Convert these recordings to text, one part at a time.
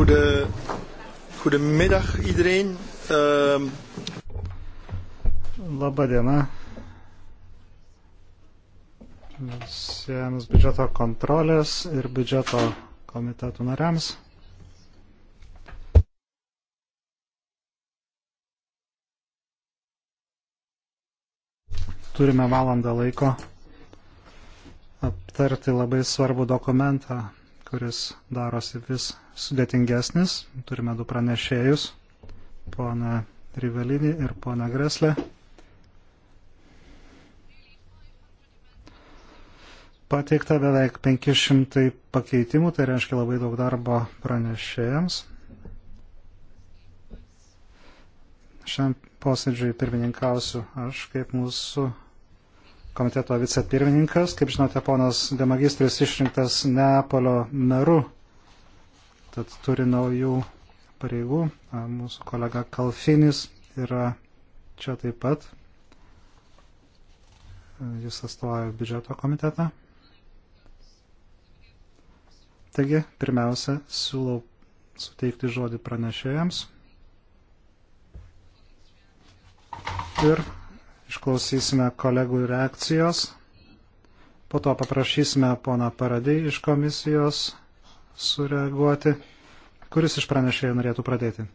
Goede, goedemiddag iedereen. Uh... Labą dieną. Visiems biudžeto kontrolės ir biudžeto komitetų nariams. Turime valandą laiko aptarti labai svarbų dokumentą kuris darosi vis sudėtingesnis. Turime du pranešėjus, poną Rivelinį ir poną Greslę. Pateikta beveik 500 pakeitimų, tai reiškia labai daug darbo pranešėjams. Šiam posėdžiui pirmininkausiu aš kaip mūsų komiteto vicepirmininkas. Kaip žinote, ponas Demagistris išrinktas Neapolio meru, tad turi naujų pareigų. Mūsų kolega Kalfinis yra čia taip pat. Jis atstovauja biudžeto komitetą. Taigi, pirmiausia, siūlau suteikti žodį pranešėjams. Ir Išklausysime kolegų reakcijos. Po to paprašysime pono Paradį iš komisijos sureaguoti. Kuris iš pranešėjų norėtų pradėti?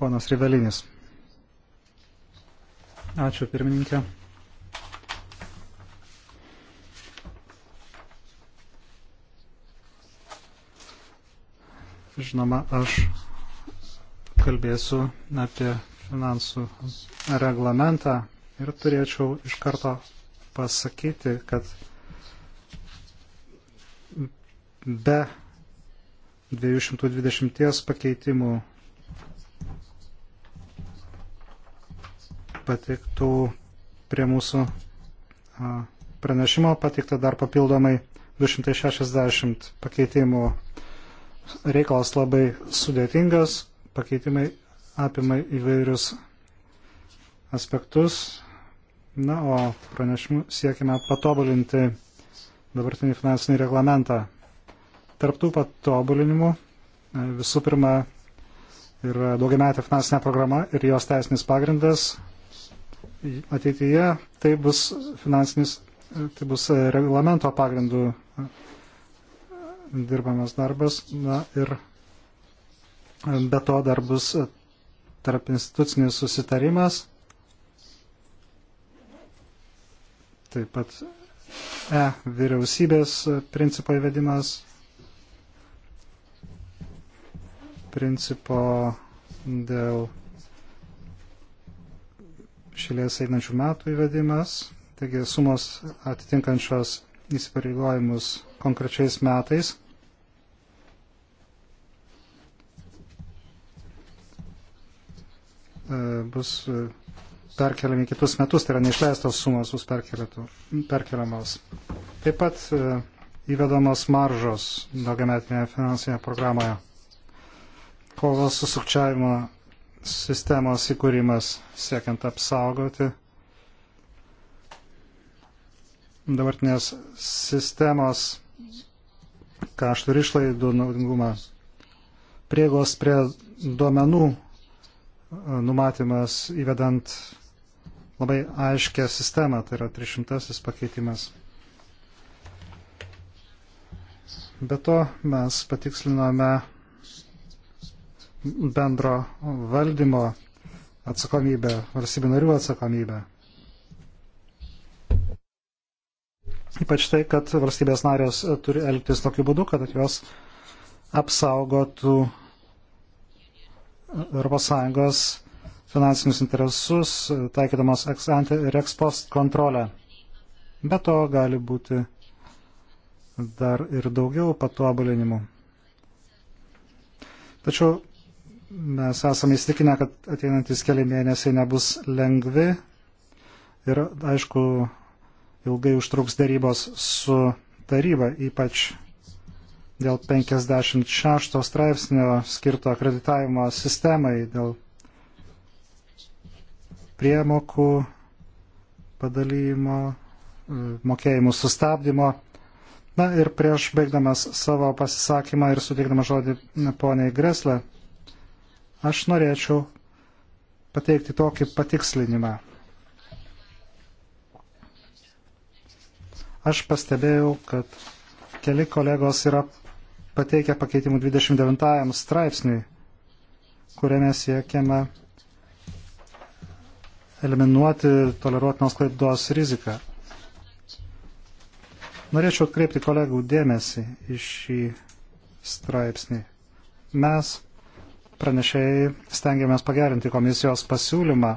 Ponas Rivelinis. Ačiū pirmininkė. Žinoma, aš kalbėsiu apie finansų reglamentą ir turėčiau iš karto pasakyti, kad be 220 pakeitimų pateiktų prie mūsų pranešimo pateikta dar papildomai 260 pakeitimų. Reikalas labai sudėtingas, pakeitimai apima įvairius aspektus. Na, o pranešimu siekime patobulinti dabartinį finansinį reglamentą. Tarptų patobulinimų e, visų pirma yra daugiametė finansinė programa ir jos teisinis pagrindas. Ateityje tai bus finansinis, e, tai bus e, reglamento pagrindų dirbamas darbas. Na, ir Be to dar bus tarp institucinis susitarimas. Taip pat E vyriausybės principo įvedimas, principo dėl šilės einančių metų įvedimas, taigi sumos atitinkančios įsipareigojimus konkrečiais metais. E, bus e, perkeliami kitus metus, tai yra neišleistos sumos bus perkeliamos. Taip pat e, įvedamos maržos daugiametinėje finansinėje programoje. Kovos su sukčiavimo sistemos įkūrimas siekiant apsaugoti dabartinės sistemos kaštų ir išlaidų naudingumą. Priegos prie duomenų numatymas įvedant labai aiškę sistemą, tai yra 300 pakeitimas. Be to mes patikslinome bendro valdymo atsakomybę, valstybių narių atsakomybę. Ypač tai, kad valstybės narės turi elgtis tokiu būdu, kad jos apsaugotų ES finansinius interesus, e, taikydamos ex ante ir ex post kontrolę. Be to gali būti dar ir daugiau patobulinimų. Tačiau mes esame įstikinę, kad ateinantis keli mėnesiai nebus lengvi ir, aišku, ilgai užtruks darybos su taryba, ypač dėl 56 straipsnio skirto akreditavimo sistemai, dėl priemokų padalymo, e, mokėjimų sustabdymo. Na ir prieš baigdamas savo pasisakymą ir suteikdamas žodį poniai Greslė, aš norėčiau pateikti tokį patikslinimą. Aš pastebėjau, kad keli kolegos yra pateikę pakeitimų 29 straipsniui, kuriame siekiame eliminuoti toleruotinos klaidos riziką. Norėčiau atkreipti kolegų dėmesį į šį straipsnį. Mes pranešėjai stengiamės pagerinti komisijos pasiūlymą,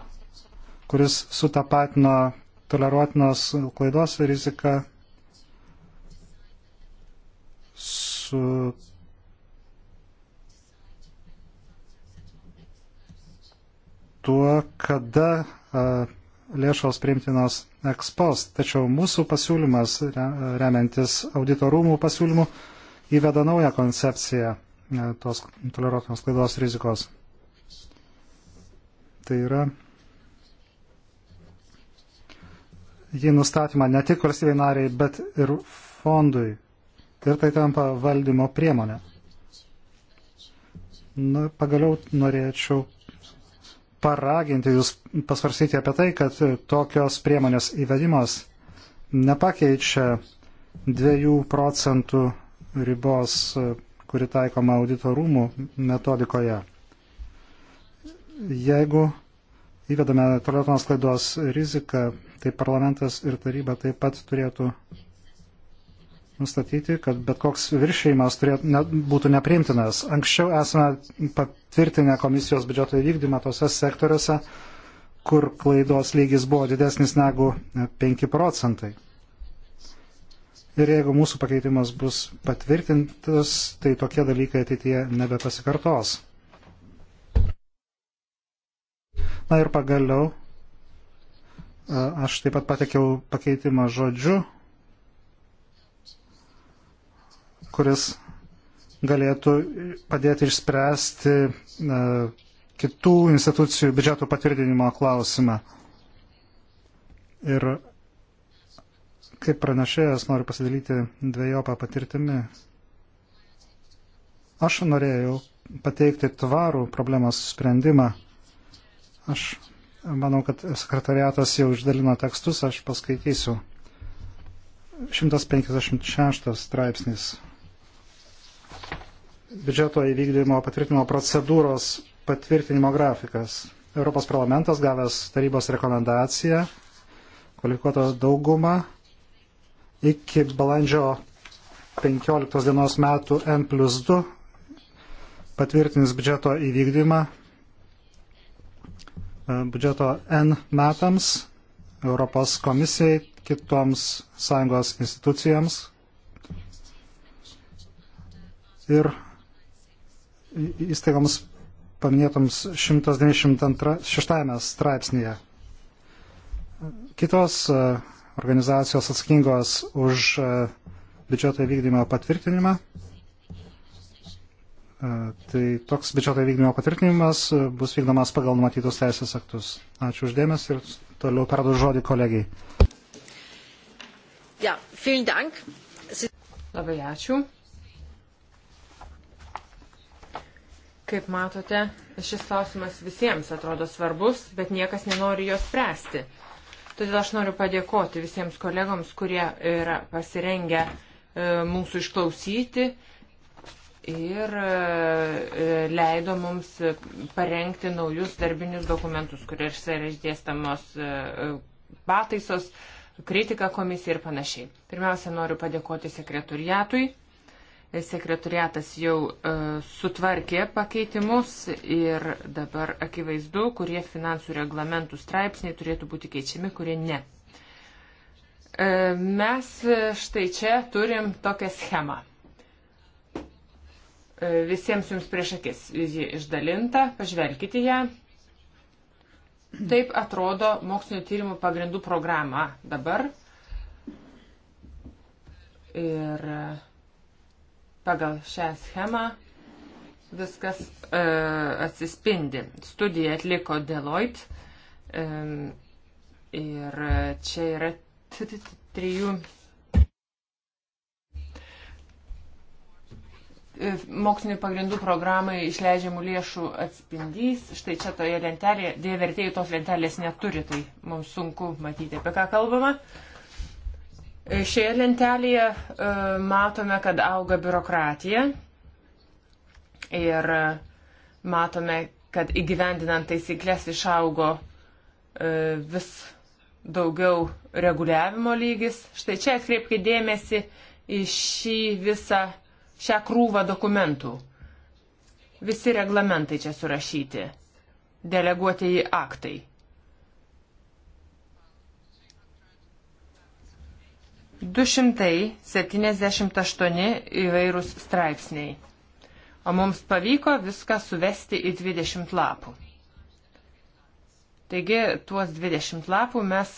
kuris sutapatino toleruotinos klaidos riziką su e, tuo, kada e, lėšos priimtinos ekspost. Tačiau mūsų pasiūlymas, remiantis auditorumų pasiūlymų, įveda naują koncepciją e, tos toleruotinos klaidos rizikos. Tai yra, jį nustatymą ne tik valstybei nariai, bet ir fondui ir tai tampa valdymo priemonė. Nu, pagaliau norėčiau paraginti jūs pasvarsyti apie tai, kad tokios priemonės įvedimas nepakeičia 2 procentų ribos, kuri taikoma auditorumų metodikoje. Jeigu įvedame tolėtonos klaidos riziką, tai parlamentas ir taryba taip pat turėtų nustatyti, kad bet koks viršėjimas turėtų, ne, būtų nepriimtinas. Anksčiau esame patvirtinę komisijos biudžeto įvykdymą tose sektoriuose, kur klaidos lygis buvo didesnis negu 5 e, procentai. Ir jeigu mūsų pakeitimas bus patvirtintas, tai tokie dalykai ateityje nebepasikartos. Na ir pagaliau, e, aš taip pat patekiau pakeitimą žodžiu kuris galėtų padėti išspręsti kitų institucijų biudžeto patvirtinimo klausimą. Ir kaip pranešėjas noriu pasidalyti dviejopą patirtimį. Aš norėjau pateikti tvarų problemos sprendimą. Aš manau, kad sekretariatas jau išdalino tekstus, aš paskaitysiu. 156 straipsnis biudžeto įvykdymo patvirtinimo procedūros patvirtinimo grafikas. Europos parlamentas gavęs tarybos rekomendaciją, kvalifikuoto daugumą, iki balandžio 15 dienos metų N plus 2 patvirtins biudžeto įvykdymą e, biudžeto N metams Europos komisijai, kitoms sąjungos institucijoms ir įstaigoms paminėtoms 196 straipsnėje. Kitos e, organizacijos atsakingos už e, biudžeto įvykdymo patvirtinimą. E, tai toks biudžeto įvykdymo patvirtinimas bus vykdomas pagal numatytus teisės aktus. Ačiū uždėmės ir toliau perdu žodį kolegijai. Ja, Labai ačiū. Kaip matote, šis klausimas visiems atrodo svarbus, bet niekas nenori jo spręsti. Todėl aš noriu padėkoti visiems kolegoms, kurie yra pasirengę e, mūsų išklausyti ir e, e, leido mums parengti naujus darbinius dokumentus, kurie yra išdėstamos pataisos, kritika komisija ir panašiai. Pirmiausia, noriu padėkoti sekretoriatui Sekretariatas jau e, sutvarkė pakeitimus ir dabar akivaizdu, kurie finansų reglamentų straipsniai turėtų būti keičiami, kurie ne. E, mes štai čia turim tokią schemą. E, visiems jums prieš akis ji išdalinta, pažvelkite ją. Taip atrodo mokslinio tyrimų pagrindų programa dabar. Ir e, Pagal šią schemą viskas e, atsispindi. Studiją atliko Deloitte e, ir čia yra trijų e, mokslinių pagrindų programai išleidžiamų lėšų atspindys. Štai čia toje lentelėje, dėja vertėjai tos lentelės neturi, tai mums sunku matyti, apie ką kalbama. E, Šioje lentelėje e, matome, kad auga biurokratija ir e, matome, kad įgyvendinant taisyklės išaugo e, vis daugiau reguliavimo lygis. Štai čia atkreipkite dėmesį į šį visą šią krūvą dokumentų. Visi reglamentai čia surašyti. Deleguotieji aktai. 278 įvairūs straipsniai. O mums pavyko viską suvesti į 20 lapų. Taigi tuos 20 lapų mes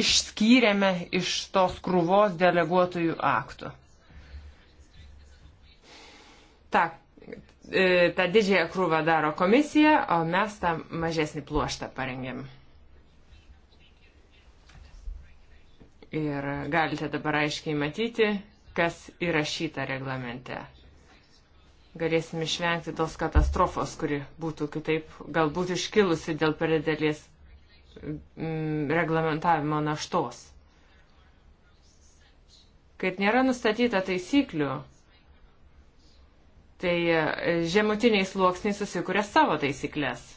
išskyrėme iš tos krūvos deleguotojų aktų. Ta, e, tą didžiąją krūvą daro komisija, o mes tą mažesnį pluoštą parengėm. Ir galite dabar aiškiai matyti, kas įrašyta reglamente. Galėsim išvengti tos katastrofos, kuri būtų kitaip galbūt iškilusi dėl per didelės mm, reglamentavimo naštos. Kad nėra nustatyta taisyklių, tai žemutiniai sluoksniai susikuria savo taisyklės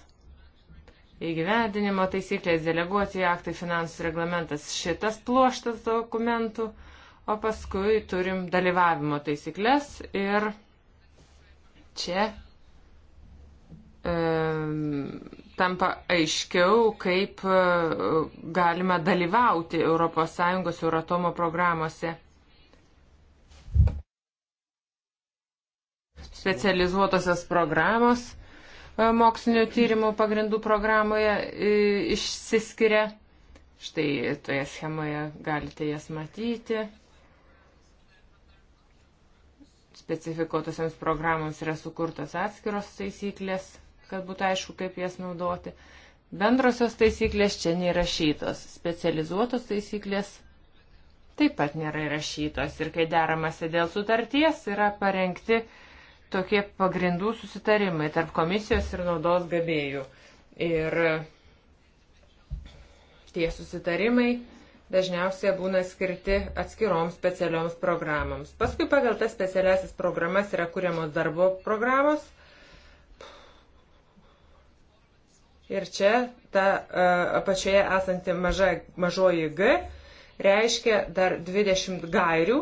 įgyvendinimo taisyklės, deleguoti aktai, finansų reglamentas, šitas pluoštas dokumentų, o paskui turim dalyvavimo taisyklės ir čia tampa aiškiau, kaip e, galima dalyvauti ES Euratomo programuose. Specializuotosios programos E, mokslinio tyrimų pagrindų programoje e, išsiskiria. Štai toje schemoje galite jas matyti. Specifikuotosiams programams yra sukurtos atskiros taisyklės, kad būtų aišku, kaip jas naudoti. Bendrosios taisyklės čia nėrašytos, specializuotos taisyklės taip pat nėra įrašytos ir kai deramasi dėl sutarties yra parengti uh, tokie pagrindų susitarimai tarp komisijos ir naudos gavėjų. Ir tie susitarimai dažniausiai būna skirti atskiroms specialioms programoms. Paskui pagal tas specialiasis programas yra kuriamos darbo programos. Ir čia ta apačioje esanti maža, mažoji G reiškia dar 20 gairių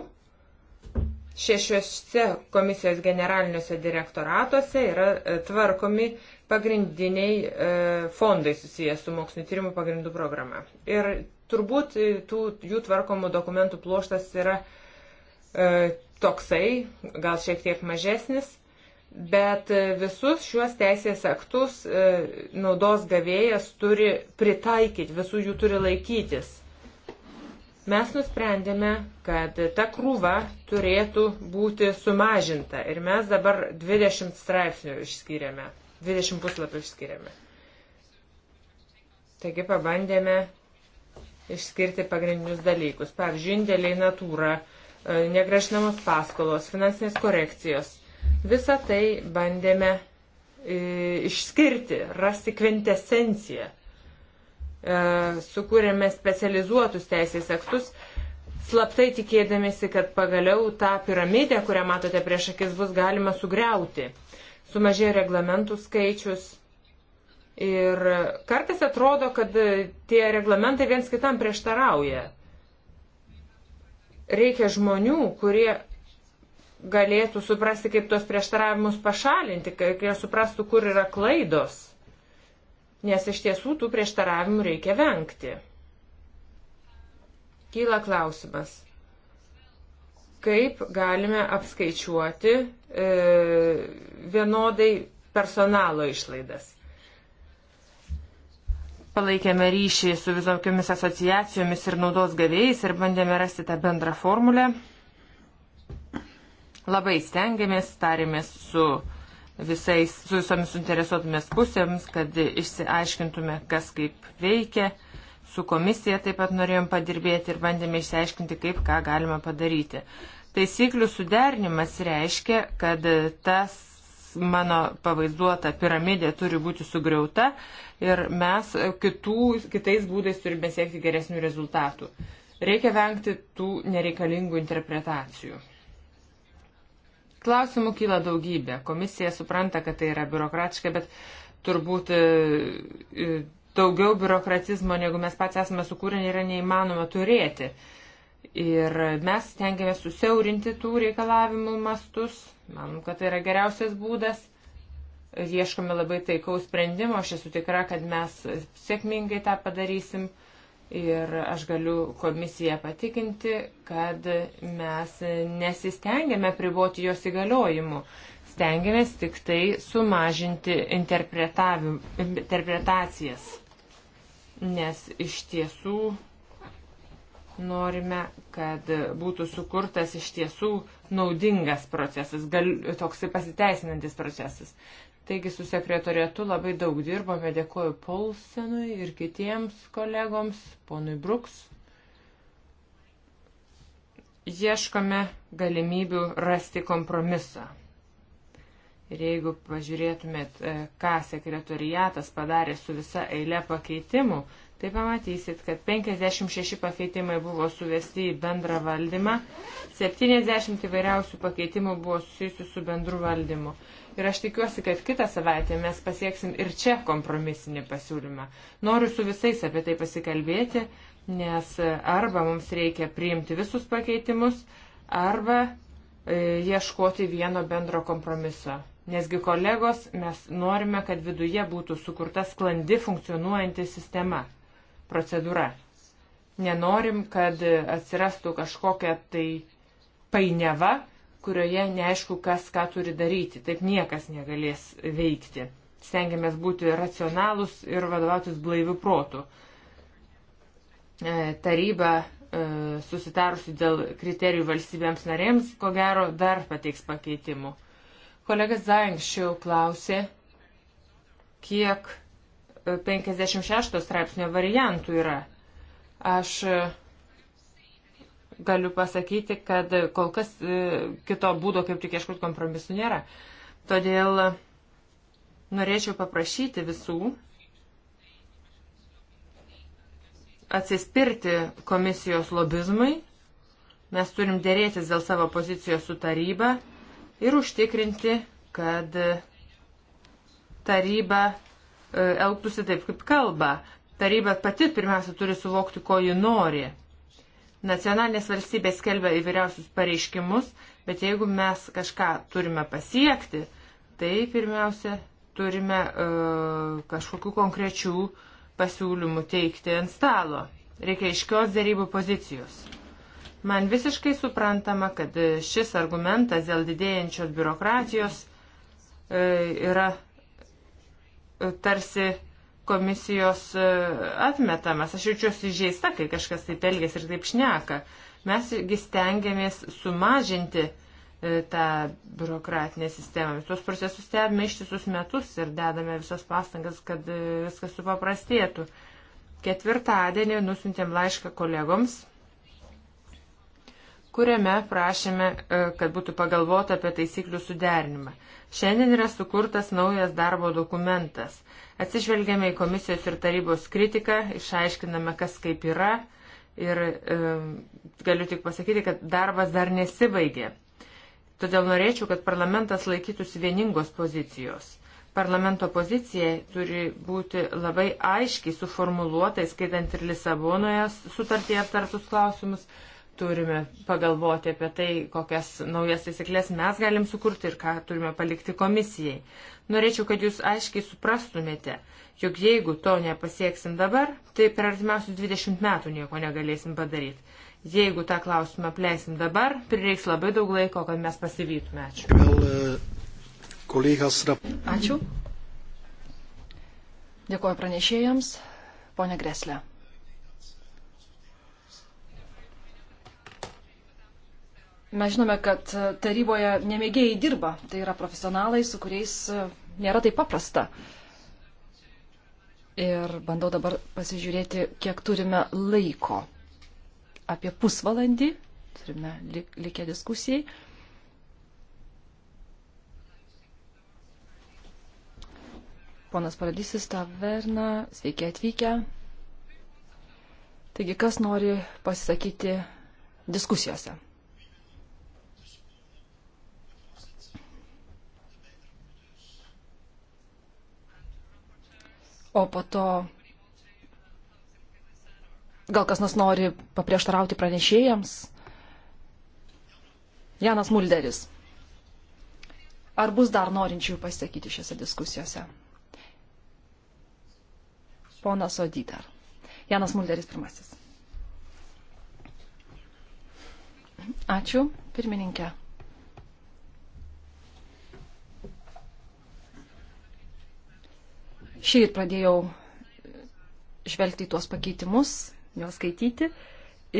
Šešiuose komisijos generaliniuose direktoratuose yra e, tvarkomi pagrindiniai e, fondai susijęs su mokslinio tyrimų pagrindų programa. Ir turbūt e, tų, jų tvarkomų dokumentų pluoštas yra e, toksai, gal šiek tiek mažesnis, bet visus šiuos teisės aktus e, naudos gavėjas turi pritaikyti, visų jų turi laikytis. Mes nusprendėme, kad ta krūva turėtų būti sumažinta ir mes dabar 20 straipsnių išskiriame, 20 puslapių išskiriame. Taigi pabandėme išskirti pagrindinius dalykus. Pavyzdžiui, indėliai natūra, e, negražinamos paskolos, finansinės korekcijos. Visą tai bandėme e, išskirti, rasti kvintesenciją E, sukūrėme specializuotus teisės aktus, slaptai tikėdamėsi, kad pagaliau tą piramidę, kurią matote prieš akis, bus galima sugriauti. Sumažėjo reglamentų skaičius. Ir kartais atrodo, kad tie reglamentai viens kitam prieštarauja. Reikia žmonių, kurie galėtų suprasti, kaip tos prieštaravimus pašalinti, kad jie suprastų, kur yra klaidos nes iš tiesų tų prieštaravimų reikia vengti. Kyla klausimas, kaip galime apskaičiuoti e, vienodai personalo išlaidas. Palaikėme ryšį su visokiomis asociacijomis ir naudos gavėjais ir bandėme rasti tą bendrą formulę. Labai stengiamės, tarėmės su uh, visais, su visomis suinteresuotumės pusėms, kad išsiaiškintume, kas kaip veikia. Su komisija taip pat norėjom padirbėti ir bandėme išsiaiškinti, kaip ką galima padaryti. Taisyklių suderinimas reiškia, kad tas mano pavaizduota piramidė turi būti sugriauta ir mes kitų, kitais būdais turime siekti geresnių rezultatų. Reikia vengti tų nereikalingų interpretacijų. Klausimų kyla daugybė. Komisija supranta, kad tai yra biurokratiška, bet turbūt e, e, daugiau biurokratizmo, negu mes pats esame sukūrę, yra neįmanoma turėti. Ir mes stengiamės susiaurinti tų reikalavimų mastus. Manom, kad tai yra geriausias būdas. Ieškome labai taikaus sprendimo. Aš esu tikra, kad mes sėkmingai tą padarysim. Ir aš galiu komisiją patikinti, kad mes nesistengėme priboti jos įgaliojimų. Stengiamės tik tai sumažinti interpretacijas. Nes iš tiesų norime, kad būtų sukurtas iš tiesų naudingas procesas, gal, toksai pasiteisinantis procesas. Taigi su sekretorietu labai daug dirbome, dėkoju Polsenui ir kitiems kolegoms, ponui Bruks. Ieškome galimybių rasti kompromisą. Ir jeigu pažiūrėtumėt, e, ką sekretoriatas padarė su visa eile pakeitimų, tai pamatysit, kad 56 pakeitimai buvo suvesti į bendrą valdymą, 70 įvairiausių pakeitimų buvo susijusių su bendru valdymu. Ir aš tikiuosi, kad kitą savaitę mes pasieksim ir čia kompromisinį pasiūlymą. Noriu su visais apie tai pasikalbėti, nes arba mums reikia priimti visus pakeitimus, arba e, ieškoti vieno bendro kompromiso. Nesgi kolegos, mes norime, kad viduje būtų sukurta sklandi funkcionuojanti sistema, procedūra. Nenorim, kad atsirastų kažkokia tai painiava, kurioje neaišku, kas ką turi daryti. Taip niekas negalės veikti. Stengiamės būti racionalus ir vadovautis blaivių protų. E, taryba e, susitarusi dėl kriterijų valstybėms narėms, ko gero, dar pateiks pakeitimų. Kolega Zankščiau klausė, kiek 56 e, straipsnio variantų yra. Aš galiu pasakyti, kad kol kas e, kito būdo, kaip tik ieškoti kompromisų, nėra. Todėl norėčiau paprašyti visų atsispirti komisijos lobizmui. Mes turim dėrėtis dėl savo pozicijos su taryba ir užtikrinti, kad taryba e, elgtųsi taip, kaip kalba. Taryba pati pirmiausia turi suvokti, ko ji nori. Nacionalinės valstybės skelbia įvairiausius pareiškimus, bet jeigu mes kažką turime pasiekti, tai pirmiausia turime uh, kažkokių konkrečių pasiūlymų teikti ant stalo. Reikia iškios dėrybų pozicijos. Man visiškai suprantama, kad šis argumentas dėl didėjančios biurokratijos uh, yra e, tarsi uh, komisijos e, atmetamas. Aš jaučiuosi žaista, kai kažkas taip elgės ir taip šneka. Mesgi stengiamės sumažinti e, tą biurokratinę sistemą. Tuos procesus stebime ištisus metus ir dedame visas pastangas, kad e, viskas supaprastėtų. Ketvirtadienį nusintėm laišką kolegoms, kuriame prašėme, kad būtų pagalvota apie taisyklių suderinimą. Šiandien yra sukurtas naujas darbo dokumentas – Atsižvelgiame į komisijos ir tarybos kritiką, išaiškiname, kas kaip yra ir e, galiu tik pasakyti, kad darbas dar nesibaigė. Todėl norėčiau, kad parlamentas laikytųsi vieningos pozicijos. Parlamento pozicija turi būti labai aiškiai suformuluota, įskaitant ir Lisabonoje sutartyje aptartus klausimus, turime pagalvoti apie tai, kokias naujas taisyklės mes galim sukurti ir ką turime palikti komisijai. Norėčiau, kad jūs aiškiai suprastumėte, jog jeigu to nepasieksim dabar, tai per artimiausius 20 metų nieko negalėsim padaryti. Jeigu tą klausimą pleisim dabar, prireiks labai daug laiko, kad mes pasivytume. Ačiū. Ačiū. Dėkuoju pranešėjams. Pone Greslė. Mes žinome, kad e, taryboje nemėgėjai dirba, tai yra profesionalai, su kuriais e, nėra taip paprasta. Ir bandau dabar pasižiūrėti, kiek turime laiko. Apie pusvalandį turime likę diskusijai. Ponas Paradysis taverna, sveiki atvykę. Taigi, kas nori pasisakyti diskusijose? O po to gal kas nors nori paprieštarauti pranešėjams. Janas Mulderis. Ar bus dar norinčių pasakyti šiose diskusijose? Ponas Odydar. Janas Mulderis pirmasis. Ačiū, pirmininkė. Šį pradėjau žvelgti į tuos pakeitimus, juos skaityti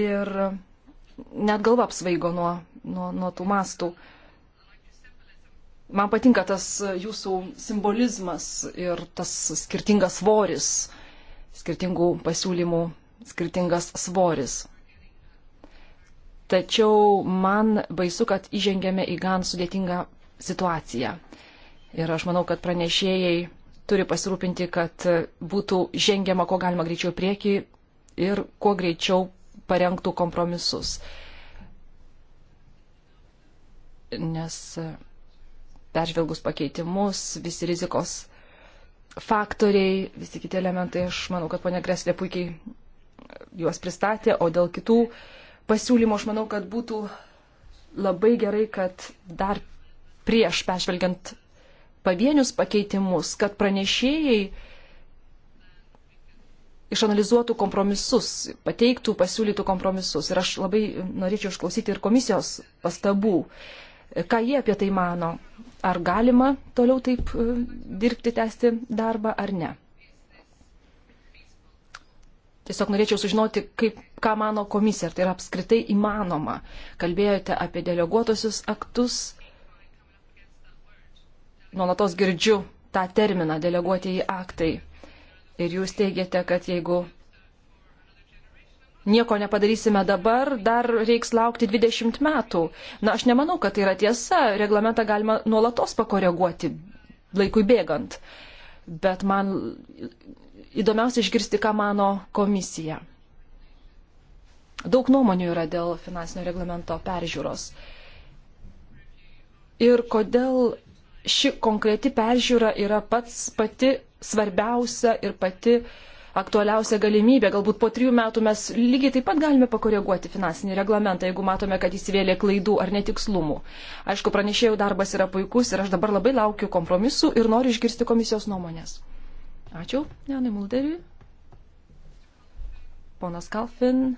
ir net galva apsvaigo nuo, nuo, nuo tų mastų. Man patinka tas jūsų simbolizmas ir tas skirtingas svoris, skirtingų pasiūlymų skirtingas svoris. Tačiau man baisu, kad įžengėme į gan sudėtingą situaciją. Ir aš manau, kad pranešėjai turi pasirūpinti, kad būtų žengiama kuo galima greičiau prieki ir kuo greičiau parengtų kompromisus. Nes e, peržvelgus pakeitimus, visi rizikos faktoriai, visi kiti elementai, aš manau, kad ponia Greslė puikiai e, juos pristatė, o dėl kitų pasiūlymų aš manau, kad būtų labai gerai, kad dar prieš peržvelgiant pavienius pakeitimus, kad pranešėjai išanalizuotų kompromisus, pateiktų, pasiūlytų kompromisus. Ir aš labai norėčiau išklausyti ir komisijos pastabų, ką jie apie tai mano. Ar galima toliau taip e, dirbti, tęsti darbą ar ne. Tiesiog norėčiau sužinoti, kaip, ką mano komisija, ar tai yra apskritai įmanoma. Kalbėjote apie deleguotosius aktus, nuolatos girdžiu tą terminą deleguoti į aktai. Ir jūs teigiate, kad jeigu nieko nepadarysime dabar, dar reiks laukti 20 metų. Na, aš nemanau, kad tai yra tiesa. Reglamentą galima nuolatos pakoreguoti laikui bėgant. Bet man įdomiausia išgirsti, ką mano komisija. Daug nuomonių yra dėl finansinio reglamento peržiūros. Ir kodėl ši konkreti peržiūra yra pats pati svarbiausia ir pati aktualiausia galimybė. Galbūt po trijų metų mes lygiai taip pat galime pakoreguoti finansinį reglamentą, jeigu matome, kad įsivėlė klaidų ar netikslumų. Aišku, pranešėjų darbas yra puikus ir aš dabar labai laukiu kompromisų ir noriu išgirsti komisijos nuomonės. Ačiū, Janai Mulderiui. Ponas Kalfin,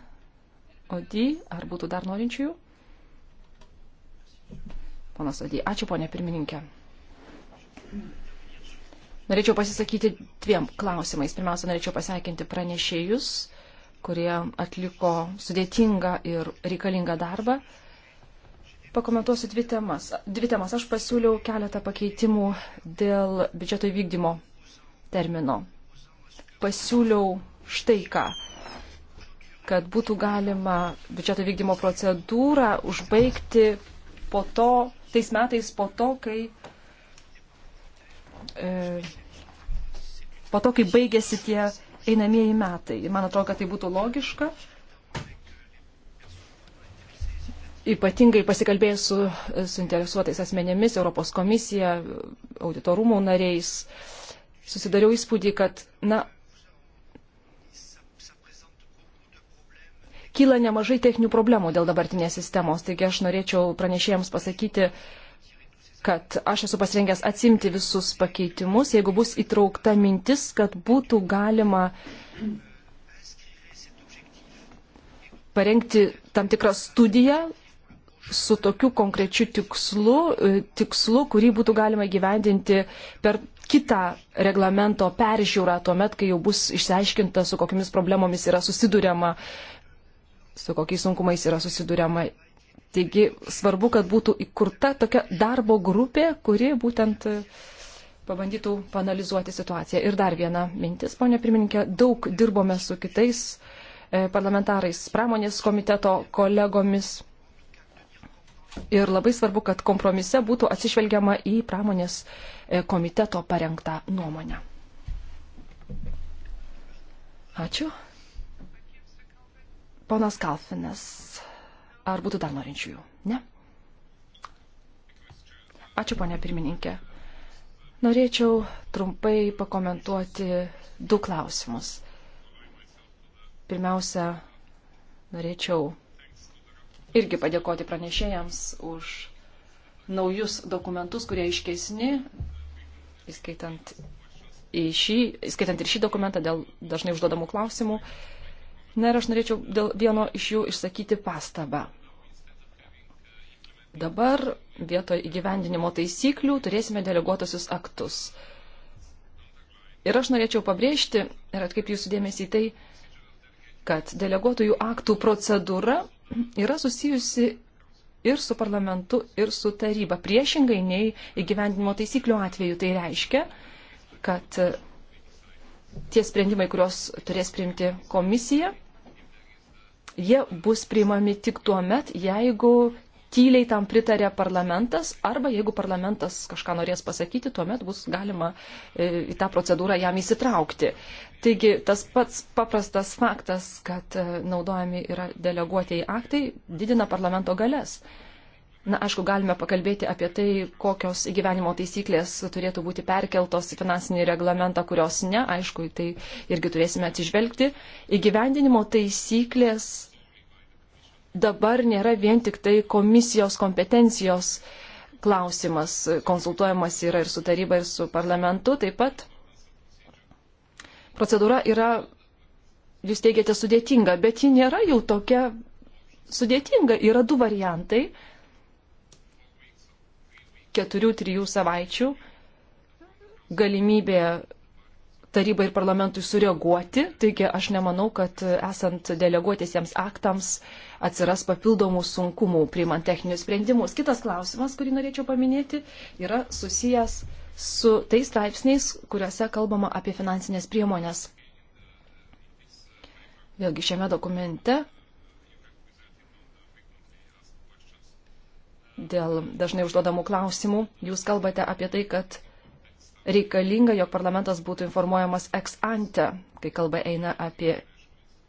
Odi, ar būtų dar norinčiųjų? Ponas Odį. Ačiū, ponė pirmininkė. Norėčiau pasisakyti dviem klausimais. Pirmiausia, norėčiau pasveikinti pranešėjus, kurie atliko sudėtingą ir reikalingą darbą. Pakomentuosiu dvi temas. Dvi temas. Aš pasiūliau keletą pakeitimų dėl biudžeto įvykdymo termino. Pasiūliau štai ką kad būtų galima biudžeto vykdymo procedūrą užbaigti po to, tais metais po to, kai E, po to, kai baigėsi tie einamieji metai. Ir man atrodo, kad tai būtų logiška. Ypatingai pasikalbėjęs su suinteresuotais asmenėmis, Europos komisija, auditorumų nariais, susidariau įspūdį, kad, na, kyla nemažai techninių problemų dėl dabartinės sistemos. Taigi aš norėčiau pranešėjams pasakyti, uh, kad aš esu pasirengęs atsimti visus pakeitimus, jeigu bus įtraukta mintis, kad būtų galima parengti tam tikrą studiją su tokiu konkrečiu tikslu, e, tikslu, kurį būtų galima gyvendinti per kitą reglamento peržiūrą, tuomet, kai jau bus išsiaiškinta, su kokiamis problemomis yra susidūrėma, su kokiais sunkumais yra susidūrėma Taigi svarbu, kad būtų įkurta tokia darbo grupė, kuri būtent e, pabandytų panalizuoti situaciją. Ir dar viena mintis, ponė pirmininkė, daug dirbome su kitais e, parlamentarais, pramonės komiteto kolegomis. Ir labai svarbu, kad kompromise būtų atsižvelgiama į pramonės e, komiteto parengtą nuomonę. Ačiū. Ponas Kalfinas. Ar būtų dar norinčiųjų? Ne? Ačiū, ponia pirmininkė. Norėčiau trumpai pakomentuoti du klausimus. Pirmiausia, norėčiau irgi padėkoti pranešėjams už naujus dokumentus, kurie iškesni, įskaitant, šį, įskaitant ir šį dokumentą dėl dažnai užduodamų klausimų. Uh, Na ir aš norėčiau dėl vieno iš jų išsakyti pastabą. Dabar vietoj įgyvendinimo taisyklių turėsime deleguotusius aktus. Ir aš norėčiau pabrėžti ir atkreipti jūsų dėmesį į tai, kad deleguotojų aktų procedūra yra susijusi ir su parlamentu, ir su taryba. Priešingai nei įgyvendinimo taisyklių atveju tai reiškia, kad tie sprendimai, kuriuos turės priimti komisija, jie bus priimami tik tuo met, jeigu tyliai tam pritarė parlamentas arba jeigu parlamentas kažką norės pasakyti, tuomet bus galima e, į tą procedūrą jam įsitraukti. Taigi tas pats paprastas faktas, kad e, naudojami yra deleguotieji aktai, didina parlamento galės. Na, aišku, galime pakalbėti apie tai, kokios gyvenimo taisyklės turėtų būti perkeltos į finansinį reglamentą, kurios ne. Aišku, tai irgi turėsime atsižvelgti. Įgyvendinimo taisyklės dabar nėra vien tik tai komisijos kompetencijos klausimas. Konsultuojamas yra ir su taryba, ir su parlamentu. Taip pat procedūra yra, jūs teigiate, sudėtinga, bet ji nėra jau tokia sudėtinga. Yra du variantai keturių-trijų savaičių galimybė tarybai ir parlamentui sureaguoti. Taigi aš nemanau, kad esant deleguotisiems aktams atsiras papildomų sunkumų priimant techninius sprendimus. Kitas klausimas, kurį norėčiau paminėti, yra susijęs su tais straipsniais, kuriuose kalbama apie finansinės priemonės. Vėlgi šiame dokumente dėl dažnai užduodamų klausimų. Jūs kalbate apie tai, kad reikalinga, jog parlamentas būtų informuojamas ex ante, kai kalba eina apie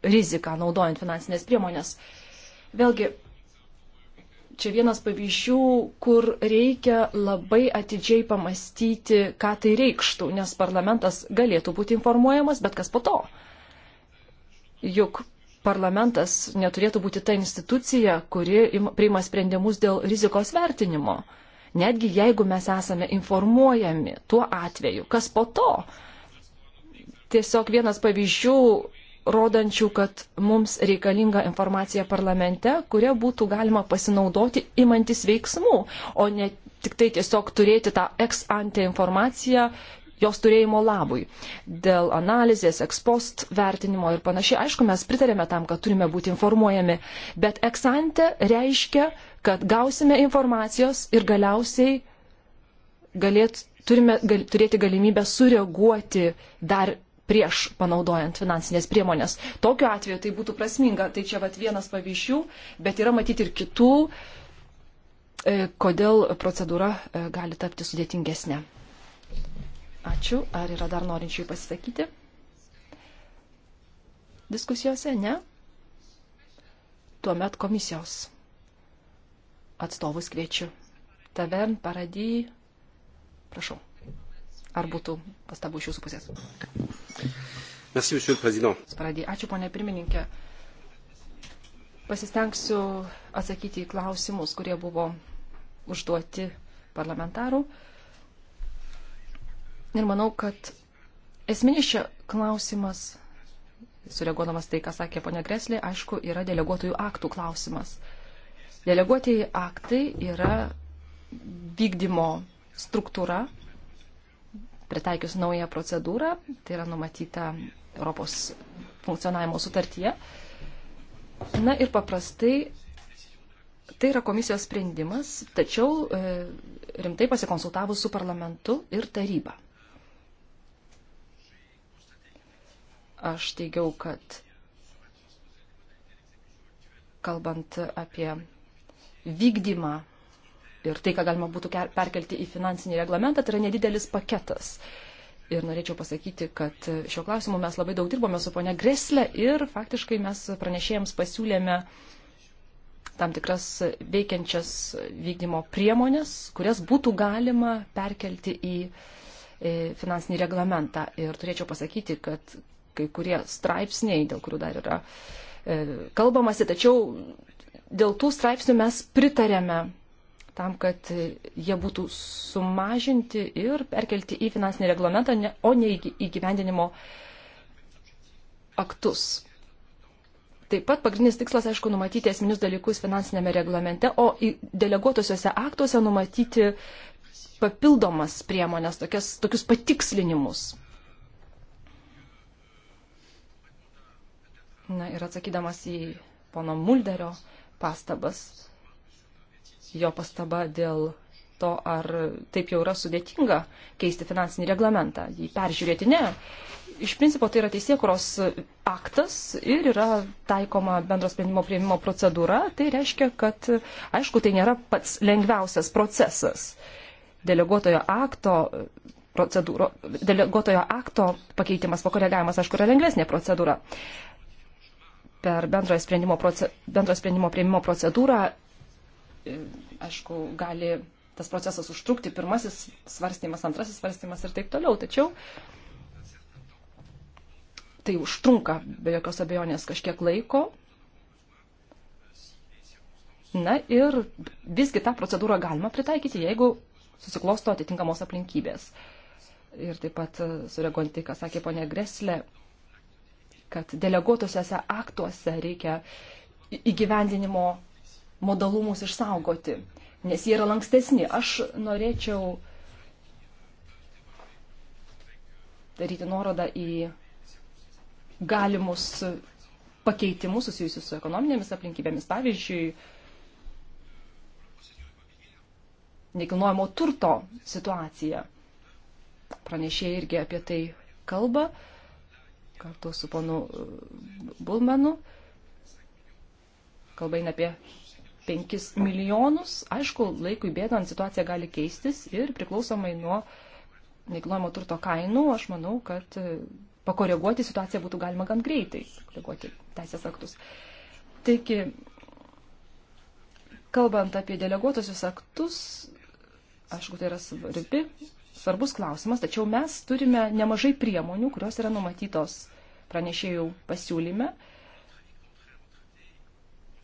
riziką naudojant finansinės priemonės. Vėlgi, čia vienas pavyzdžių, kur reikia labai atidžiai pamastyti, ką tai reikštų, nes parlamentas galėtų būti informuojamas, bet kas po to? Juk parlamentas neturėtų būti ta institucija, kuri priima sprendimus dėl rizikos vertinimo. Netgi jeigu mes esame informuojami tuo atveju, kas po to. Tiesiog vienas pavyzdžių rodančių, kad mums reikalinga informacija parlamente, kuria būtų galima pasinaudoti imantis veiksmų, o ne tik tai tiesiog turėti tą ex ante informaciją, jos turėjimo labui. Dėl analizės, ekspost vertinimo ir panašiai, aišku, mes pritarėme tam, kad turime būti informuojami, bet eksante reiškia, kad gausime informacijos ir galiausiai galėt, turime gal, turėti galimybę sureaguoti dar prieš panaudojant finansinės priemonės. Tokiu atveju tai būtų prasminga. Tai čia vat vienas pavyzdžių, bet yra matyti ir kitų, e, kodėl procedūra e, gali tapti sudėtingesnė. Ačiū. Ar yra dar norinčių pasisakyti? Diskusijose ne? Tuomet komisijos atstovus kviečiu. Tavern, paradį. Prašau. Ar būtų pastabų iš jūsų pusės? Merci, monsieur le président. Paradį. Ačiū, ponė pirmininkė. Pasistengsiu atsakyti į klausimus, kurie buvo užduoti parlamentarų. Uh, Ir manau, kad esminis čia klausimas, sureaguodamas tai, ką sakė ponia Greslė, aišku, yra deleguotojų aktų klausimas. Deleguotieji aktai yra vykdymo struktūra, pritaikius naują procedūrą, tai yra numatyta Europos funkcionavimo sutartyje. Na ir paprastai tai yra komisijos sprendimas, tačiau e, rimtai pasikonsultavus su parlamentu ir taryba. aš teigiau, kad kalbant apie vykdymą ir tai, ką galima būtų perkelti į finansinį reglamentą, tai yra nedidelis paketas. Ir norėčiau pasakyti, kad šiuo klausimu mes labai daug dirbome su ponia Greslė ir faktiškai mes pranešėjams pasiūlėme tam tikras veikiančias vykdymo priemonės, kurias būtų galima perkelti į e, finansinį reglamentą. Ir turėčiau pasakyti, kad kai kurie straipsniai, dėl kurių dar yra e, kalbamasi, tačiau dėl tų straipsnių mes pritarėme tam, kad jie būtų sumažinti ir perkelti į finansinį reglamentą, o ne į įgyvendinimo aktus. Taip pat pagrindinis tikslas, aišku, numatyti esminius dalykus finansinėme reglamente, o deleguotosiuose aktuose numatyti papildomas priemonės, tokias, tokius patikslinimus. Na ir atsakydamas į pono Mulderio pastabas, jo pastaba dėl to, ar taip jau yra sudėtinga keisti finansinį reglamentą, jį peržiūrėti, ne. Iš principo tai yra teisėkuros aktas ir yra taikoma bendros sprendimo prieimimo procedūra. Tai reiškia, kad aišku, tai nėra pats lengviausias procesas. Deleguotojo akto, procedūro, deleguotojo akto pakeitimas, pakoregavimas, aišku, yra lengvesnė procedūra per bendrojo sprendimo, proce, bendrojo sprendimo prieimimo procedūrą, aišku, gali tas procesas užtrukti, pirmasis svarstymas, antrasis svarstymas ir taip toliau. Tačiau tai užtrunka be jokios abejonės kažkiek laiko. Na ir visgi tą procedūrą galima pritaikyti, jeigu susiklosto atitinkamos aplinkybės. Ir taip pat sureaguojant tai, ką sakė ponė Greslė, kad deleguotosiuose aktuose reikia įgyvendinimo modalumus išsaugoti, nes jie yra lankstesni. Aš norėčiau daryti nuorodą į galimus pakeitimus susijusius su ekonominėmis aplinkybėmis. Pavyzdžiui, nekilnojamo turto situacija. Pranešėjai irgi apie tai kalba. Uh, kartu su ponu e, Bulmanu. Kalba eina apie 5 milijonus. Aišku, laikui bėgant situacija gali keistis ir priklausomai nuo nekilnojamo turto kainų, aš manau, kad e, pakoreguoti situaciją būtų galima gan greitai, pakoreguoti teisės aktus. Taigi, kalbant apie deleguotusius aktus, aišku, tai yra svarbi svarbus klausimas, tačiau mes turime nemažai priemonių, kurios yra numatytos pranešėjų pasiūlyme.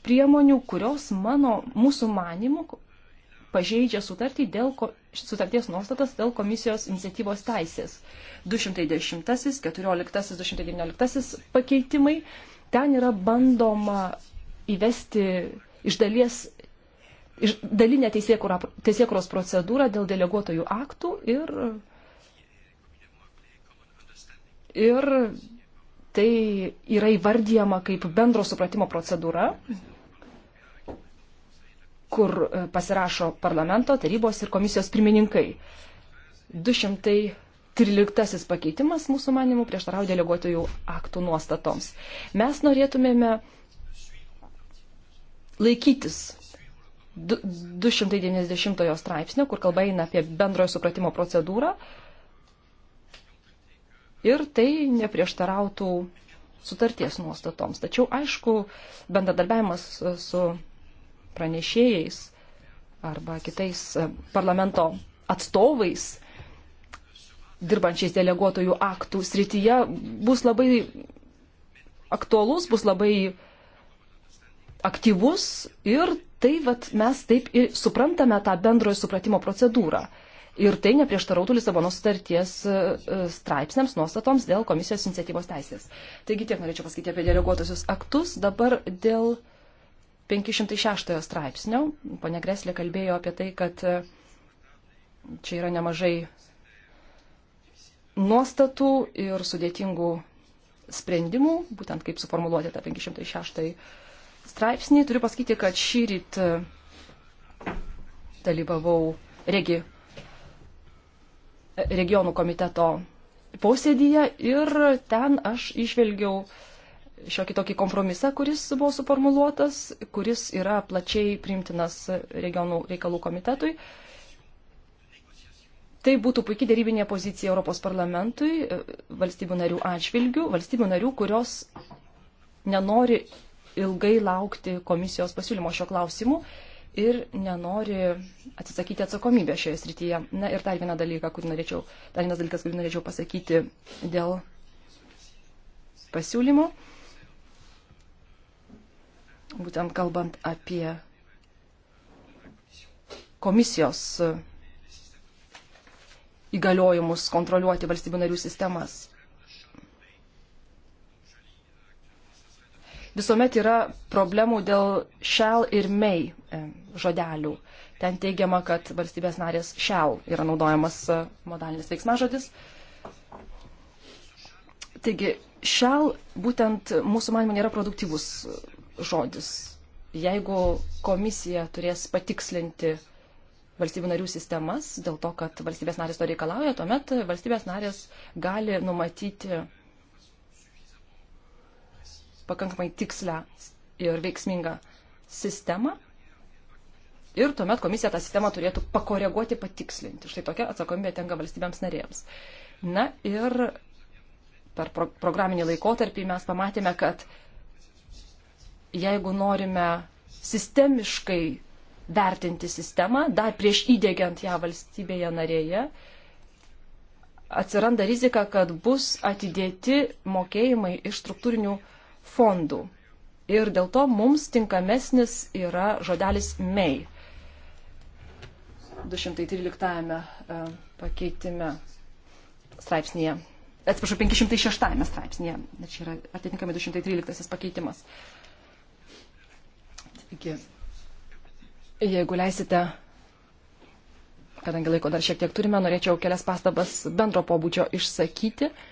Priemonių, kurios mano, mūsų manimų pažeidžia sutartį dėl ko, sutarties nuostatas dėl komisijos iniciatyvos teisės. 210, 14, 219 pakeitimai. Ten yra bandoma įvesti iš dalies dalinę teisėkuros procedūrą dėl deleguotojų aktų ir, ir tai yra įvardyjama kaip bendro supratimo procedūra, kur e, pasirašo parlamento, tarybos ir komisijos pirmininkai. 213 pakeitimas mūsų manimų prieštarauja deleguotojų aktų nuostatoms. Mes norėtumėme laikytis 290 straipsnio, kur kalba eina apie bendrojo supratimo procedūrą. Ir tai neprieštarautų sutarties nuostatoms. Tačiau, aišku, bendradarbiavimas su pranešėjais arba kitais e, parlamento atstovais, dirbančiais deleguotojų aktų srityje, bus labai aktuolus, bus labai uh, aktyvus ir tai vat, mes taip ir suprantame tą bendrojo supratimo procedūrą. Ir tai neprieštarautų Lisabonos sutarties e, e, straipsniams, nuostatoms dėl komisijos iniciatyvos teisės. Taigi tiek norėčiau pasakyti apie deleguotusius aktus. Dabar dėl 506 straipsnio. Pone Greslė kalbėjo apie tai, kad e, čia yra nemažai nuostatų ir sudėtingų sprendimų, būtent kaip suformuluoti tą 506 straipsnį straipsnį. Turiu pasakyti, kad šį rytą e, dalyvavau regi, e, regionų komiteto posėdyje ir ten aš išvelgiau šiokį tokį kompromisą, kuris buvo suformuluotas, kuris yra plačiai primtinas regionų reikalų komitetui. Tai būtų puikiai dėrybinė pozicija Europos parlamentui e, valstybių narių atžvilgių, valstybių narių, kurios nenori ilgai laukti komisijos pasiūlymo šio klausimu ir nenori atsisakyti atsakomybę šioje srityje. Na ir dar vieną dalyką, kurį norėčiau, dar vienas dalykas, kurį norėčiau pasakyti dėl pasiūlymo. Būtent kalbant apie komisijos įgaliojimus kontroliuoti valstybių narių sistemas. visuomet yra problemų dėl shall ir may e, žodelių. Ten teigiama, kad valstybės narės shall yra naudojamas e, modalinis veiksmažodis. Taigi, shall būtent mūsų manimo nėra produktyvus e, žodis. Jeigu komisija turės patikslinti valstybių narių sistemas, dėl to, kad valstybės narės to reikalauja, tuomet valstybės narės gali numatyti pakankamai tikslę ir veiksmingą sistemą. Ir tuomet komisija tą sistemą turėtų pakoreguoti, patikslinti. Štai tokia atsakomybė tenka valstybėms narėms. Na ir per pro programinį laikotarpį mes pamatėme, kad jeigu norime sistemiškai vertinti sistemą, dar prieš įdėgiant ją valstybėje narėje, atsiranda rizika, kad bus atidėti mokėjimai iš struktūrinių fondų fondų. Ir dėl to mums tinkamesnis yra žodelis mei 213 e, pakeitime straipsnėje. Atsiprašau, 506 straipsnėje. Čia yra atitinkamai 213 pakeitimas. Taigi, jeigu leisite, kadangi laiko dar šiek tiek turime, norėčiau kelias pastabas bendro pobūdžio išsakyti. Uh,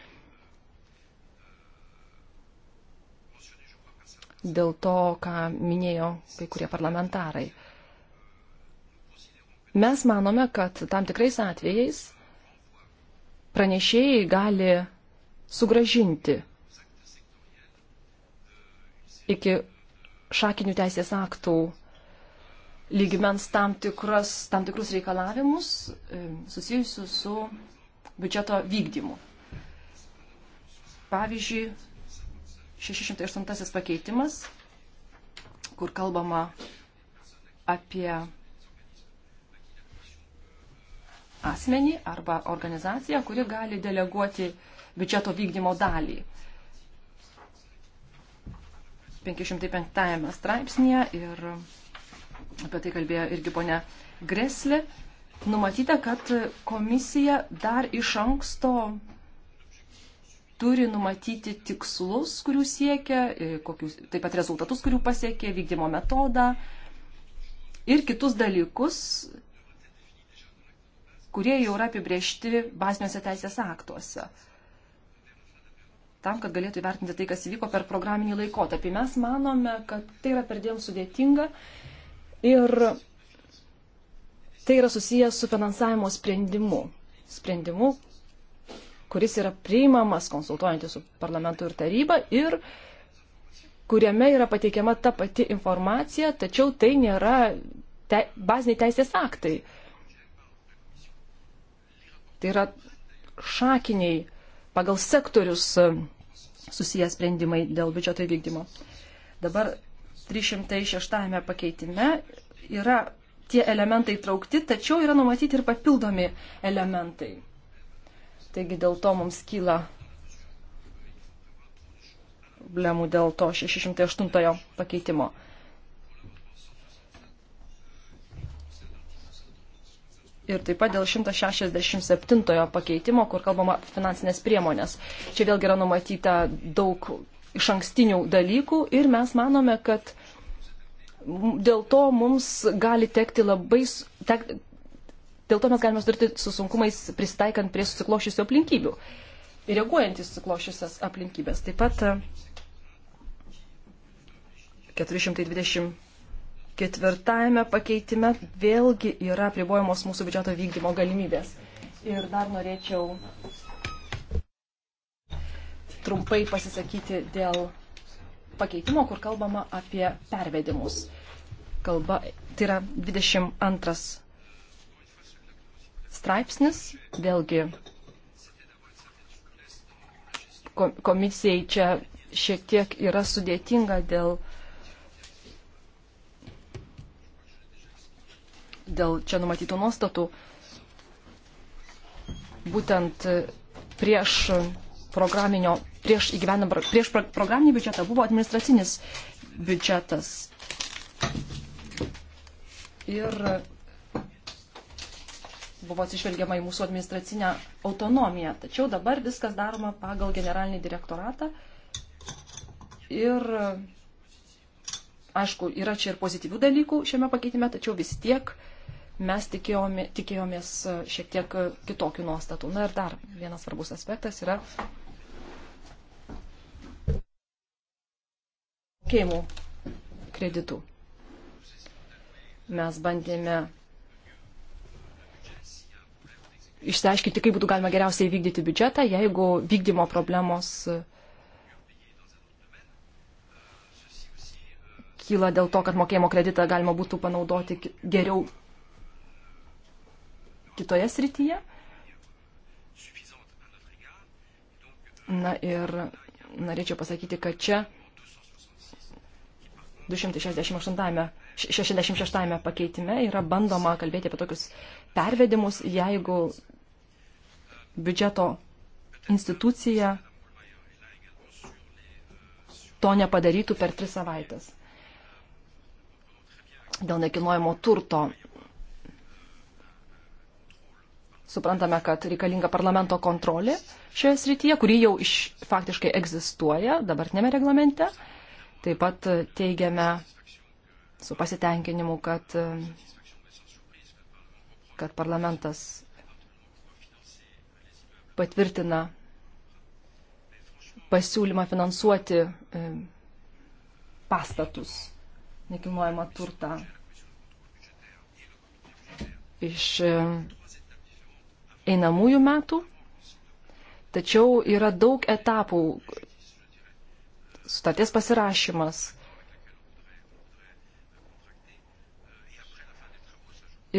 dėl to, ką minėjo kai kurie parlamentarai. Mes manome, kad tam tikrais atvejais pranešėjai gali sugražinti iki šakinių teisės aktų lygmens tam, tikras, tam tikrus reikalavimus e, susijusius su biudžeto vykdymu. Pavyzdžiui, 608 pakeitimas, kur kalbama apie asmenį arba organizaciją, kuri gali deleguoti biudžeto vykdymo dalį. 505 straipsnėje ir apie tai kalbėjo irgi ponia Greslė, numatyta, kad komisija dar iš anksto turi numatyti tikslus, kurių siekia, e, kokius, taip pat rezultatus, kurių pasiekė, vykdymo metodą ir kitus dalykus, kurie jau yra apibriešti baziniuose teisės aktuose. Tam, kad galėtų įvertinti tai, kas įvyko per programinį laikotarpį. Mes manome, kad tai yra perdėm sudėtinga ir tai yra susijęs su finansavimo sprendimu. Sprendimu, kuris yra priimamas konsultuojantis su parlamentu ir taryba ir kuriame yra pateikiama ta pati informacija, tačiau tai nėra te, baziniai teisės aktai. Tai yra šakiniai pagal sektorius e, susiję sprendimai dėl biudžeto įvykdymo. Dabar 306 pakeitime yra tie elementai traukti, tačiau yra numatyti ir papildomi elementai. Taigi dėl to mums kyla problemų dėl to 608 pakeitimo. Ir taip pat dėl 167 pakeitimo, kur kalbama finansinės priemonės. Čia vėlgi yra numatyta daug iš ankstinių dalykų ir mes manome, kad dėl to mums gali tekti labai, tek, Dėl to mes galime sudaryti su sunkumais prisitaikant prie susiklošiusių aplinkybių ir reaguojant į susiklošiusias aplinkybės. Taip pat 424 e, pakeitime vėlgi yra pribojamos mūsų biudžeto vykdymo galimybės. Ir dar norėčiau trumpai pasisakyti dėl pakeitimo, kur kalbama apie pervedimus. Kalba, tai yra 22 straipsnis, vėlgi komisijai čia šiek tiek yra sudėtinga dėl, dėl čia numatytų nuostatų. Būtent prieš programinio, prieš, prieš programinį biudžetą buvo administracinis biudžetas. Ir buvo atsižvelgiama į mūsų administracinę autonomiją. Tačiau dabar viskas daroma pagal generalinį direktoratą. Ir aišku, yra čia ir pozityvių dalykų šiame pakeitime, tačiau vis tiek mes tikėjomė, tikėjomės e, šiek tiek kitokių nuostatų. Na ir dar vienas svarbus aspektas yra mokėjimų kreditų. Mes bandėme išsiaiškinti, kaip būtų galima geriausiai vykdyti biudžetą, jeigu vykdymo problemos e, kyla dėl to, kad mokėjimo kreditą galima būtų panaudoti geriau kitoje srityje. Na ir norėčiau pasakyti, kad čia 268 66 pakeitime yra bandoma kalbėti apie tokius pervedimus, jeigu biudžeto institucija to nepadarytų per tris savaitės. Dėl nekilnojamo turto suprantame, kad reikalinga parlamento kontrolė šioje srityje, kuri jau iš, faktiškai egzistuoja dabartinėme reglamente. Taip pat teigiame su pasitenkinimu, kad, kad parlamentas patvirtina pasiūlymą finansuoti e, pastatus, nekilnojamą turtą iš e, einamųjų metų, tačiau yra daug etapų sutarties pasirašymas.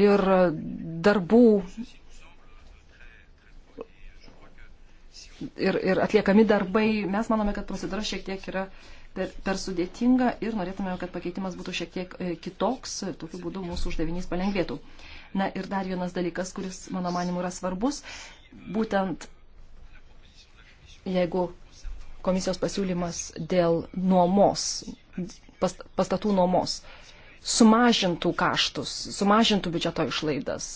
Ir darbų ir, ir atliekami darbai. Mes manome, kad procedūra šiek tiek yra per, per sudėtinga ir norėtume, kad pakeitimas būtų šiek tiek e, kitoks, tokiu būdu mūsų uždavinys palengvėtų. Na ir dar vienas dalykas, kuris mano manimu yra svarbus, būtent jeigu komisijos pasiūlymas dėl nuomos, pastatų nuomos sumažintų kaštus, sumažintų biudžeto išlaidas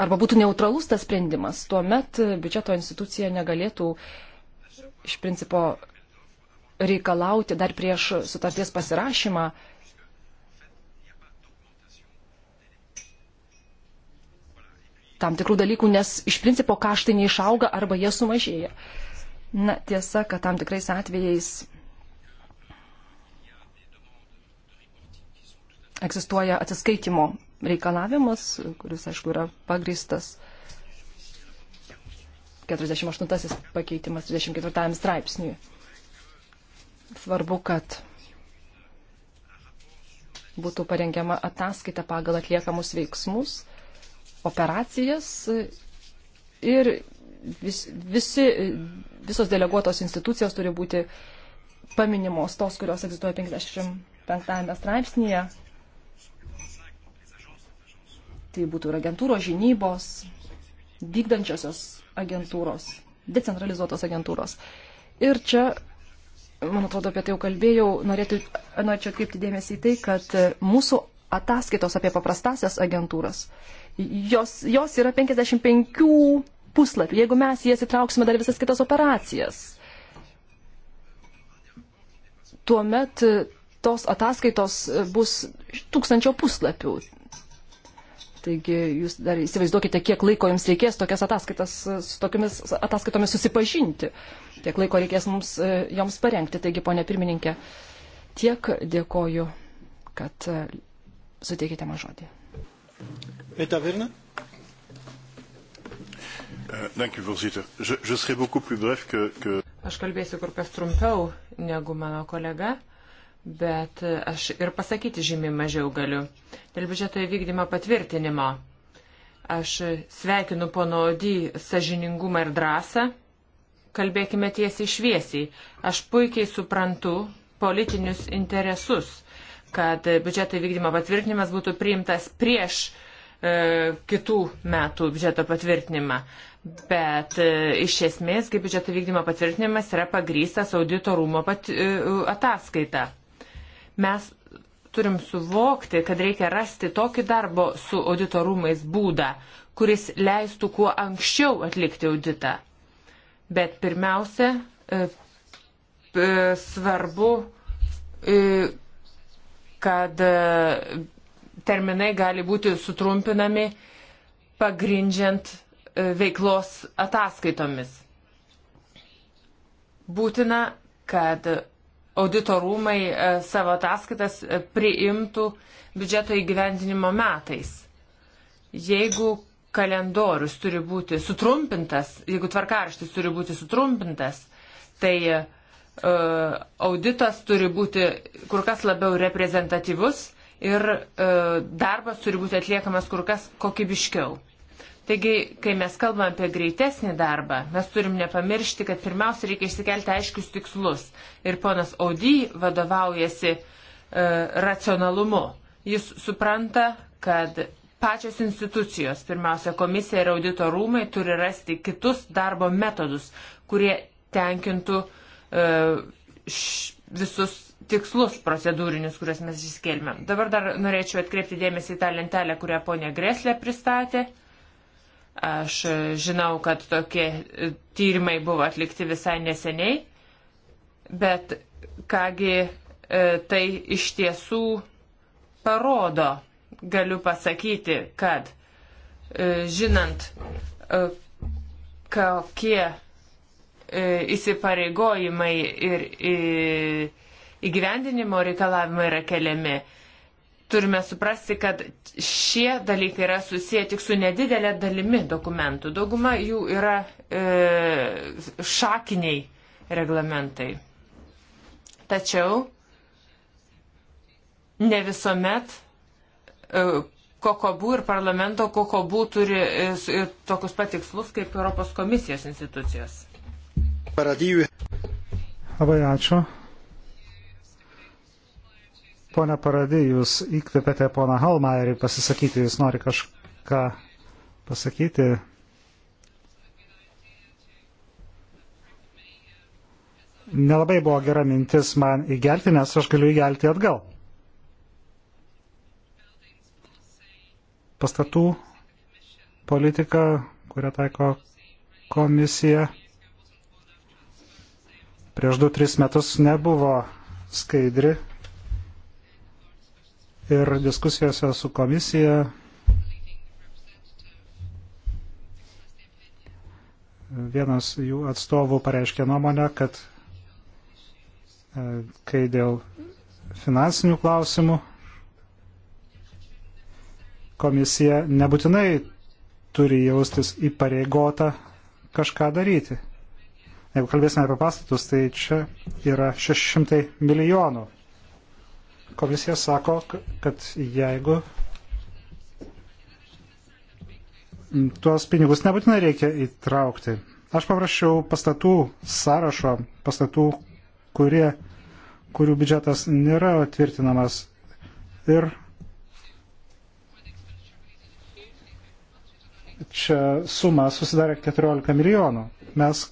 arba būtų neutralus tas sprendimas, tuomet biudžeto institucija negalėtų iš principo reikalauti dar prieš sutarties pasirašymą tam tikrų dalykų, nes iš principo kaštai neišauga arba jie sumažėja. Na, tiesa, kad tam tikrais atvejais egzistuoja atsiskaitimo reikalavimas, kuris, aišku, yra pagristas 48 pakeitimas 34 straipsniui. Svarbu, kad būtų parengiama ataskaita pagal atliekamus veiksmus, operacijas ir vis, visi, visos deleguotos institucijos turi būti paminimos tos, kurios egzistuoja 55 straipsnėje Tai būtų ir agentūros žinybos, vykdančiosios agentūros, decentralizuotos agentūros. Ir čia, man atrodo, apie tai jau kalbėjau, norėtų, norėčiau atkreipti dėmesį į tai, kad mūsų ataskaitos apie paprastasias agentūras, jos, jos yra 55 puslapių, jeigu mes jas įtrauksime dar visas kitas operacijas. Tuomet tos ataskaitos bus tūkstančio puslapių. Taigi jūs dar įsivaizduokite, kiek laiko jums reikės tokias ataskaitas, e, su tokiamis ataskaitomis susipažinti, kiek laiko reikės mums e, joms parengti. Taigi, ponė pirmininkė, tiek dėkoju, kad e, suteikite man žodį. Meta Virna. Dank uh, u, voorzitter. Je, je serai beaucoup plus bref que, que... Aš kalbėsiu kur kas trumpiau negu mano kolega. Uh, bet aš ir pasakyti žymiai mažiau galiu. Dėl biudžeto įvykdymo patvirtinimo. Aš sveikinu pono Odį sažiningumą ir drąsą. Kalbėkime tiesiai šviesiai. Aš puikiai suprantu politinius interesus, kad biudžeto įvykdymo patvirtinimas būtų priimtas prieš e, kitų metų biudžeto patvirtinimą. Bet e, iš esmės, kaip biudžeto vykdymo patvirtinimas yra pagrystas audito rūmo pat, e, ataskaita. Mes turim suvokti, kad reikia rasti tokį darbo su audito rūmais būdą, kuris leistų kuo anksčiau atlikti auditą. Bet pirmiausia, e, svarbu, e, kad e, terminai gali būti sutrumpinami pagrindžiant veiklos ataskaitomis. Būtina, kad auditorumai e, savo ataskaitas e, priimtų biudžeto įgyvendinimo metais. Jeigu kalendorius turi būti sutrumpintas, jeigu tvarkaraštis turi būti sutrumpintas, tai uh, auditas turi būti kur kas labiau reprezentatyvus ir uh, darbas turi būti atliekamas kur kas kokybiškiau. Taigi, kai mes kalbame apie greitesnį darbą, mes turim nepamiršti, kad pirmiausia reikia išsikelti aiškius tikslus. Ir ponas Audy vadovaujasi e, racionalumu. Jis supranta, kad pačios institucijos, pirmiausia komisija ir audito rūmai, turi rasti kitus darbo metodus, kurie tenkintų e, š, visus tikslus procedūrinius, kuriuos mes išskelmėm. Dabar dar norėčiau atkreipti dėmesį į tą lentelę, kurią ponė Greslė pristatė. Aš žinau, kad tokie e, tyrimai buvo atlikti visai neseniai, bet kągi e, tai iš tiesų parodo, galiu pasakyti, kad e, žinant, kokie įsipareigojimai ir įgyvendinimo reikalavimai yra keliami, turime suprasti, kad šie dalykai yra susiję tik su nedidelė dalimi dokumentų. Dauguma jų yra e, šakiniai reglamentai. Tačiau ne visuomet e, kokobų ir parlamento kokobų turi e, e, tokius patikslus kaip Europos komisijos institucijos. Paradyjų. Labai ačiū. Pone Paradį, jūs įkvėpėte poną Halmairį pasisakyti, jis nori kažką pasakyti. Nelabai buvo gera mintis man įgelti, nes aš galiu įgelti atgal. Pastatų politika, kurią taiko komisija, prieš 2-3 metus nebuvo skaidri ir diskusijose su komisija vienas jų atstovų pareiškė nuomonę, kad e, kai dėl finansinių klausimų komisija nebūtinai turi jaustis įpareigota kažką daryti. Jeigu kalbėsime apie pastatus, tai čia yra 600 milijonų Komisija sako, kad jeigu tuos pinigus nebūtinai reikia įtraukti. Aš paprašiau pastatų sąrašo, pastatų, kurie, kurių biudžetas nėra tvirtinamas. Ir čia suma susidarė 14 milijonų. Mes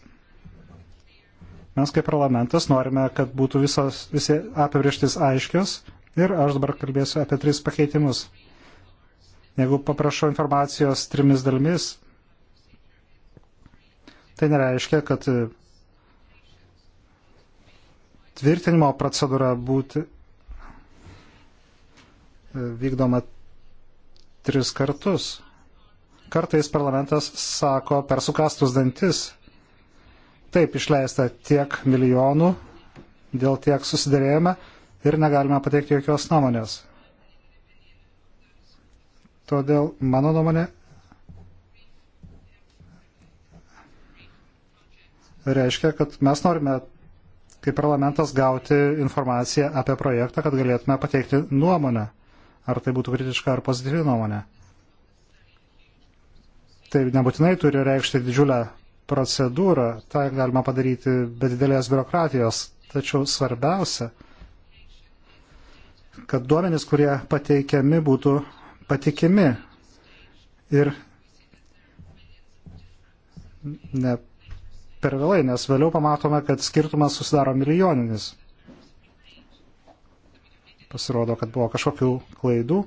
Mes kaip parlamentas norime, kad būtų visos, visi apibrieštis aiškios ir aš dabar kalbėsiu apie tris pakeitimus. Jeigu paprašau informacijos trimis dalimis, tai nereiškia, kad tvirtinimo procedūra būti vykdoma tris kartus. Kartais parlamentas sako per sukastus dantis taip išleista tiek milijonų, dėl tiek susidarėjome ir negalime pateikti jokios nuomonės. Todėl mano nuomonė reiškia, kad mes norime kaip parlamentas gauti informaciją apie projektą, kad galėtume pateikti nuomonę. Ar tai būtų kritiška ar pozityvi nuomonė. Tai nebūtinai turi reikšti didžiulę procedūrą. Ta galima padaryti be didelės biurokratijos. Tačiau svarbiausia, kad duomenys, kurie pateikiami, būtų patikimi ir ne per vėlai, nes vėliau pamatome, kad skirtumas susidaro milijoninis. Pasirodo, kad buvo kažkokių klaidų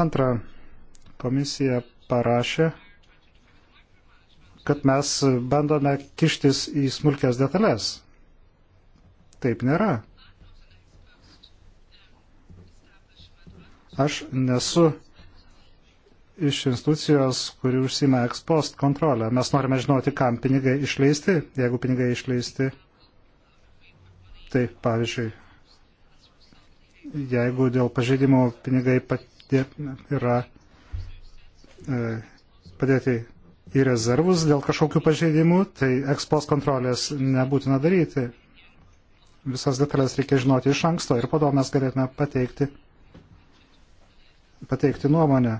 Antra, komisija parašė, kad mes bandome kištis į smulkės detalės. Taip nėra. Aš nesu iš institucijos, kuri užsima ekspost kontrolę. Mes norime žinoti, kam pinigai išleisti. Jeigu pinigai išleisti, tai pavyzdžiui, jeigu dėl pažeidimų pinigai pat yra e, padėti į rezervus dėl kažkokių pažeidimų, tai ekspos kontrolės nebūtina daryti. Visas detalės reikia žinoti iš anksto ir po to mes galėtume pateikti, pateikti nuomonę.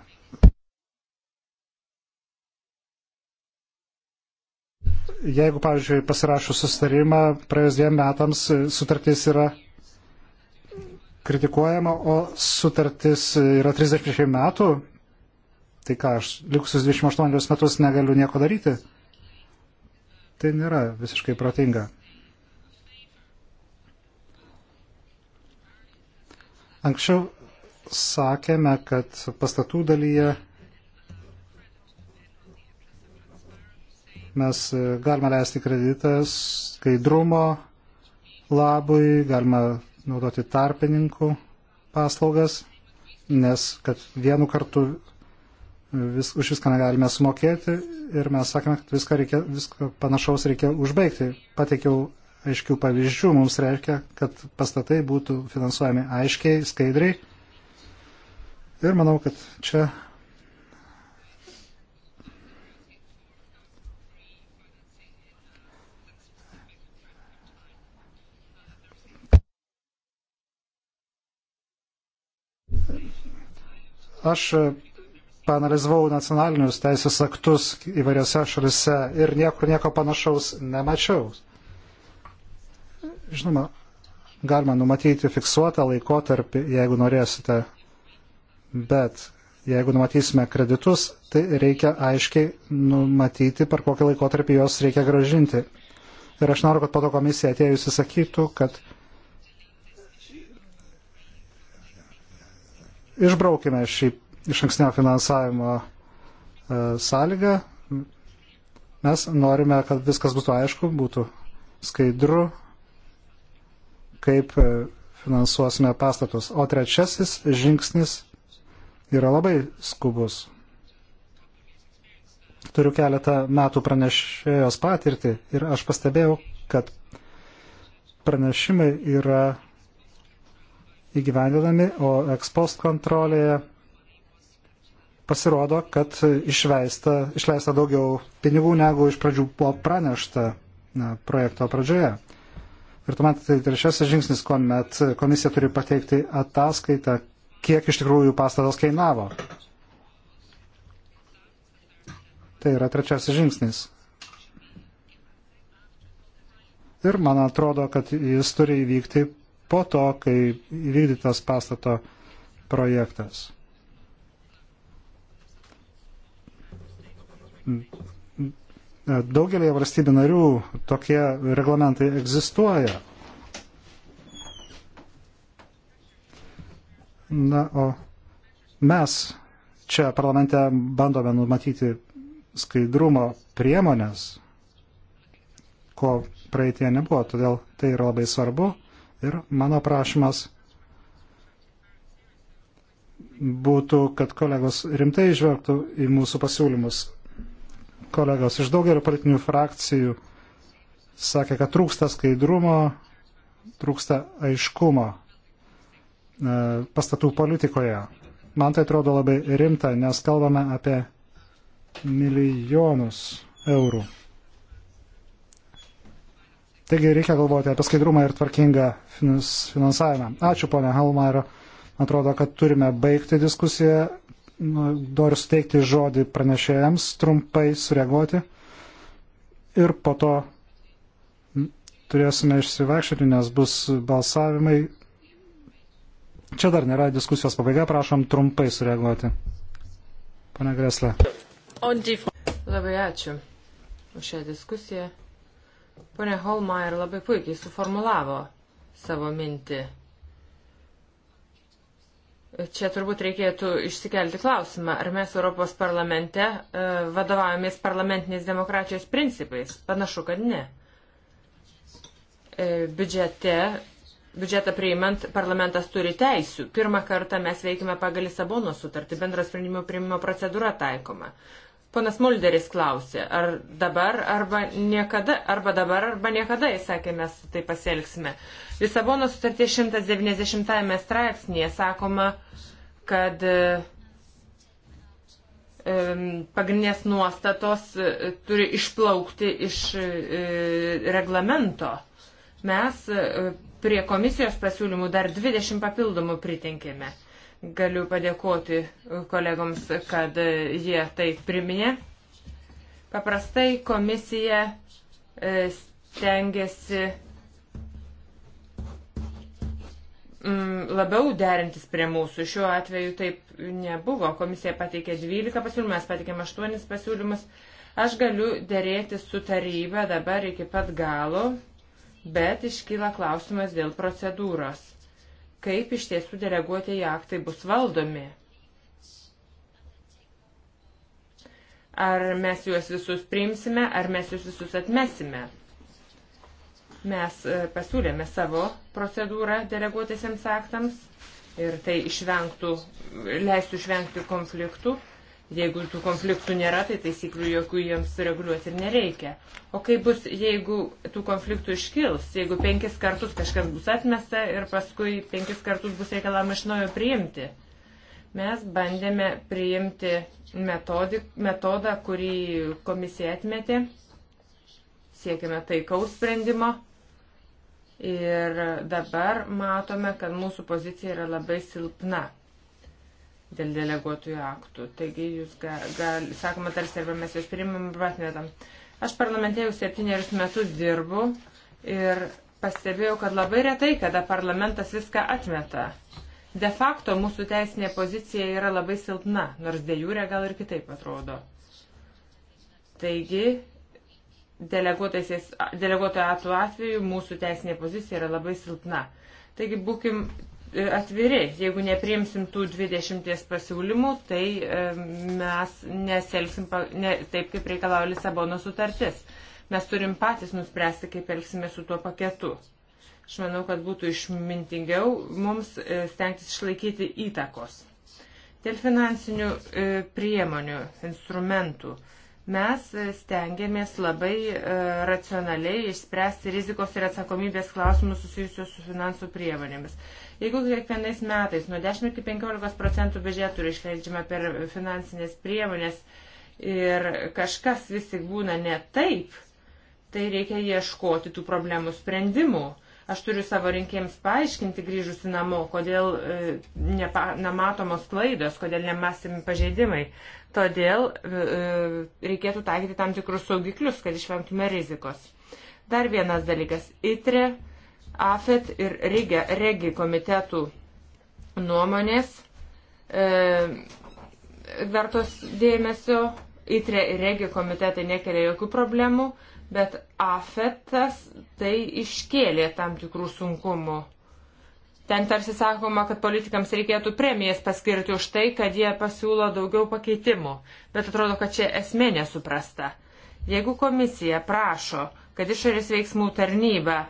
Jeigu, pavyzdžiui, pasirašus sustarimą, praėjus dviem metams sutartys yra kritikuojama, o sutartis yra 36 metų, tai ką aš likusius 28 metus negaliu nieko daryti. Tai nėra visiškai protinga. Anksčiau sakėme, kad pastatų dalyje mes galime leisti kreditą skaidrumo labui, galima naudoti tarpininkų paslaugas, nes kad vienu kartu vis, už viską negalime sumokėti ir mes sakėme, kad viską, reikia, viską panašaus reikia užbaigti. Pateikiau aiškių pavyzdžių, mums reikia, kad pastatai būtų finansuojami aiškiai, skaidriai. Ir manau, kad čia Aš e, panalizavau nacionalinius teisės aktus įvairiose šalise ir niekur nieko panašaus nemačiau. Žinoma, galima numatyti fiksuotą laikotarpį, jeigu norėsite, bet jeigu numatysime kreditus, tai reikia aiškiai numatyti, per kokį laikotarpį juos reikia gražinti. Ir aš noriu, kad po to komisija atėjusi sakytų, kad išbraukime šį iš ankstinio finansavimo e, sąlygą. Mes norime, kad viskas būtų aišku, būtų skaidru, kaip e, finansuosime pastatus. O trečiasis žingsnis yra labai skubus. Turiu keletą metų pranešėjos patirtį ir aš pastebėjau, kad pranešimai yra įgyvendinami, o ekspost kontrolėje pasirodo, kad išleista, išleista daugiau pinigų, negu iš pradžių buvo pranešta na, projekto pradžioje. Ir tuomet tai trečiasis žingsnis, kuomet komisija turi pateikti ataskaitą, kiek iš tikrųjų pastatas kainavo. Tai yra trečiasis žingsnis. Ir man atrodo, kad jis turi įvykti po to, kai įvykdytas pastato projektas. Daugelėje valstybių narių tokie reglamentai egzistuoja. Na, o mes čia parlamente bandome numatyti skaidrumo priemonės, ko praeitie nebuvo, todėl tai yra labai svarbu. Ir mano prašymas būtų, kad kolegos rimtai žvelgtų į mūsų pasiūlymus. Kolegos iš daugelio politinių frakcijų sakė, kad trūksta skaidrumo, trūksta aiškumo e, pastatų politikoje. Man tai atrodo labai rimta, nes kalbame apie milijonus eurų. Taigi reikia galvoti apie skaidrumą ir tvarkingą finansavimą. Ačiū, ponia Halmaro. Atrodo, kad turime baigti diskusiją. Nu, noriu suteikti žodį pranešėjams, trumpai sureaguoti. Ir po to turėsime išsivaikščioti, nes bus balsavimai. Čia dar nėra diskusijos pabaiga, prašom trumpai sureaguoti. Pane Greslė. Labai ačiū už šią diskusiją. Pone Holmaier labai puikiai suformulavo savo mintį. Čia turbūt reikėtų išsikelti klausimą, ar mes Europos parlamente e, vadovavomės parlamentinės demokratijos principais. Panašu, kad ne. E, biudžete, biudžetą priimant, parlamentas turi teisių. Pirmą kartą mes veikime pagal Lisabono sutartį, bendras sprendimų priimimo procedūra taikoma. Ponas Mulderis klausė, ar dabar arba niekada, arba dabar arba niekada, jis sakė, mes tai pasielgsime. Lisabono sutarties 190 straipsnėje sakoma, kad e, pagrindinės nuostatos e, turi išplaukti iš e, reglamento. Mes prie komisijos pasiūlymų dar 20 papildomų pritenkėme. Galiu padėkoti kolegoms, kad jie tai priminė. Paprastai komisija e, stengiasi mm, labiau derintis prie mūsų. Šiuo atveju taip nebuvo. Komisija pateikė 12 pasiūlymų, mes pateikėme 8 pasiūlymus. Aš galiu dėrėti su taryba dabar iki pat galo, bet iškyla klausimas dėl procedūros kaip iš tiesų deleguoti į aktai bus valdomi. Ar mes juos visus priimsime, ar mes juos visus atmesime. Mes e, pasiūlėme savo procedūrą deleguotėsiams aktams ir tai išvengtų, leistų išvengti konfliktų Jeigu tų konfliktų nėra, tai taisyklių jokių jiems reguliuoti ir nereikia. O kaip bus, jeigu tų konfliktų iškils, jeigu penkis kartus kažkas bus atmesta ir paskui penkis kartus bus reikalama iš naujo priimti? Mes bandėme priimti metodik, metodą, kurį komisija atmetė. Siekime taikaus sprendimo. Ir dabar matome, kad mūsų pozicija yra labai silpna dėl deleguotųjų aktų. Taigi jūs, gal, gal, sakoma, tarsi arba mes juos priimam, arba atmetam. Aš parlamente jau septynerius metus dirbu ir pastebėjau, kad labai retai, kada parlamentas viską atmeta. De facto mūsų teisinė pozicija yra labai silpna, nors de jūrė gal ir kitaip atrodo. Taigi, deleguotojo atveju mūsų teisinė pozicija yra labai silpna. Taigi, būkim E, atviri. Jeigu nepriimsim tų 20 pasiūlymų, tai e, mes neselgsim ne, taip, kaip reikalauja Lisabono sutartis. Mes turim patys nuspręsti, kaip elgsime su tuo paketu. Aš manau, kad būtų išmintingiau mums e, stengtis išlaikyti įtakos. Dėl finansinių priemonių, instrumentų mes stengiamės labai racionaliai išspręsti rizikos ir atsakomybės klausimus susijusius su finansų priemonėmis. Jeigu kiekvienais metais nuo 10 iki 15 procentų biudžetų yra išleidžiama per finansinės priemonės ir kažkas vis tik būna ne taip, tai reikia ieškoti tų problemų sprendimų. Aš turiu savo rinkėjams paaiškinti grįžusi namo, kodėl e, nepa, nematomos klaidos, kodėl nemastimi pažeidimai. Todėl e, e, reikėtų taikyti tam tikrus saugiklius, kad išvengtume rizikos. Dar vienas dalykas. ITRE AFET ir REGI, regi komitetų nuomonės e, vertos dėmesio. ITRE ir REGI komitetai nekelia jokių problemų, bet AFETas tai iškėlė tam tikrų sunkumų. Ten tarsi sakoma, kad politikams reikėtų premijas paskirti už tai, kad jie pasiūlo daugiau pakeitimų, bet atrodo, kad čia esmė nesuprasta. Jeigu komisija prašo, kad išorės veiksmų tarnyba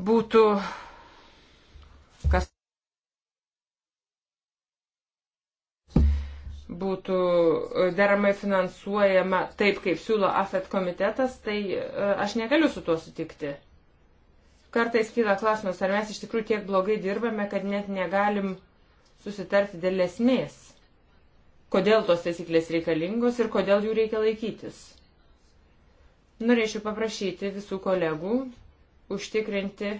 būtų kas būtų deramai finansuojama taip, kaip siūlo AFET komitetas, tai e, aš negaliu su tuo sutikti. Kartais kyla klausimas, ar mes iš tikrųjų tiek blogai dirbame, kad net negalim susitarti dėl esmės. Kodėl tos taisyklės reikalingos ir kodėl jų reikia laikytis. Norėčiau paprašyti visų kolegų užtikrinti,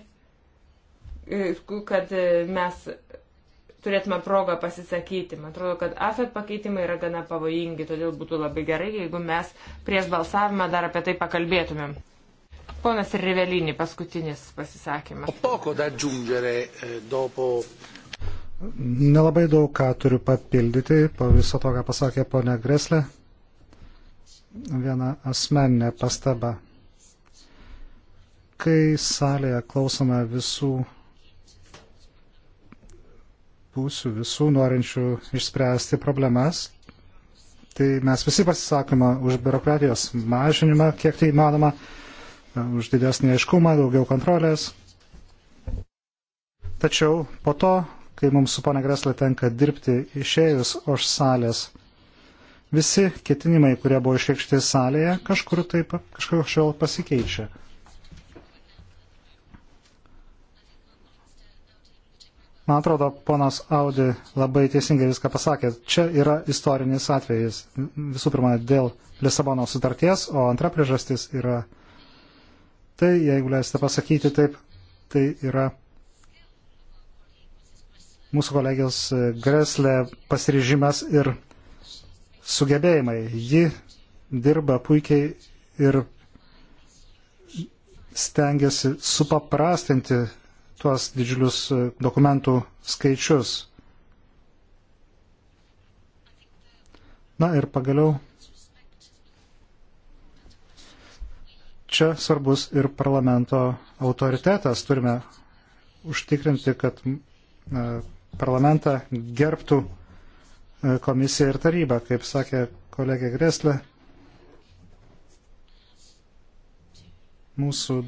e, kad mes turėtume progą pasisakyti. Man atrodo, kad AFET pakeitimai yra gana pavojingi, todėl būtų labai gerai, jeigu mes prieš balsavimą dar apie tai pakalbėtumėm. Ponas Rivelinį, paskutinis pasisakymas. Poco da aggiungere eh, dopo. Nelabai daug ką turiu papildyti po viso to, ką pasakė ponia Greslė. Viena asmeninė pastaba kai salėje klausome visų pusių, visų norinčių išspręsti problemas, tai mes visi pasisakome už biurokratijos mažinimą, kiek tai įmanoma, už didesnį aiškumą, daugiau kontrolės. Tačiau po to, kai mums su pana Greslė tenka dirbti išėjus už salės, visi ketinimai, kurie buvo išreikšti salėje, kažkur taip kažkur šiol pasikeičia. Man atrodo, ponas Audi labai teisingai viską pasakė. Čia yra istorinis atvejis. Visų pirma, dėl Lisabono sutarties, o antra priežastis yra, tai jeigu leisite pasakyti taip, tai yra mūsų kolegijos Greslė pasiryžimas ir sugebėjimai. Ji dirba puikiai ir stengiasi supaprastinti tuos didžiulius e, dokumentų skaičius. Na ir pagaliau. Čia svarbus ir parlamento autoritetas. Turime užtikrinti, kad e, parlamentą gerbtų e, komisija ir taryba, kaip sakė kolegė Greslė. Mūsų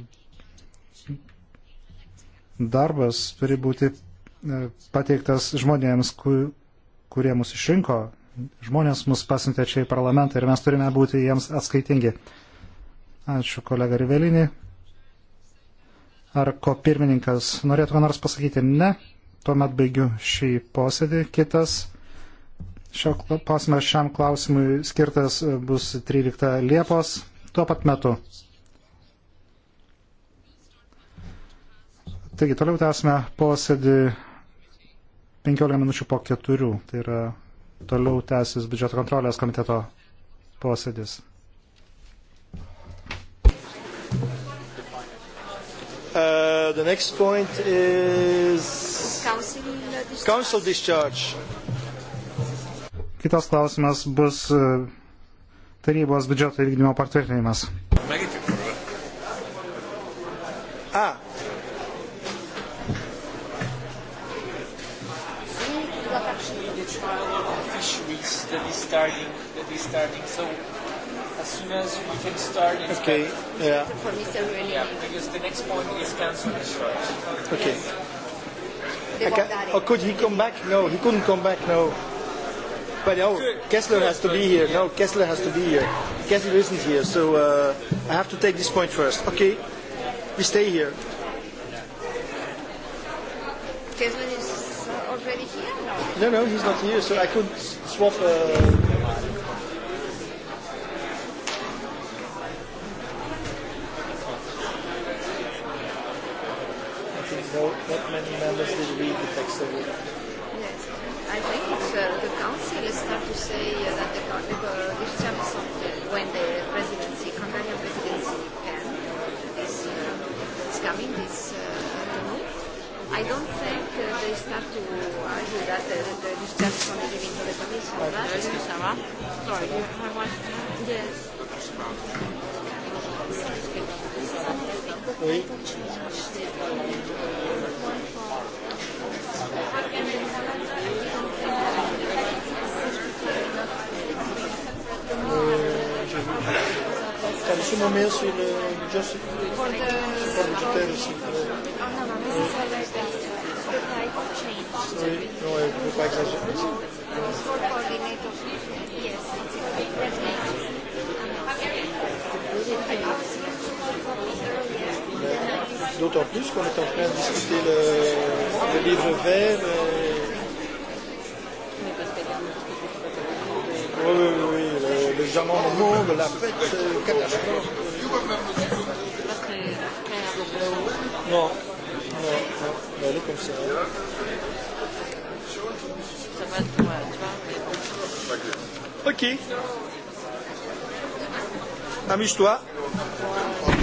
darbas turi būti e, pateiktas žmonėms, kurie mus išrinko. Žmonės mus pasintė čia į parlamentą ir mes turime būti jiems atskaitingi. Ačiū kolega Rivelinį. Ar ko pirmininkas norėtų ką nors pasakyti? Ne. Tuomet baigiu šį posėdį. Kitas šio klausimas šiam klausimui skirtas bus 13 Liepos tuo pat metu. Taigi, toliau tęsime posėdį 15 minučių po 4. Tai yra toliau tęsis biudžeto kontrolės komiteto posėdis. Uh, the next point is council discharge. Council discharge. Kitas klausimas bus uh, tarybos biudžeto įvykdymo patvirtinimas. Ah, starting that is starting. So as soon as we can start, it's okay. Better. Yeah. For Mr. Really. Yeah, because the next point is cancel the start. Okay. Yes. Can, oh, could he come back? No, he couldn't come back. No. But no, oh, Kessler has to be here. No, Kessler has to be here. Kessler isn't here, so uh, I have to take this point first. Okay, we stay here. Kessler is already here? No, no, no he's not here, so I could swap. Uh, think no, not many members did read the text of it. Yes, I think uh, the council started to say uh, that the, the, the terms of the, when the presidency, Hungarian presidency can is, uh, is coming this uh, afternoon. I don't think uh, they start to argue that uh, the discussion is leaving to the commission. Okay. Right? Sorry, you have one? Yes. Yes. Oui. Tam su mumis ir Joseph Supervisor aussi. Oui, non, elle ne peut pas exagérer. Yes, it's a great D'autant plus qu'on est en train de discuter le, le livre vert. Et... Oui, oui, oui, le, le jamon au monde, la fête, euh, catastrophe. Non, non, non, mais elle est comme ça. Hein. Ça va, ouais, tu vois. Ok. Amuse-toi. Ouais.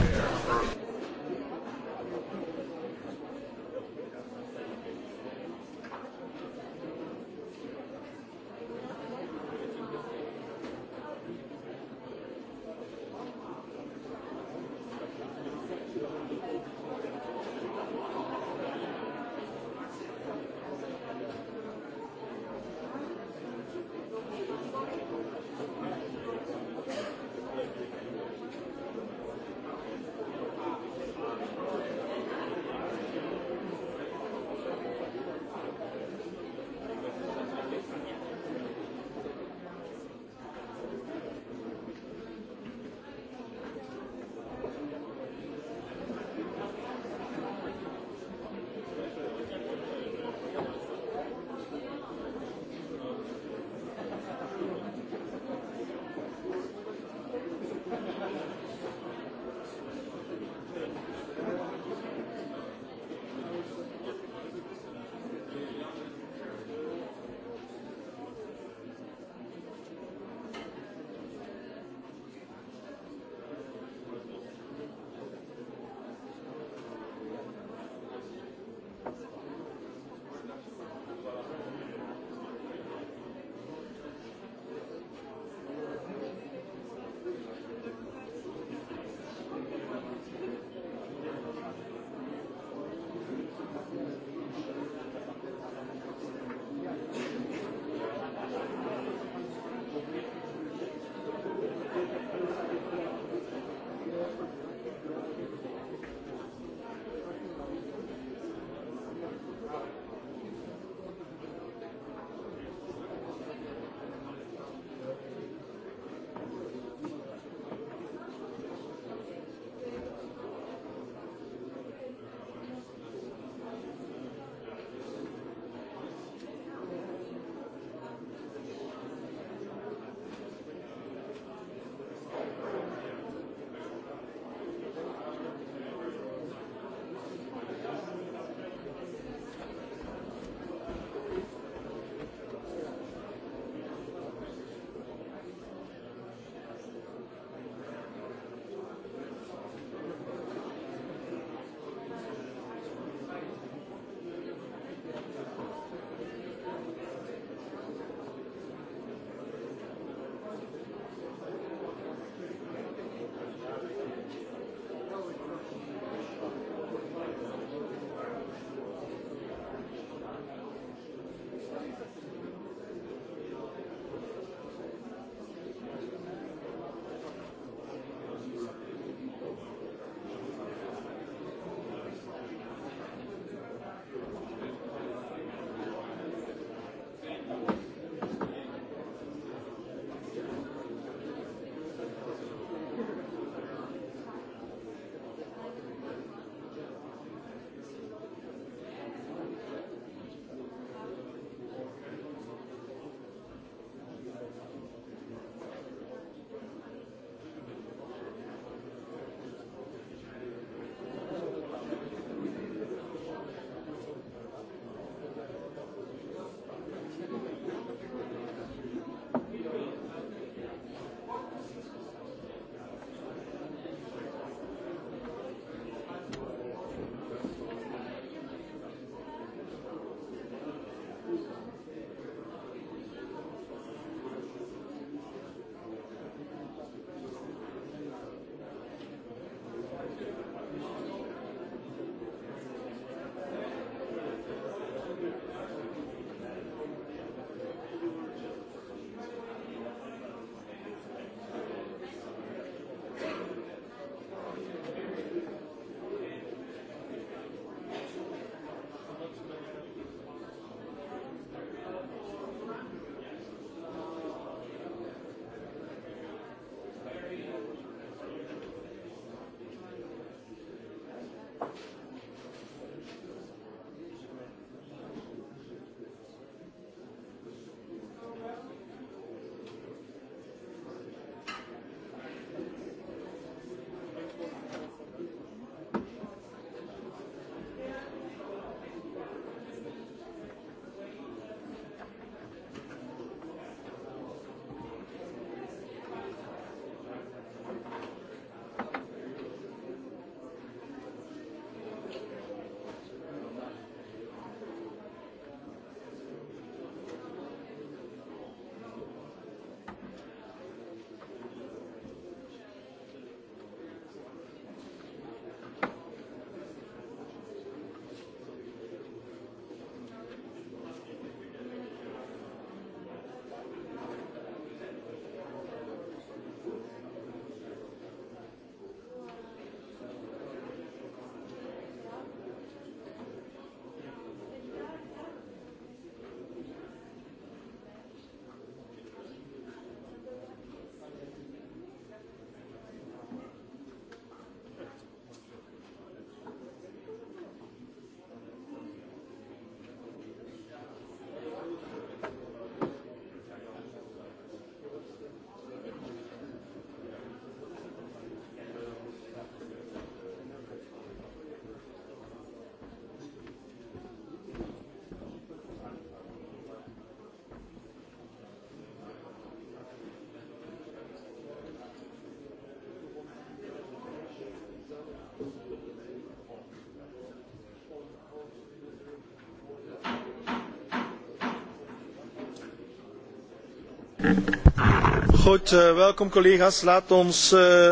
Goed, uh, welkom collega's. Laat ons uh,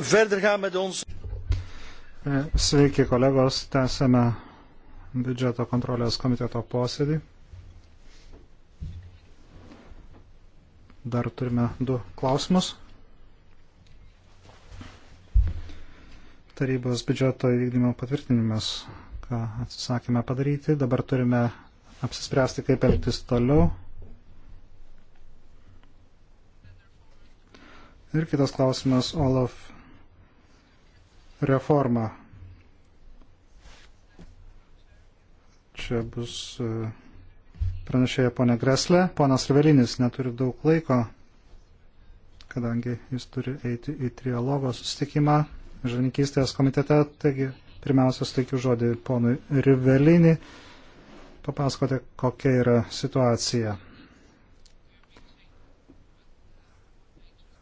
verder gaan met ons. Eh, sveiki kolegos, tęsėme biudžeto kontrolės komiteto posėdį. Dar turime du klausimus. Tarybos biudžeto įvykdymo patvirtinimas, ką atsisakėme padaryti. Dabar turime apsispręsti, kaip elgtis toliau. Ir kitas klausimas Olaf reforma. Čia bus e, pranešėja ponė Greslė. Ponas Revelinis neturi daug laiko, kadangi jis turi eiti į trialogo susitikimą žvininkystės komitete. Taigi, pirmiausia, suteikiu žodį ponui Rivelinį. Papasakote, kokia yra situacija.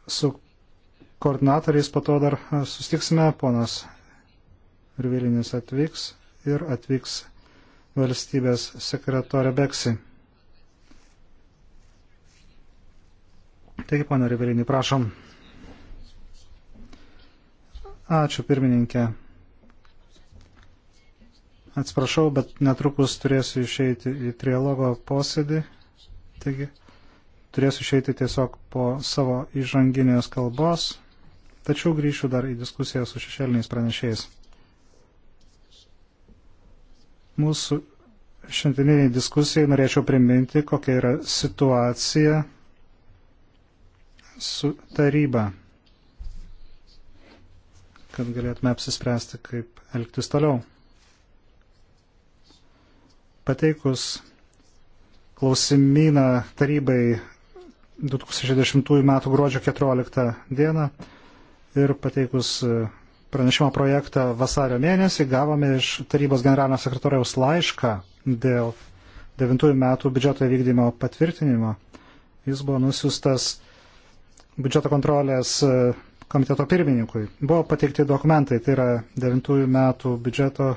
su koordinatoriais po to dar e, sustiksime, ponas Rivilinis atvyks ir atvyks valstybės sekretorė Beksi. Taigi, ponia Rivelinį, prašom. Ačiū, pirmininkė. Atsiprašau, bet netrukus turėsiu išeiti į trialogo posėdį. Taigi, turėsiu išeiti tiesiog po savo įžanginės kalbos, tačiau grįšiu dar į diskusiją su šešėliniais pranešėjais. Mūsų šiandieniniai diskusijai norėčiau priminti, kokia yra situacija su taryba, kad galėtume apsispręsti, kaip elgtis toliau. Pateikus klausimyną tarybai 2010 m. gruodžio 14 d. ir pateikus e, pranešimo projektą vasario mėnesį gavome iš tarybos generalinio sekretoriaus laišką dėl 9 metų biudžeto įvykdymo patvirtinimo. Jis buvo nusiustas biudžeto kontrolės e, komiteto pirmininkui. Buvo pateikti dokumentai, tai yra 9 metų biudžeto,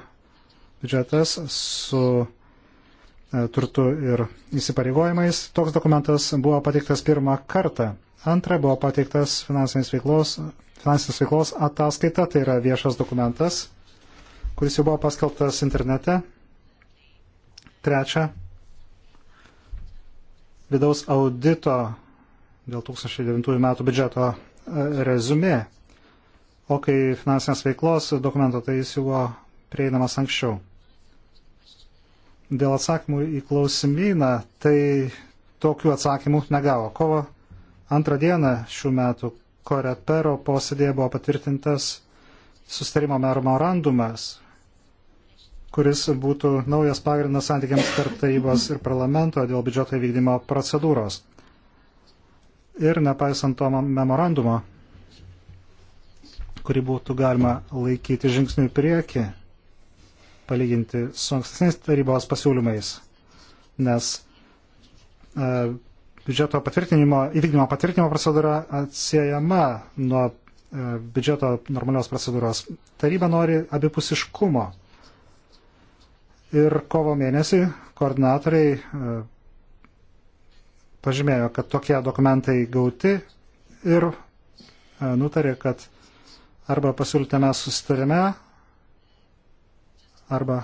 biudžetas su E, turtu ir įsipareigojimais. Toks dokumentas buvo pateiktas pirmą kartą. Antra buvo pateiktas finansinės veiklos, finansinės veiklos ataskaita, tai yra viešas dokumentas, kuris jau buvo paskelbtas internete. Trečia, vidaus audito dėl 2009 metų biudžeto e, rezumė. O kai finansinės veiklos dokumento, tai jis jau buvo prieinamas anksčiau. Dėl atsakymų į klausimyną, tai tokių atsakymų negavo. Kovo antrą dieną šių metų Korepero posėdėje buvo patvirtintas sustarimo memorandumas, kuris būtų naujas pagrindas santykiams tarp tarybos ir parlamento dėl biudžeto įvykdymo procedūros. Ir nepaisant to memorandumo, kurį būtų galima laikyti žingsnių į priekį, palyginti su ankstesniais tarybos pasiūlymais, nes e, biudžeto patvirtinimo, įvykdymo patvirtinimo procedūra atsiejama nuo e, biudžeto normalios procedūros. Taryba nori abipusiškumo. Ir kovo mėnesį koordinatoriai e, pažymėjo, kad tokie dokumentai gauti ir e, nutarė, kad arba pasiūlytame susitarime arba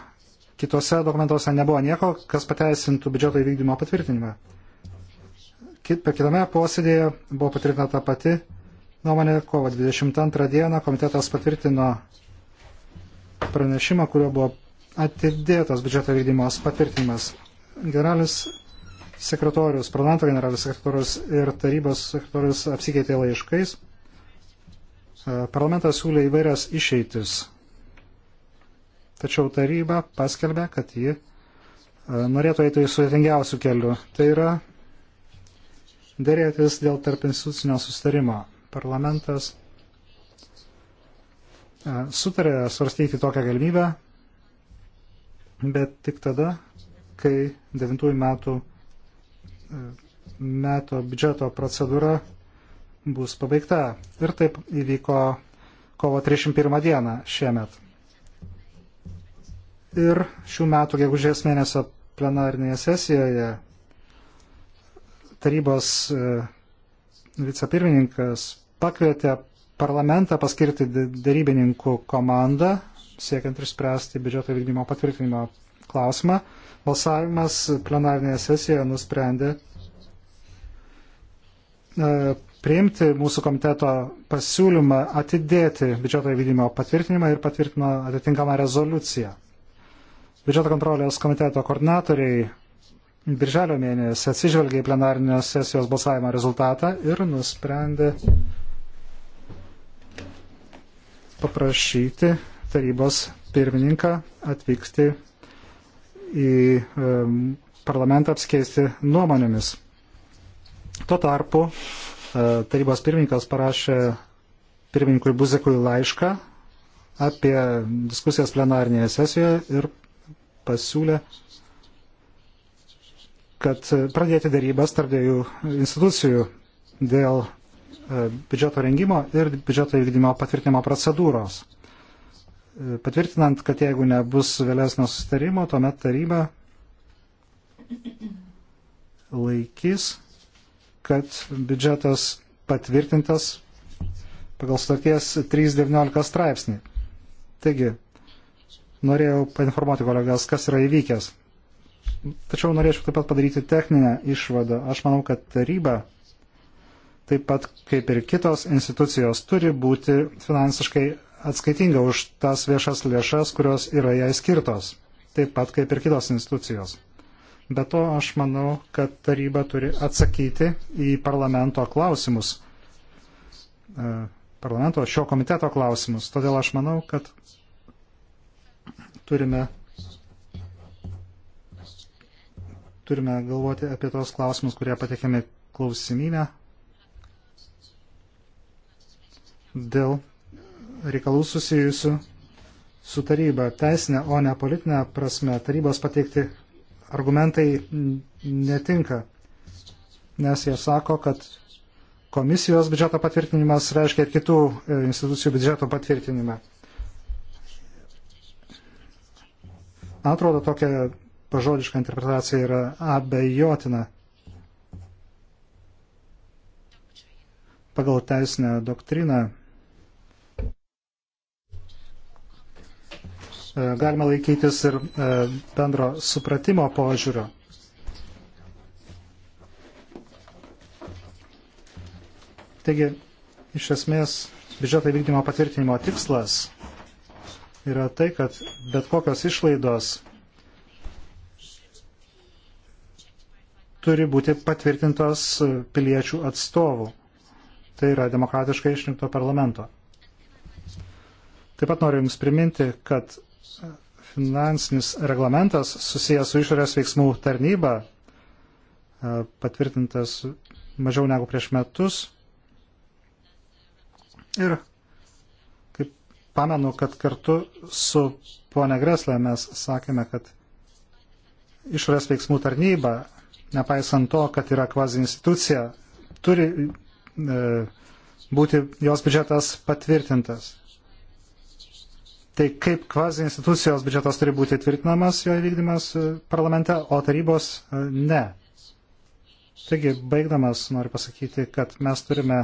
kitose dokumentuose nebuvo nieko, kas pateisintų biudžeto įvykdymo patvirtinimą. Kit, kitame posėdėje buvo patvirtinta ta pati nuomonė, kovo 22 dieną komitetas patvirtino pranešimą, kurio buvo atidėtas biudžeto vykdymos patvirtinimas. Generalinis sekretorius, parlamento generalinis sekretorius ir tarybos sekretorius apsikeitė laiškais. Parlamentas siūlė įvairias išeitis Tačiau taryba paskelbė, kad ji e, norėtų eiti į sudėtingiausių kelių. Tai yra dėrėtis dėl tarp institucinio sustarimo. Parlamentas e, sutarė svarstyti tokią galimybę, bet tik tada, kai 9 metų e, meto biudžeto procedūra bus pabaigta. Ir taip įvyko kovo 31 dieną šiemet ir šių metų gegužės mėnesio plenarinėje sesijoje tarybos e, vicepirmininkas pakvietė parlamentą paskirti darybininkų komandą, siekiant išspręsti biudžeto vykdymo patvirtinimo klausimą. Balsavimas plenarinėje sesijoje nusprendė e, priimti mūsų komiteto pasiūlymą atidėti biudžeto įvykdymo patvirtinimą ir patvirtino atitinkamą rezoliuciją. Biudžeto kontrolės komiteto koordinatoriai birželio mėnesį atsižvelgė į plenarinio sesijos balsavimo rezultatą ir nusprendė paprašyti tarybos pirmininką atvykti į parlamentą apskeisti nuomonėmis. Tuo tarpu e, tarybos pirmininkas parašė pirmininkui Buzekui laišką apie diskusijas plenarinėje sesijoje ir pasiūlė, kad pradėti darybas tarp dviejų institucijų dėl e, biudžeto rengimo ir biudžeto įvykdymo patvirtinimo procedūros. E, patvirtinant, kad jeigu nebus vėlesnio sustarimo, tuomet taryba laikys, kad biudžetas patvirtintas pagal starties 3.19 straipsnį. Taigi, norėjau painformuoti kolegas, kas yra įvykęs. Tačiau norėčiau taip pat padaryti techninę išvadą. Aš manau, kad taryba, taip pat kaip ir kitos institucijos, turi būti finansiškai atskaitinga už tas viešas lėšas, kurios yra jai skirtos. Taip pat kaip ir kitos institucijos. Be to, aš manau, kad taryba turi atsakyti į parlamento klausimus. E, parlamento šio komiteto klausimus. Todėl aš manau, kad turime, turime galvoti apie tos klausimus, kurie patikėme klausimynę dėl reikalų susijusių su taryba teisinė, o ne politinė prasme. Tarybos pateikti argumentai netinka, nes jie sako, kad komisijos biudžeto patvirtinimas reiškia ir kitų e, institucijų biudžeto patvirtinimą. Man atrodo, tokia pažodiška interpretacija yra abejotina. Pagal teisinę doktriną e, galima laikytis ir e, bendro supratimo požiūrio. Taigi, iš esmės, biudžeto vykdymo patvirtinimo tikslas yra tai, kad bet kokios išlaidos turi būti patvirtintos piliečių atstovų. Tai yra demokratiškai išrinkto parlamento. Taip pat noriu Jums priminti, kad finansinis reglamentas susijęs su išorės veiksmų tarnyba, e, patvirtintas mažiau negu prieš metus, ir pamenu, kad kartu su ponia Greslė mes sakėme, kad išorės veiksmų tarnyba, nepaisant to, kad yra kvazi institucija, turi e, būti jos biudžetas patvirtintas. Tai kaip kvazi institucijos biudžetas turi būti tvirtinamas, jo įvykdymas e, parlamente, o tarybos e, ne. Taigi, baigdamas, noriu pasakyti, kad mes turime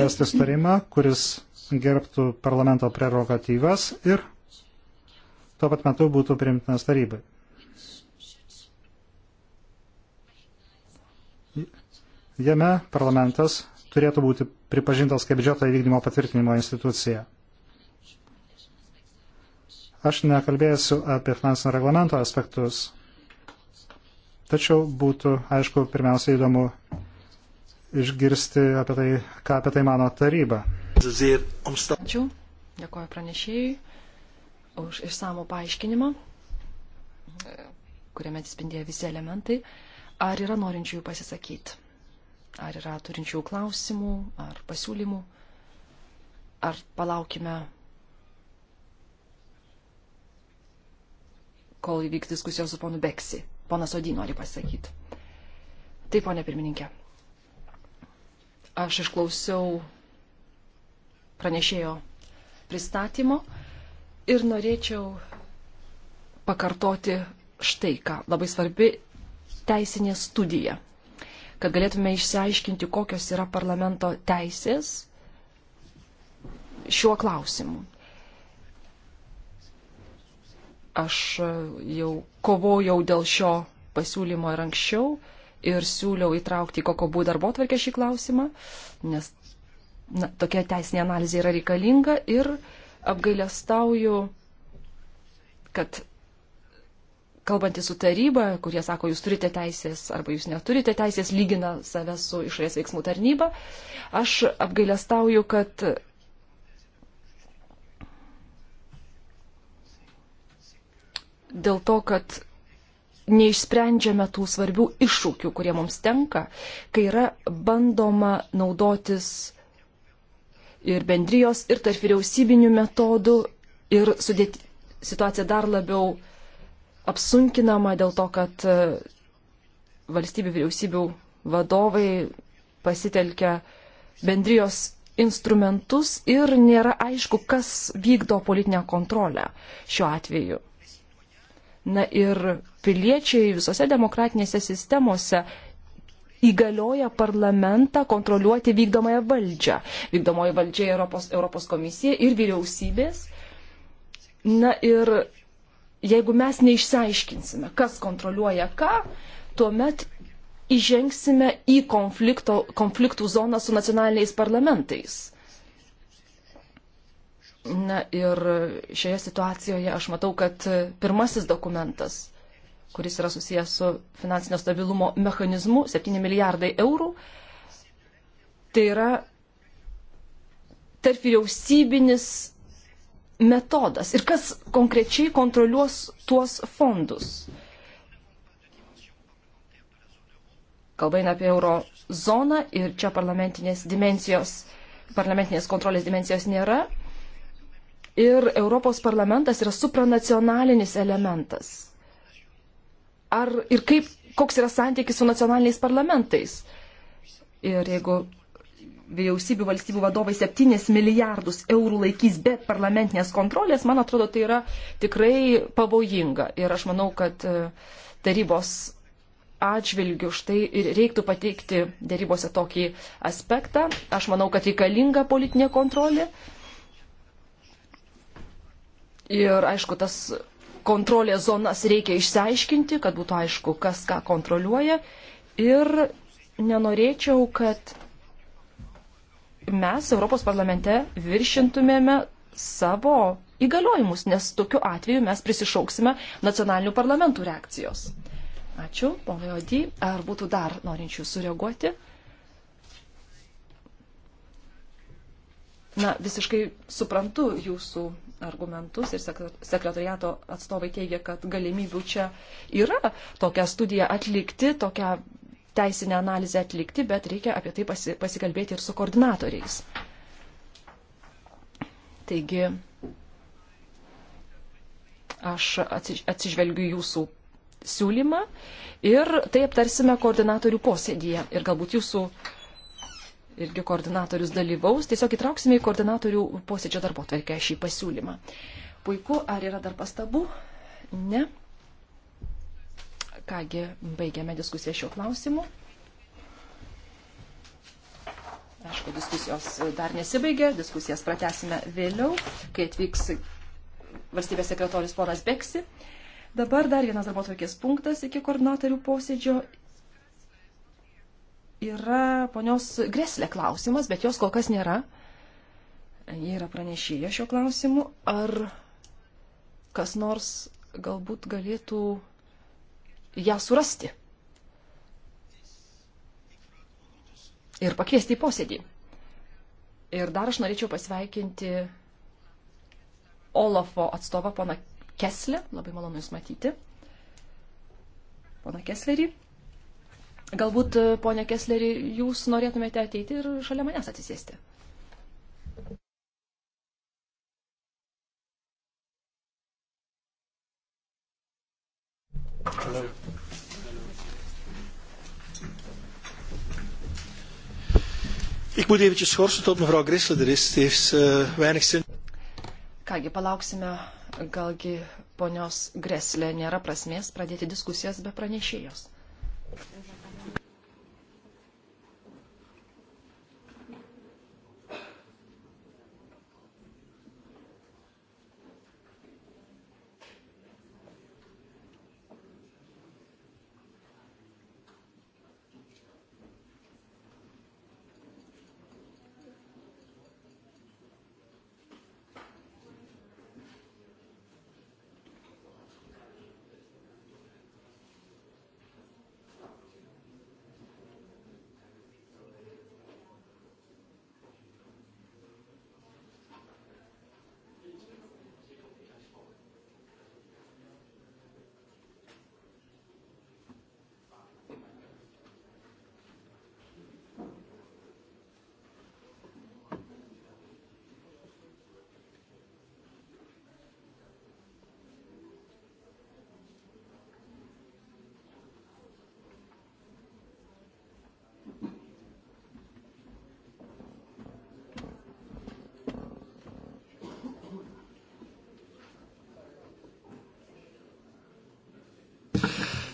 rasti sutarimą, kuris gerbtų parlamento prerogatyvas ir tuo pat metu būtų priimtinas tarybai. Jame parlamentas turėtų būti pripažintas kaip biudžeto įvykdymo patvirtinimo institucija. Aš nekalbėsiu apie finansinio reglamento aspektus, tačiau būtų, aišku, pirmiausia įdomu išgirsti apie tai, ką apie tai mano taryba. Ačiū. Dėkuoju pranešėjui už išsamų paaiškinimą, kuriame atsispindėjo visi elementai. Ar yra norinčių pasisakyti? Ar yra turinčių klausimų ar pasiūlymų? Ar palaukime, kol įvyks diskusijos su ponu Beksi? Ponas Odį nori pasakyti. Taip, ponė pirmininkė. Aš išklausiau pranešėjo pristatymo ir norėčiau pakartoti štai ką. Labai svarbi teisinė studija, kad galėtume išsiaiškinti, kokios yra parlamento teisės šiuo klausimu. Aš jau kovojau dėl šio pasiūlymo ir anksčiau ir siūliau įtraukti į kokobų darbo tvarkę šį klausimą, nes na, tokia teisinė analizė yra reikalinga ir apgailestauju, kad kalbantys su taryba, kurie sako, jūs turite teisės arba jūs neturite teisės, lygina save su išorės veiksmų tarnyba, aš apgailestauju, kad dėl to, kad neišsprendžiame tų svarbių iššūkių, kurie mums tenka, kai yra bandoma naudotis ir bendrijos, ir tarp vyriausybinių metodų, ir sudėti, situacija dar labiau apsunkinama dėl to, kad e, valstybių vyriausybių vadovai pasitelkia bendrijos instrumentus ir nėra aišku, kas vykdo politinę kontrolę šiuo atveju. Na ir piliečiai visose demokratinėse sistemose įgalioja parlamentą kontroliuoti vykdomąją valdžią. Vykdomoji valdžia Europos, Europos komisija ir vyriausybės. Na ir jeigu mes neišsiaiškinsime, kas kontroliuoja ką, tuomet įžengsime į konfliktų zoną su nacionaliniais parlamentais. Na ir šioje situacijoje aš matau, kad pirmasis dokumentas, kuris yra susijęs su finansinio stabilumo mechanizmu, 7 milijardai eurų, tai yra tarp vyriausybinis metodas. Ir kas konkrečiai kontroliuos tuos fondus? kalba eina apie euro zoną ir čia parlamentinės dimensijos, parlamentinės kontrolės dimensijos nėra ir Europos parlamentas yra supranacionalinis elementas. Ar ir kaip, koks yra santykis su nacionaliniais parlamentais? Ir jeigu vyriausybių valstybių vadovai 7 milijardus eurų laikys be parlamentinės kontrolės, man atrodo, tai yra tikrai pavojinga. Ir aš manau, kad e, tarybos atžvilgių štai ir reiktų pateikti dėrybose tokį aspektą. Aš manau, kad reikalinga politinė kontrolė, Ir aišku, tas kontrolės zonas reikia išsiaiškinti, kad būtų aišku, kas ką kontroliuoja. Ir nenorėčiau, kad mes Europos parlamente viršintumėme savo įgaliojimus, nes tokiu atveju mes prisišauksime nacionalinių parlamentų reakcijos. Ačiū, ponai Odį. Ar būtų dar norinčių sureaguoti? Na, visiškai suprantu jūsų argumentus ir sekretariato atstovai teigia, kad galimybių čia yra tokią studiją atlikti, tokią teisinę analizę atlikti, bet reikia apie tai pasi, pasikalbėti ir su koordinatoriais. Taigi, aš atsižvelgiu jūsų siūlymą ir tai aptarsime koordinatorių posėdėje ir galbūt jūsų uh, irgi koordinatorius dalyvaus, tiesiog įtrauksime į koordinatorių posėdžio darbo tvarkę šį pasiūlymą. Puiku, ar yra dar pastabų? Ne. Kągi, baigiame diskusiją šiuo klausimu. Aišku, diskusijos dar nesibaigė, diskusijas pratesime vėliau, kai atvyks valstybės sekretorius ponas Beksi. Dabar dar vienas darbo tvarkės punktas iki koordinatorių posėdžio yra ponios Greslė klausimas, bet jos kol kas nėra. Jie yra pranešėję šio klausimu. Ar kas nors galbūt galėtų ją surasti ir pakviesti į posėdį? Ir dar aš norėčiau pasveikinti Olafo atstovą poną Keslę. Labai malonu Jūs matyti. Pana Keslerį. Galbūt, e, ponė Kesleri, jūs norėtumėte ateiti ir šalia manęs atsisėsti. Hello. Ik moet eventjes schorsen tot mevrouw Grissler er is. Het heeft uh, weinig zin. Kągi, palauksime, galgi ponios Greslė nėra prasmės pradėti diskusijas be pranešėjos. Mhm.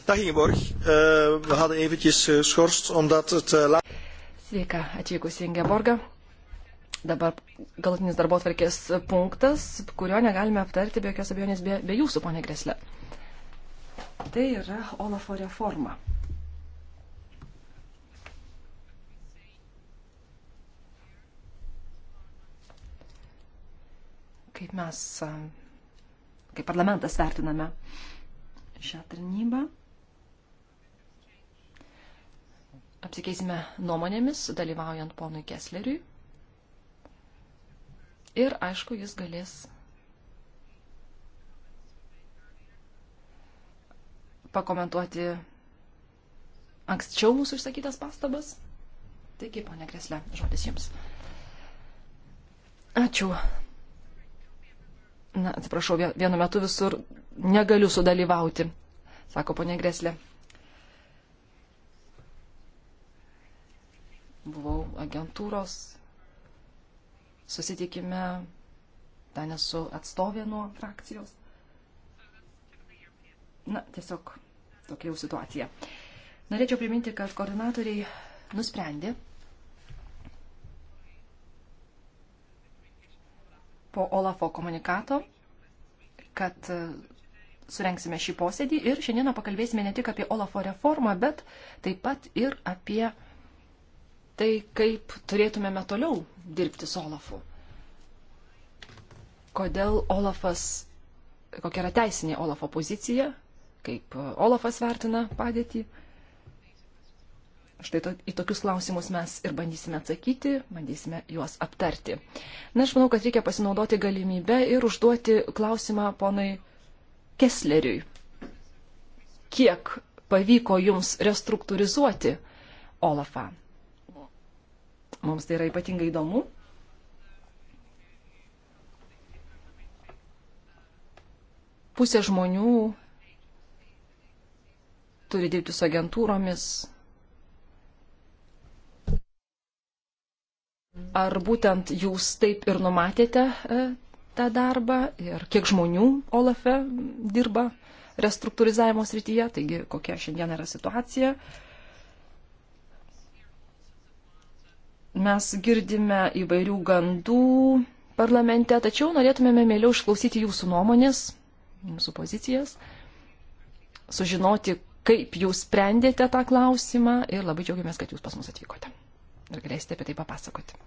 Dag Ingeborg, uh, we hadden eventjes geschorst eh, omdat het... Uh, Sveika atvykusi Ingeborga. Dabar galutinis darbo atvarkės punktas, kurio negalime aptarti be jokios abejonės be, be jūsų, ponė Greslė. Tai yra Olafo reforma. Kaip mes, kaip parlamentas vertiname šią tarnybą. apsikeisime nuomonėmis, dalyvaujant ponui Kessleriui. Ir, aišku, jis galės pakomentuoti anksčiau mūsų išsakytas pastabas. Taigi, ponė Kreslė, žodis jums. Ačiū. Na, atsiprašau, vienu metu visur negaliu sudalyvauti, sako ponė Greslė. buvau agentūros susitikime ten esu atstovė nuo frakcijos. Na, tiesiog tokia jau situacija. Norėčiau priminti, kad koordinatoriai nusprendė po Olafo komunikato, kad e, surenksime šį posėdį ir šiandieną pakalbėsime ne tik apie Olafo reformą, bet taip pat ir apie tai, kaip turėtumėme toliau dirbti su Olafu. Kodėl Olafas, kokia yra teisinė Olafo pozicija, kaip Olafas vertina padėtį. Štai to, į tokius klausimus mes ir bandysime atsakyti, bandysime juos aptarti. Na, aš manau, kad reikia pasinaudoti galimybę ir užduoti klausimą ponui Kessleriui. Kiek pavyko jums restruktūrizuoti Olafą? Mums tai yra ypatingai įdomu. Pusė žmonių turi dirbti su agentūromis. Ar būtent jūs taip ir numatėte e, tą darbą ir kiek žmonių Olafe dirba restruktūrizavimo srityje, taigi kokia šiandien yra situacija? Uh, Mes girdime įvairių gandų parlamente, tačiau norėtumėme mėliau išklausyti jūsų nuomonės, jūsų pozicijas, sužinoti, kaip jūs sprendėte tą klausimą ir labai džiaugiamės, kad jūs pas mus atvykote ir galėsite apie tai papasakoti.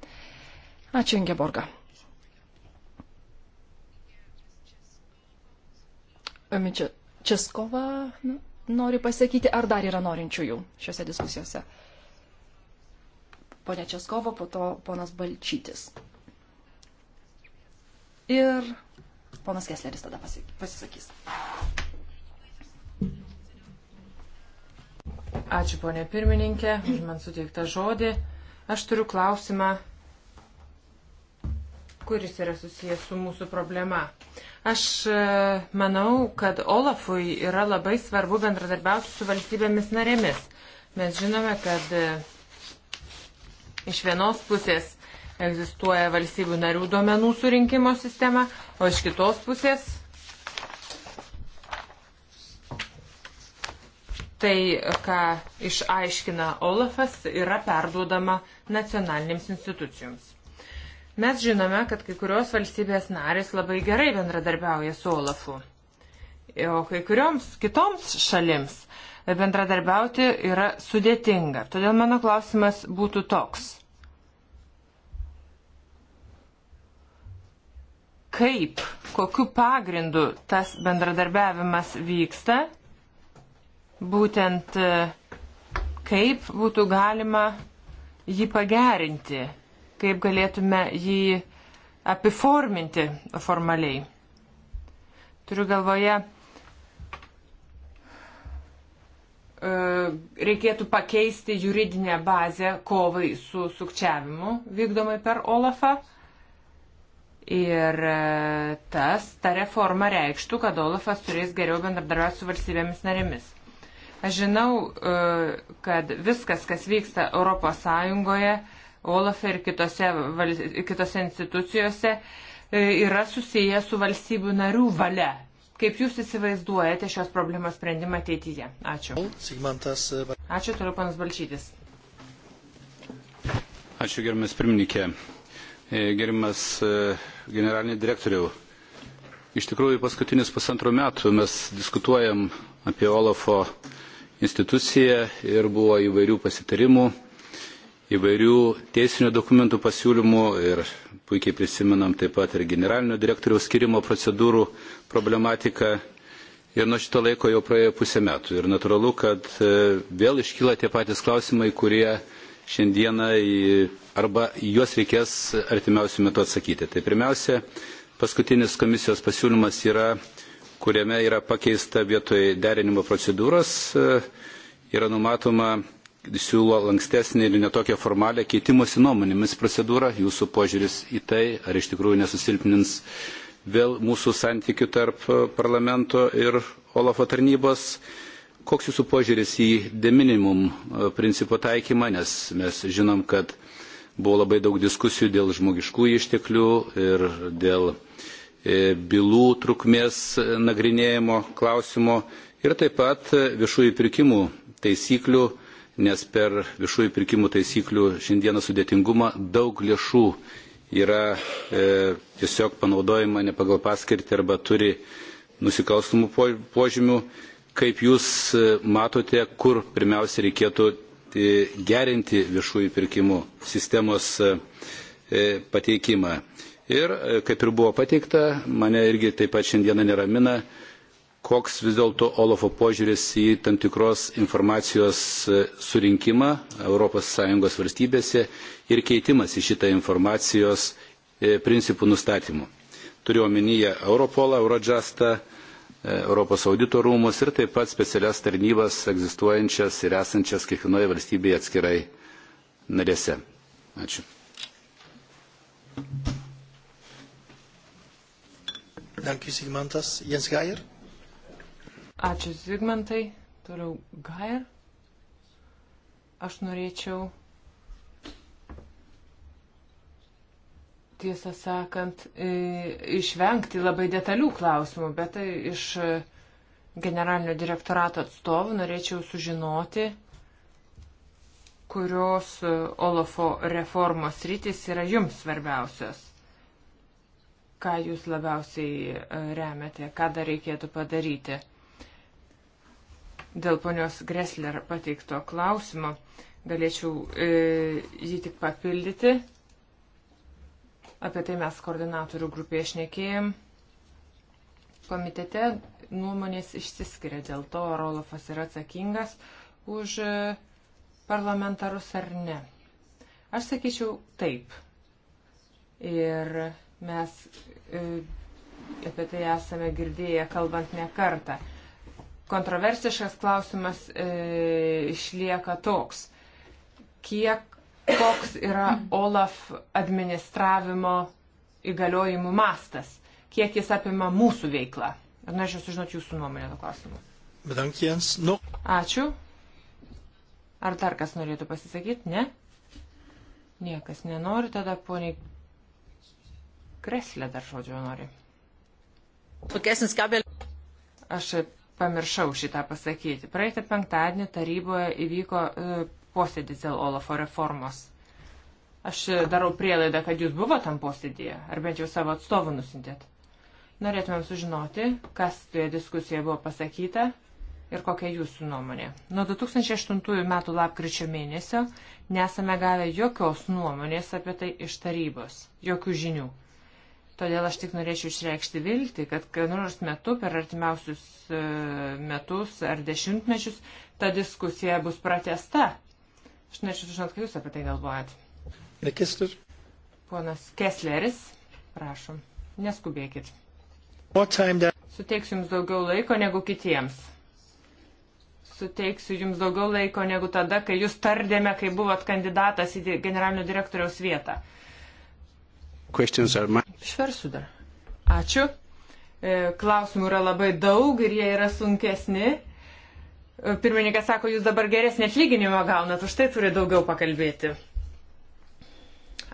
Ačiū, Ingeborga. Čia Českova nori pasakyti, ar dar yra norinčiųjų šiuose diskusijose? ponia Českovo, po to ponas Balčytis. Ir ponas Kesleris tada pasisakys. Ačiū, ponė pirmininkė, už man suteiktą žodį. Aš turiu klausimą, kuris yra susijęs su mūsų problema. Aš e, manau, kad Olafui yra labai svarbu bendradarbiauti su valstybėmis narėmis. Mes žinome, kad e, Iš vienos pusės egzistuoja valstybių narių duomenų surinkimo sistema, o iš kitos pusės tai, ką išaiškina Olafas, yra perduodama nacionalinėms institucijoms. Mes žinome, kad kai kurios valstybės narės labai gerai bendradarbiauja su Olafu, o kai kurioms kitoms šalims bendradarbiauti yra sudėtinga. Todėl mano klausimas būtų toks. Kaip, kokiu pagrindu tas bendradarbiavimas vyksta, būtent e, kaip būtų galima jį pagerinti, kaip galėtume jį apiforminti formaliai. Turiu galvoje E, reikėtų pakeisti juridinę bazę kovai su sukčiavimu vykdomai per Olafą. Ir e, tas, ta reforma reikštų, kad Olafas turės geriau bendradarbiauti su valstybėmis narėmis. Aš žinau, e, kad viskas, kas vyksta Europos Sąjungoje, Olafe ir kitose, kitose institucijose, yra susiję su valstybių narių valia Kaip jūs įsivaizduojate šios problemos sprendimą ateityje? Ačiū. Sigmantas. E, Ačiū, turiu panas Balčytis. Ačiū, gerbiamas pirmininkė. E, gerbiamas e, generalinė direktoriau. Iš tikrųjų, paskutinius pusantrų metų mes diskutuojam apie Olafo instituciją ir buvo įvairių pasitarimų, įvairių teisinių dokumentų pasiūlymų ir Puikiai prisimenam taip pat ir generalinio direktoriaus skirimo procedūrų problematiką. Ir nuo šito laiko jau praėjo pusę metų. Ir natūralu, kad e, vėl iškyla tie patys klausimai, kurie šiandieną arba juos reikės artimiausių metų atsakyti. Tai pirmiausia, paskutinis komisijos pasiūlymas yra, kuriame yra pakeista vietoj derinimo procedūros, e, yra numatoma siūlo lankstesnį ir netokią formalią keitimosi nuomonėmis procedūrą, jūsų požiūris į tai, ar iš tikrųjų nesusilpnins vėl mūsų santykių tarp e, parlamento ir Olafo tarnybos. Koks jūsų požiūris į deminimum e, principo taikymą, nes mes žinom, kad buvo labai daug diskusijų dėl žmogiškų išteklių ir dėl e, bylų trukmės nagrinėjimo klausimo ir taip pat viešųjų pirkimų taisyklių nes per viešųjų pirkimų taisyklių šiandieną sudėtingumą daug lėšų yra e, tiesiog panaudojama ne pagal paskirtį arba turi nusikalstamų požymių. Kaip Jūs e, matote, kur pirmiausia reikėtų e, gerinti viešųjų pirkimų sistemos e, pateikimą? Ir kaip ir buvo pateikta, mane irgi taip pat šiandieną neramina koks vis dėlto Olofo požiūris į tam tikros informacijos e, surinkimą ES valstybėse ir keitimas į šitą informacijos e, principų nustatymų. Turiu omenyje Europolą, Eurojustą, e, Europos audito rūmus ir taip pat specialias tarnybas egzistuojančias ir esančias kiekvienoje valstybėje atskirai narėse. Ačiū. Dank u, Sigmantas. Jens Geijer. Ačiū Zigmentai. Toliau Gair. Aš norėčiau. Tiesą sakant, išvengti labai detalių klausimų, bet tai iš generalinio direktorato atstovų norėčiau sužinoti, kurios Olofo reformos rytis yra jums svarbiausios. Ką jūs labiausiai e, remiate, ką dar reikėtų padaryti. Dėl ponios Gressler pateikto klausimo galėčiau e, jį tik papildyti. Apie tai mes koordinatorių grupėje šnekėjom. Komitete nuomonės išsiskiria dėl to, ar Olafas yra atsakingas už e, parlamentarus ar ne. Aš sakyčiau taip. Ir mes e, apie tai esame girdėję kalbant ne kartą kontroversiškas klausimas e, išlieka toks. Kiek, koks yra OLAF administravimo įgaliojimų mastas? Kiek jis apima mūsų veiklą? Ir norėčiau sužinoti jūsų nuomonę to klausimu. No. Nu. Ačiū. Ar dar kas norėtų pasisakyti? Ne? Niekas nenori, tada poniai Kreslė dar žodžio nori. Aš pamiršau šitą pasakyti. Praeitą penktadienį taryboje įvyko e, posėdis dėl Olafo reformos. Aš e, darau prielaidą, kad jūs buvo tam posėdėje, ar bent jau savo atstovų nusintėt. Norėtumėm sužinoti, kas toje diskusijoje buvo pasakyta ir kokia jūsų nuomonė. Nuo 2008 metų lapkričio mėnesio nesame gavę jokios nuomonės apie tai iš tarybos, jokių žinių. Todėl aš tik norėčiau išreikšti viltį, kad kai nors metu, per artimiausius e, metus ar dešimtmečius, ta diskusija bus pratesta. Aš norėčiau sužinoti, kaip Jūs apie tai galvojat. Nekesler. Ponas Kesleris, prašom, neskubėkit. Suteiksiu Jums daugiau laiko negu kitiems. Suteiksiu Jums daugiau laiko negu tada, kai Jūs tardėme, kai buvot kandidatas į generalinio direktoriaus vietą. Šversudar. Ačiū. E, klausimų yra labai daug ir jie yra sunkesni. E, pirmininkas sako, jūs dabar geresnį atlyginimą gaunat, už tai turi daugiau pakalbėti.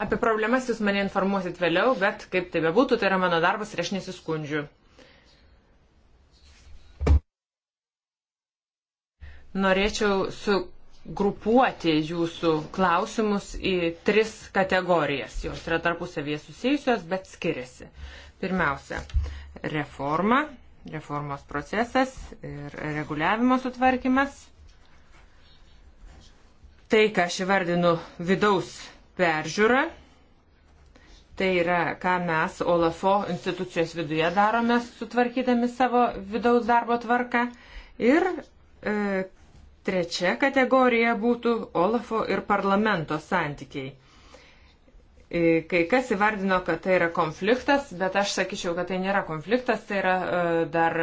Apie problemas jūs mane informuosit vėliau, bet kaip tai bebūtų, tai yra mano darbas ir aš nesiskundžiu. Norėčiau su grupuoti jūsų klausimus į tris kategorijas. Jos yra tarpusavėje susijusios, bet skiriasi. Pirmiausia, reforma, reformos procesas ir reguliavimo sutvarkymas. Tai, ką aš įvardinu vidaus peržiūrą, tai yra, ką mes OLAFO institucijos viduje darome, sutvarkydami savo vidaus darbo tvarką. Ir e, Trečia kategorija būtų Olafo ir parlamento santykiai. E, kai kas įvardino, kad tai yra konfliktas, bet aš sakyčiau, kad tai nėra konfliktas, tai yra e, dar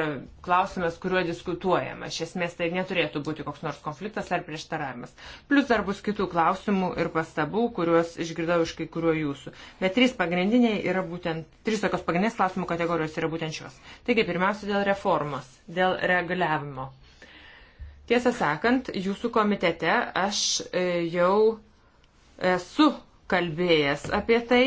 klausimas, kuriuo diskutuojama. Iš esmės tai neturėtų būti koks nors konfliktas ar prieštaravimas. Plus dar bus kitų klausimų ir pastabų, kuriuos išgirdau iš kai kuriuo jūsų. Bet trys pagrindiniai yra būtent, trys tokios pagrindinės klausimų kategorijos yra būtent šios. Taigi pirmiausia dėl reformos, dėl reguliavimo. Tiesą sakant, jūsų komitete aš e, jau esu kalbėjęs apie tai,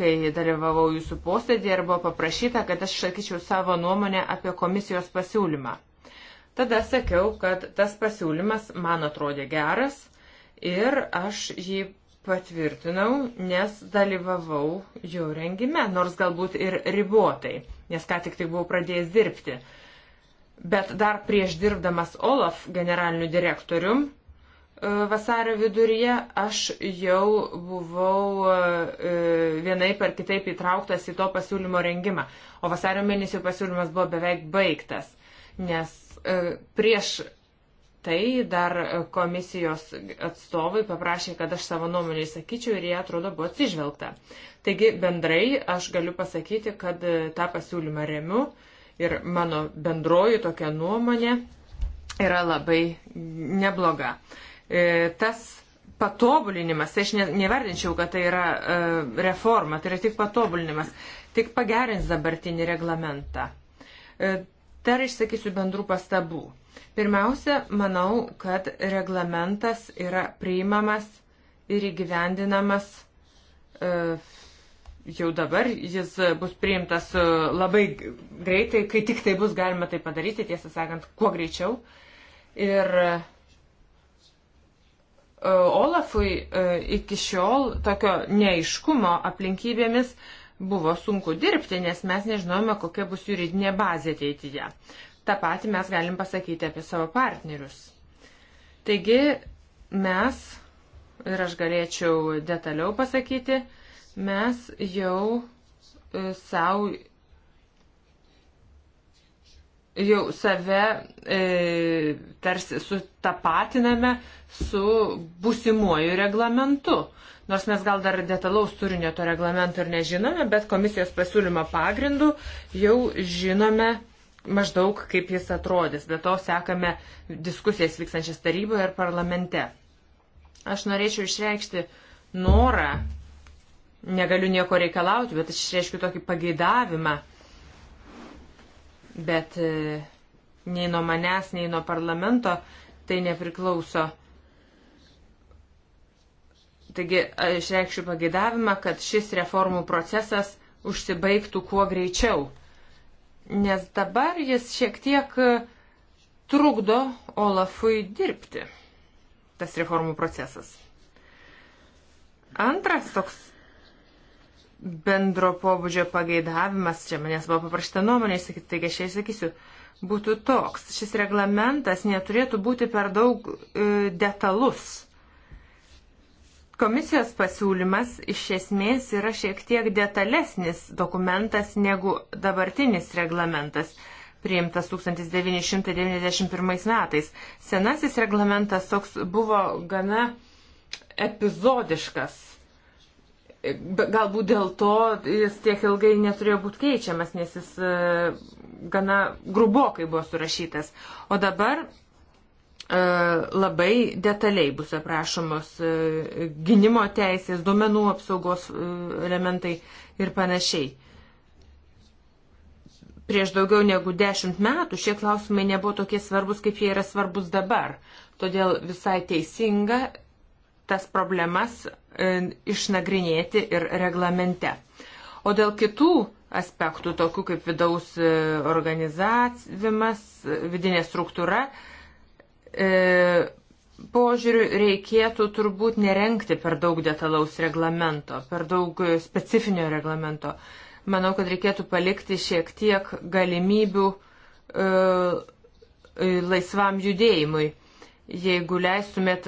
kai dalyvavau jūsų posėdėje ir buvo paprašyta, kad aš sakyčiau savo nuomonę apie komisijos pasiūlymą. Tada sakiau, kad tas pasiūlymas man atrodė geras ir aš jį patvirtinau, nes dalyvavau jo rengime, nors galbūt ir ribotai, nes ką tik tai buvau pradėjęs dirbti. Uh, Bet dar prieš dirbdamas Olaf generaliniu direktorium e, vasario viduryje aš jau buvau e, e, vienai per kitaip įtrauktas į to pasiūlymo rengimą. O vasario mėnesio pasiūlymas buvo beveik baigtas, nes prieš tai dar komisijos atstovai paprašė, kad aš savo nuomonę įsakyčiau ir jie atrodo buvo atsižvelgta. Taigi bendrai aš galiu pasakyti, kad tą pasiūlymą remiu Ir mano bendroji tokia nuomonė yra labai nebloga. E, tas patobulinimas, tai aš ne, nevardinčiau, kad tai yra e, reforma, tai yra tik patobulinimas, tik pagerins dabartinį reglamentą. E, dar išsakysiu bendrų pastabų. Pirmiausia, manau, kad reglamentas yra priimamas ir įgyvendinamas Jau dabar jis bus priimtas e, labai greitai, kai tik tai bus galima tai padaryti, tiesą sakant, kuo greičiau. Ir e, Olafui e, iki šiol tokio neiškumo aplinkybėmis buvo sunku dirbti, nes mes nežinojome, kokia bus juridinė bazė ateityje. Ta pati mes galim pasakyti apie savo partnerius. Taigi mes, ir aš galėčiau detaliau pasakyti, mes jau e, savo jau save e, tarsi sutapatiname su busimuoju reglamentu. Nors mes gal dar detalaus turinio to reglamento ir nežinome, bet komisijos pasiūlymo pagrindų jau žinome maždaug, kaip jis atrodys. Be to sekame diskusijas vykstančias taryboje ir parlamente. Aš norėčiau išreikšti norą negaliu nieko reikalauti, bet aš reiškiu tokį pageidavimą. Bet e, nei nuo manęs, nei nuo parlamento tai nepriklauso. Taigi aš reikščiau pagėdavimą, kad šis reformų procesas užsibaigtų kuo greičiau. Nes dabar jis šiek tiek e, trukdo Olafui dirbti, tas reformų procesas. Antras toks bendro pobūdžio pageidavimas, čia manęs buvo paprašta nuomonė, sakyti, taigi aš jai sakysiu, būtų toks. Šis reglamentas neturėtų būti per daug e, detalus. Komisijos pasiūlymas iš esmės yra šiek tiek detalesnis dokumentas negu dabartinis reglamentas, priimtas 1991 metais. Senasis reglamentas toks buvo gana epizodiškas Galbūt dėl to jis tiek ilgai neturėjo būti keičiamas, nes jis e, gana grubokai buvo surašytas. O dabar e, labai detaliai bus aprašomos e, gynimo teisės, duomenų apsaugos elementai ir panašiai. Prieš daugiau negu dešimt metų šie klausimai nebuvo tokie svarbus, kaip jie yra svarbus dabar. Todėl visai teisinga tas problemas E, išnagrinėti ir reglamente. O dėl kitų aspektų, tokių kaip vidaus e, organizavimas, vidinė struktūra, e, požiūriu reikėtų turbūt nerenkti per daug detalaus reglamento, per daug specifinio reglamento. Manau, kad reikėtų palikti šiek tiek galimybių laisvam judėjimui Jeigu leistumėt,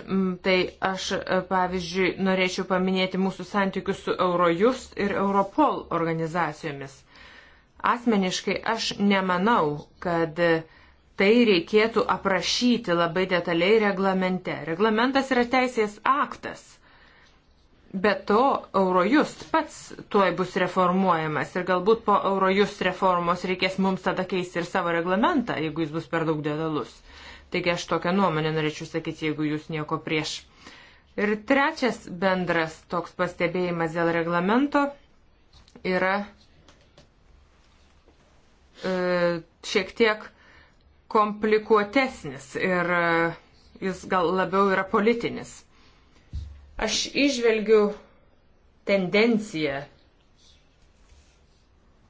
tai aš, e, pavyzdžiui, norėčiau paminėti mūsų santykius su Eurojust ir Europol organizacijomis. Asmeniškai aš nemanau, kad e, tai reikėtų aprašyti labai detaliai reglamente. Reglamentas yra teisės aktas. Be to, Eurojust pats tuoj bus reformuojamas ir galbūt po Eurojust reformos reikės mums tada keisti ir savo reglamentą, jeigu jis bus per daug detalus. Taigi aš tokią nuomonę norėčiau sakyti, jeigu jūs nieko prieš. Ir trečias bendras toks pastebėjimas dėl reglamento yra e, šiek tiek komplikuotesnis ir e, jis gal labiau yra politinis. Aš išvelgiu tendenciją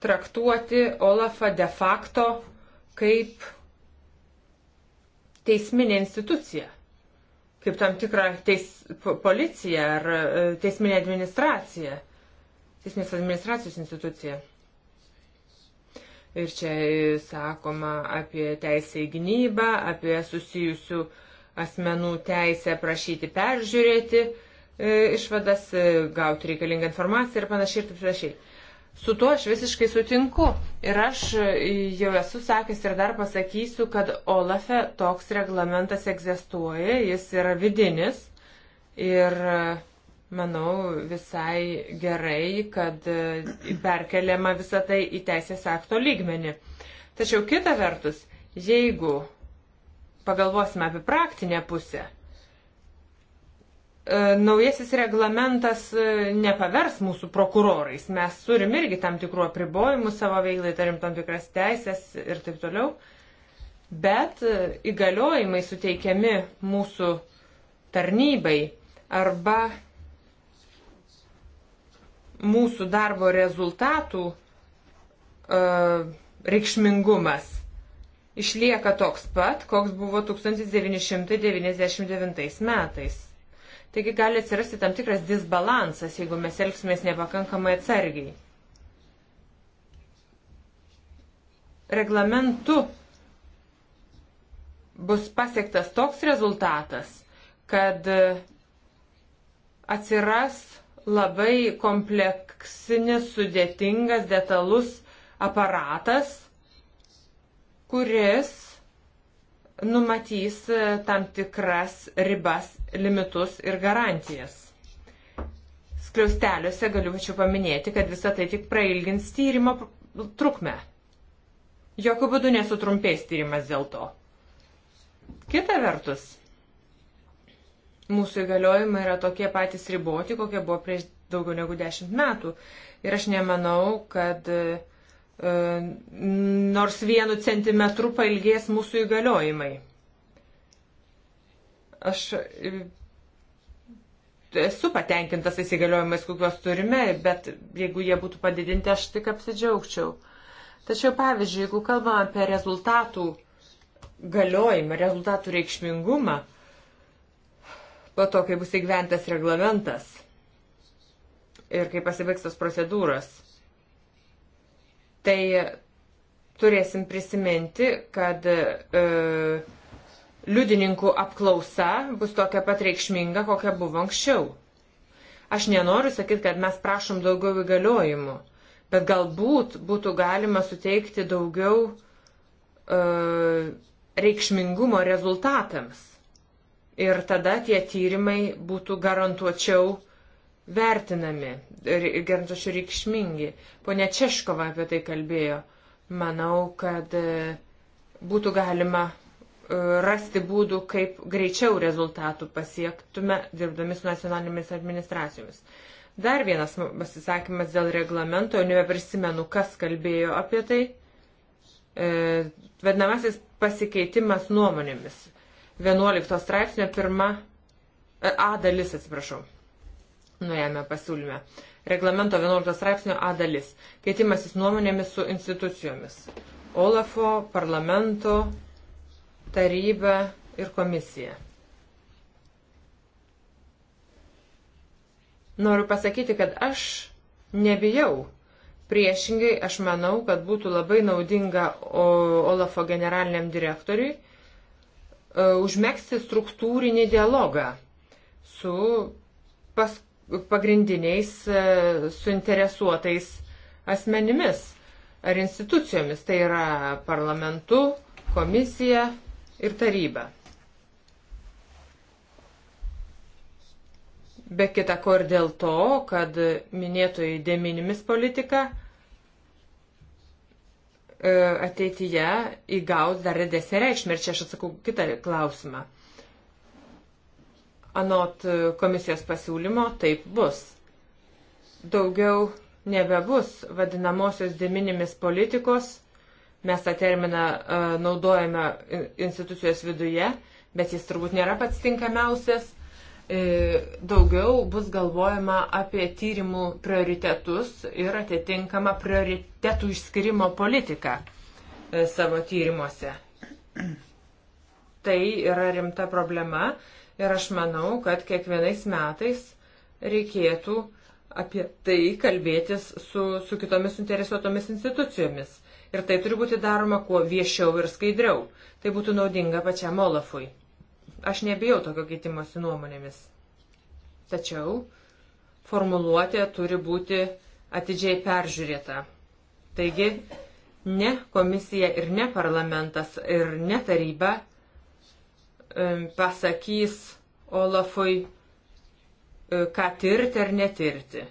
traktuoti Olafą de facto kaip teisminė institucija, kaip tam tikrą teis, policiją ar e, teisminę administraciją, teisminės administracijos instituciją. Ir čia e, sakoma apie teisę į gynybą, apie susijusių asmenų teisę prašyti peržiūrėti e, išvadas, gauti reikalingą informaciją ir panašiai ir taip panašiai. Su tuo aš visiškai sutinku. Ir aš e, jau esu sakęs ir dar pasakysiu, kad Olafe toks reglamentas egzistuoja, jis yra vidinis. Ir e, manau visai gerai, kad e, perkeliama visą tai į teisės akto lygmenį. Tačiau kita vertus, jeigu pagalvosime apie praktinę pusę, E, naujasis reglamentas e, nepavers mūsų prokurorais. Mes turim irgi tam tikrų apribojimų savo veiklai, tarim tam tikras teisės ir taip toliau. Bet e, įgaliojimai suteikiami mūsų tarnybai arba mūsų darbo rezultatų uh, reikšmingumas išlieka toks pat, koks buvo 1999 metais. Taigi gali atsirasti tam tikras disbalansas, jeigu mes elgsimės nepakankamai atsargiai. Reglamentu bus pasiektas toks rezultatas, kad atsiras labai kompleksinis, sudėtingas, detalus aparatas, kuris numatys e, tam tikras ribas, limitus ir garantijas. Skliausteliuose galiu paminėti, kad visa tai tik prailgins tyrimo trukmę. Jokių būdų nesutrumpės tyrimas dėl to. Kita vertus, mūsų įgaliojimai yra tokie patys riboti, kokie buvo prieš daugiau negu dešimt metų. Ir aš nemanau, kad uh, E, nors vienu centimetru pailgės mūsų įgaliojimai. Aš e, esu patenkintas įsigaliojimais, kokios turime, bet jeigu jie būtų padidinti, aš tik apsidžiaugčiau. Tačiau, pavyzdžiui, jeigu kalbame apie rezultatų galiojimą, rezultatų reikšmingumą, po to, kai bus įgyventas reglamentas ir kai pasibaigs tos procedūros, tai turėsim prisiminti, kad e, liudininkų apklausa bus tokia pat reikšminga, kokia buvo anksčiau. Aš nenoriu sakyti, kad mes prašom daugiau įgaliojimų, bet galbūt būtų galima suteikti daugiau e, reikšmingumo rezultatams. Ir tada tie tyrimai būtų garantuočiau vertinami, gerant aš reikšmingi. Pone Češkova apie tai kalbėjo. Manau, kad e, būtų galima e, rasti būdų, kaip greičiau rezultatų pasiektume, dirbdami su nacionalinėmis administracijomis. Dar vienas pasisakymas dėl reglamento, nebeprisimenu, kas kalbėjo apie tai. E, vadinamasis pasikeitimas nuomonėmis. 11 straipsnio pirma e, A dalis, atsiprašau naujame pasiūlyme. Reglamento 11 straipsnio A dalis. Keitimasis nuomonėmis su institucijomis. Olafo, parlamento, taryba ir komisija. Noriu pasakyti, kad aš nebijau. Priešingai, aš manau, kad būtų labai naudinga Olafo generaliniam direktoriui e, užmėgsti struktūrinį dialogą su pas, pagrindiniais e, suinteresuotais asmenimis ar institucijomis, tai yra parlamentu, komisija ir taryba. Be kita ko ir dėl to, kad minėtoji deminimis politika e, ateityje įgaus dar didesnį reikšmę. Ir čia aš atsakau kitą klausimą. Anot e, komisijos pasiūlymo taip bus. Daugiau nebebus vadinamosios diminimis politikos, mes tą terminą e, naudojame institucijos viduje, bet jis turbūt nėra pats tinkamiausias. E, daugiau bus galvojama apie tyrimų prioritetus ir atitinkamą prioritetų išskirimo politiką savo tyrimuose. Tai yra rimta problema Ir aš manau, kad kiekvienais metais reikėtų apie tai kalbėtis su, su kitomis interesuotomis institucijomis. Ir tai turi būti daroma kuo viešiau ir skaidriau. Tai būtų naudinga pačiam Olafui. Aš nebijau tokio keitimosi nuomonėmis. Tačiau formuluotė turi būti atidžiai peržiūrėta. Taigi, ne komisija ir ne parlamentas ir ne taryba E, pasakys Olafui, e, ką tirti ar netirti.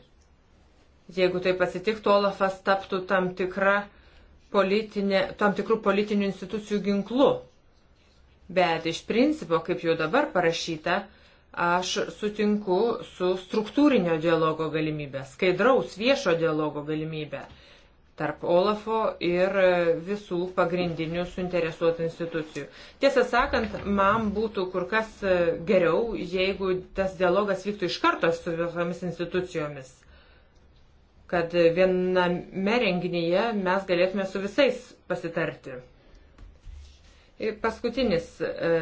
Jeigu tai pasitiktų, Olafas taptų tam, politinė, tam tikrų politinių institucijų ginklu. Bet iš principo, kaip jau dabar parašyta, aš sutinku su struktūrinio dialogo galimybė, skaidraus viešo dialogo galimybė tarp Olafo ir e, visų pagrindinių suinteresuotų institucijų. Tiesą sakant, man būtų kur kas e, geriau, jeigu tas dialogas vyktų iš karto su visomis institucijomis. Kad viename renginyje mes galėtume su visais pasitarti. Ir paskutinis e,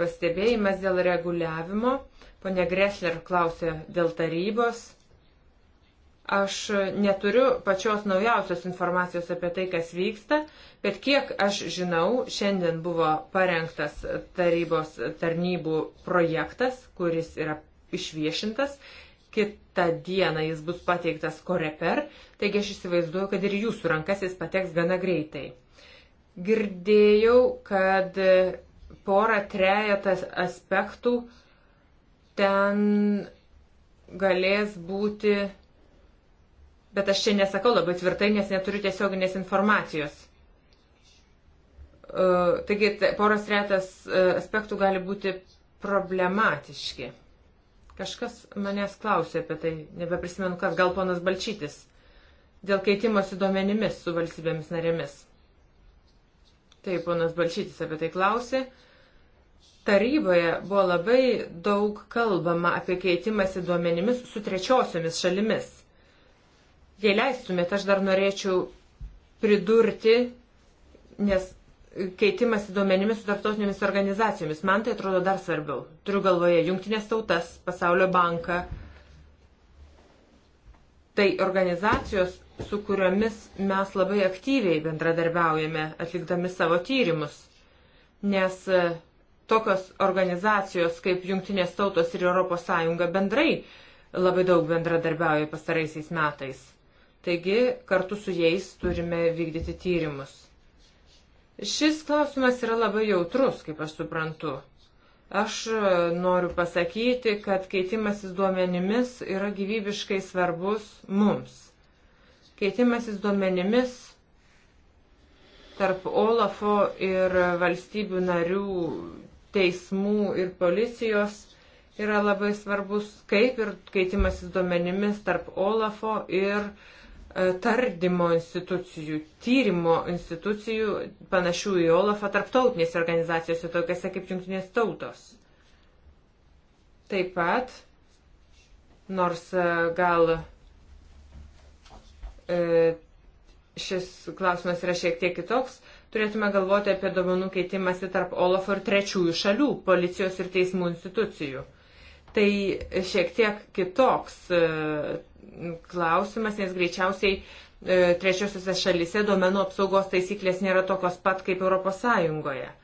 pastebėjimas dėl reguliavimo. Pone Gressler klausė dėl tarybos Aš neturiu pačios naujausios informacijos apie tai, kas vyksta, bet kiek aš žinau, šiandien buvo parengtas tarybos tarnybų projektas, kuris yra išviešintas. Kita diena jis bus pateiktas koreper, taigi aš įsivaizduoju, kad ir jūsų rankas jis pateks gana greitai. Girdėjau, kad porą trejatas aspektų ten galės būti Bet aš čia nesakau labai tvirtai, nes neturiu tiesioginės informacijos. E, taigi, poros retas e, aspektų gali būti problematiški. Kažkas manęs klausė apie tai, nebeprisimenu kas, gal ponas Balčytis, dėl keitimosi duomenimis su valstybėmis narėmis. Taip, ponas Balčytis apie tai klausė. Taryboje buvo labai daug kalbama apie keitimąsi duomenimis su trečiosiomis šalimis Jei leistumėte, aš dar norėčiau pridurti, nes keitimas duomenimis su tarptautinėmis organizacijomis. Man tai atrodo dar svarbiau. Turiu galvoje Junktinės tautas, Pasaulio banką. Tai organizacijos, su kuriomis mes labai aktyviai bendradarbiaujame, atlikdami savo tyrimus. Nes e, tokios organizacijos kaip Junktinės tautos ir ES bendrai labai daug bendradarbiauja pastaraisiais metais. Taigi kartu su jais turime vykdyti tyrimus. Šis klausimas yra labai jautrus, kaip aš suprantu. Aš e, noriu pasakyti, kad keitimasis duomenimis yra gyvybiškai svarbus mums. Keitimasis duomenimis tarp Olafo ir valstybių narių teismų ir policijos yra labai svarbus, kaip ir keitimasis duomenimis tarp Olafo ir uh, E, tardymo institucijų, tyrimo institucijų, panašių į Olafą, tarptautinėse organizacijose, tokiuose kaip Junktinės tautos. Taip pat, nors e, gal e, šis klausimas yra šiek tiek kitoks, turėtume galvoti apie domenų keitimąsi tarp Olafo ir trečiųjų šalių, policijos ir teismų institucijų tai šiek tiek kitoks e, klausimas, nes greičiausiai e, trečiosiuose šalise duomenų apsaugos taisyklės nėra tokios pat kaip ES.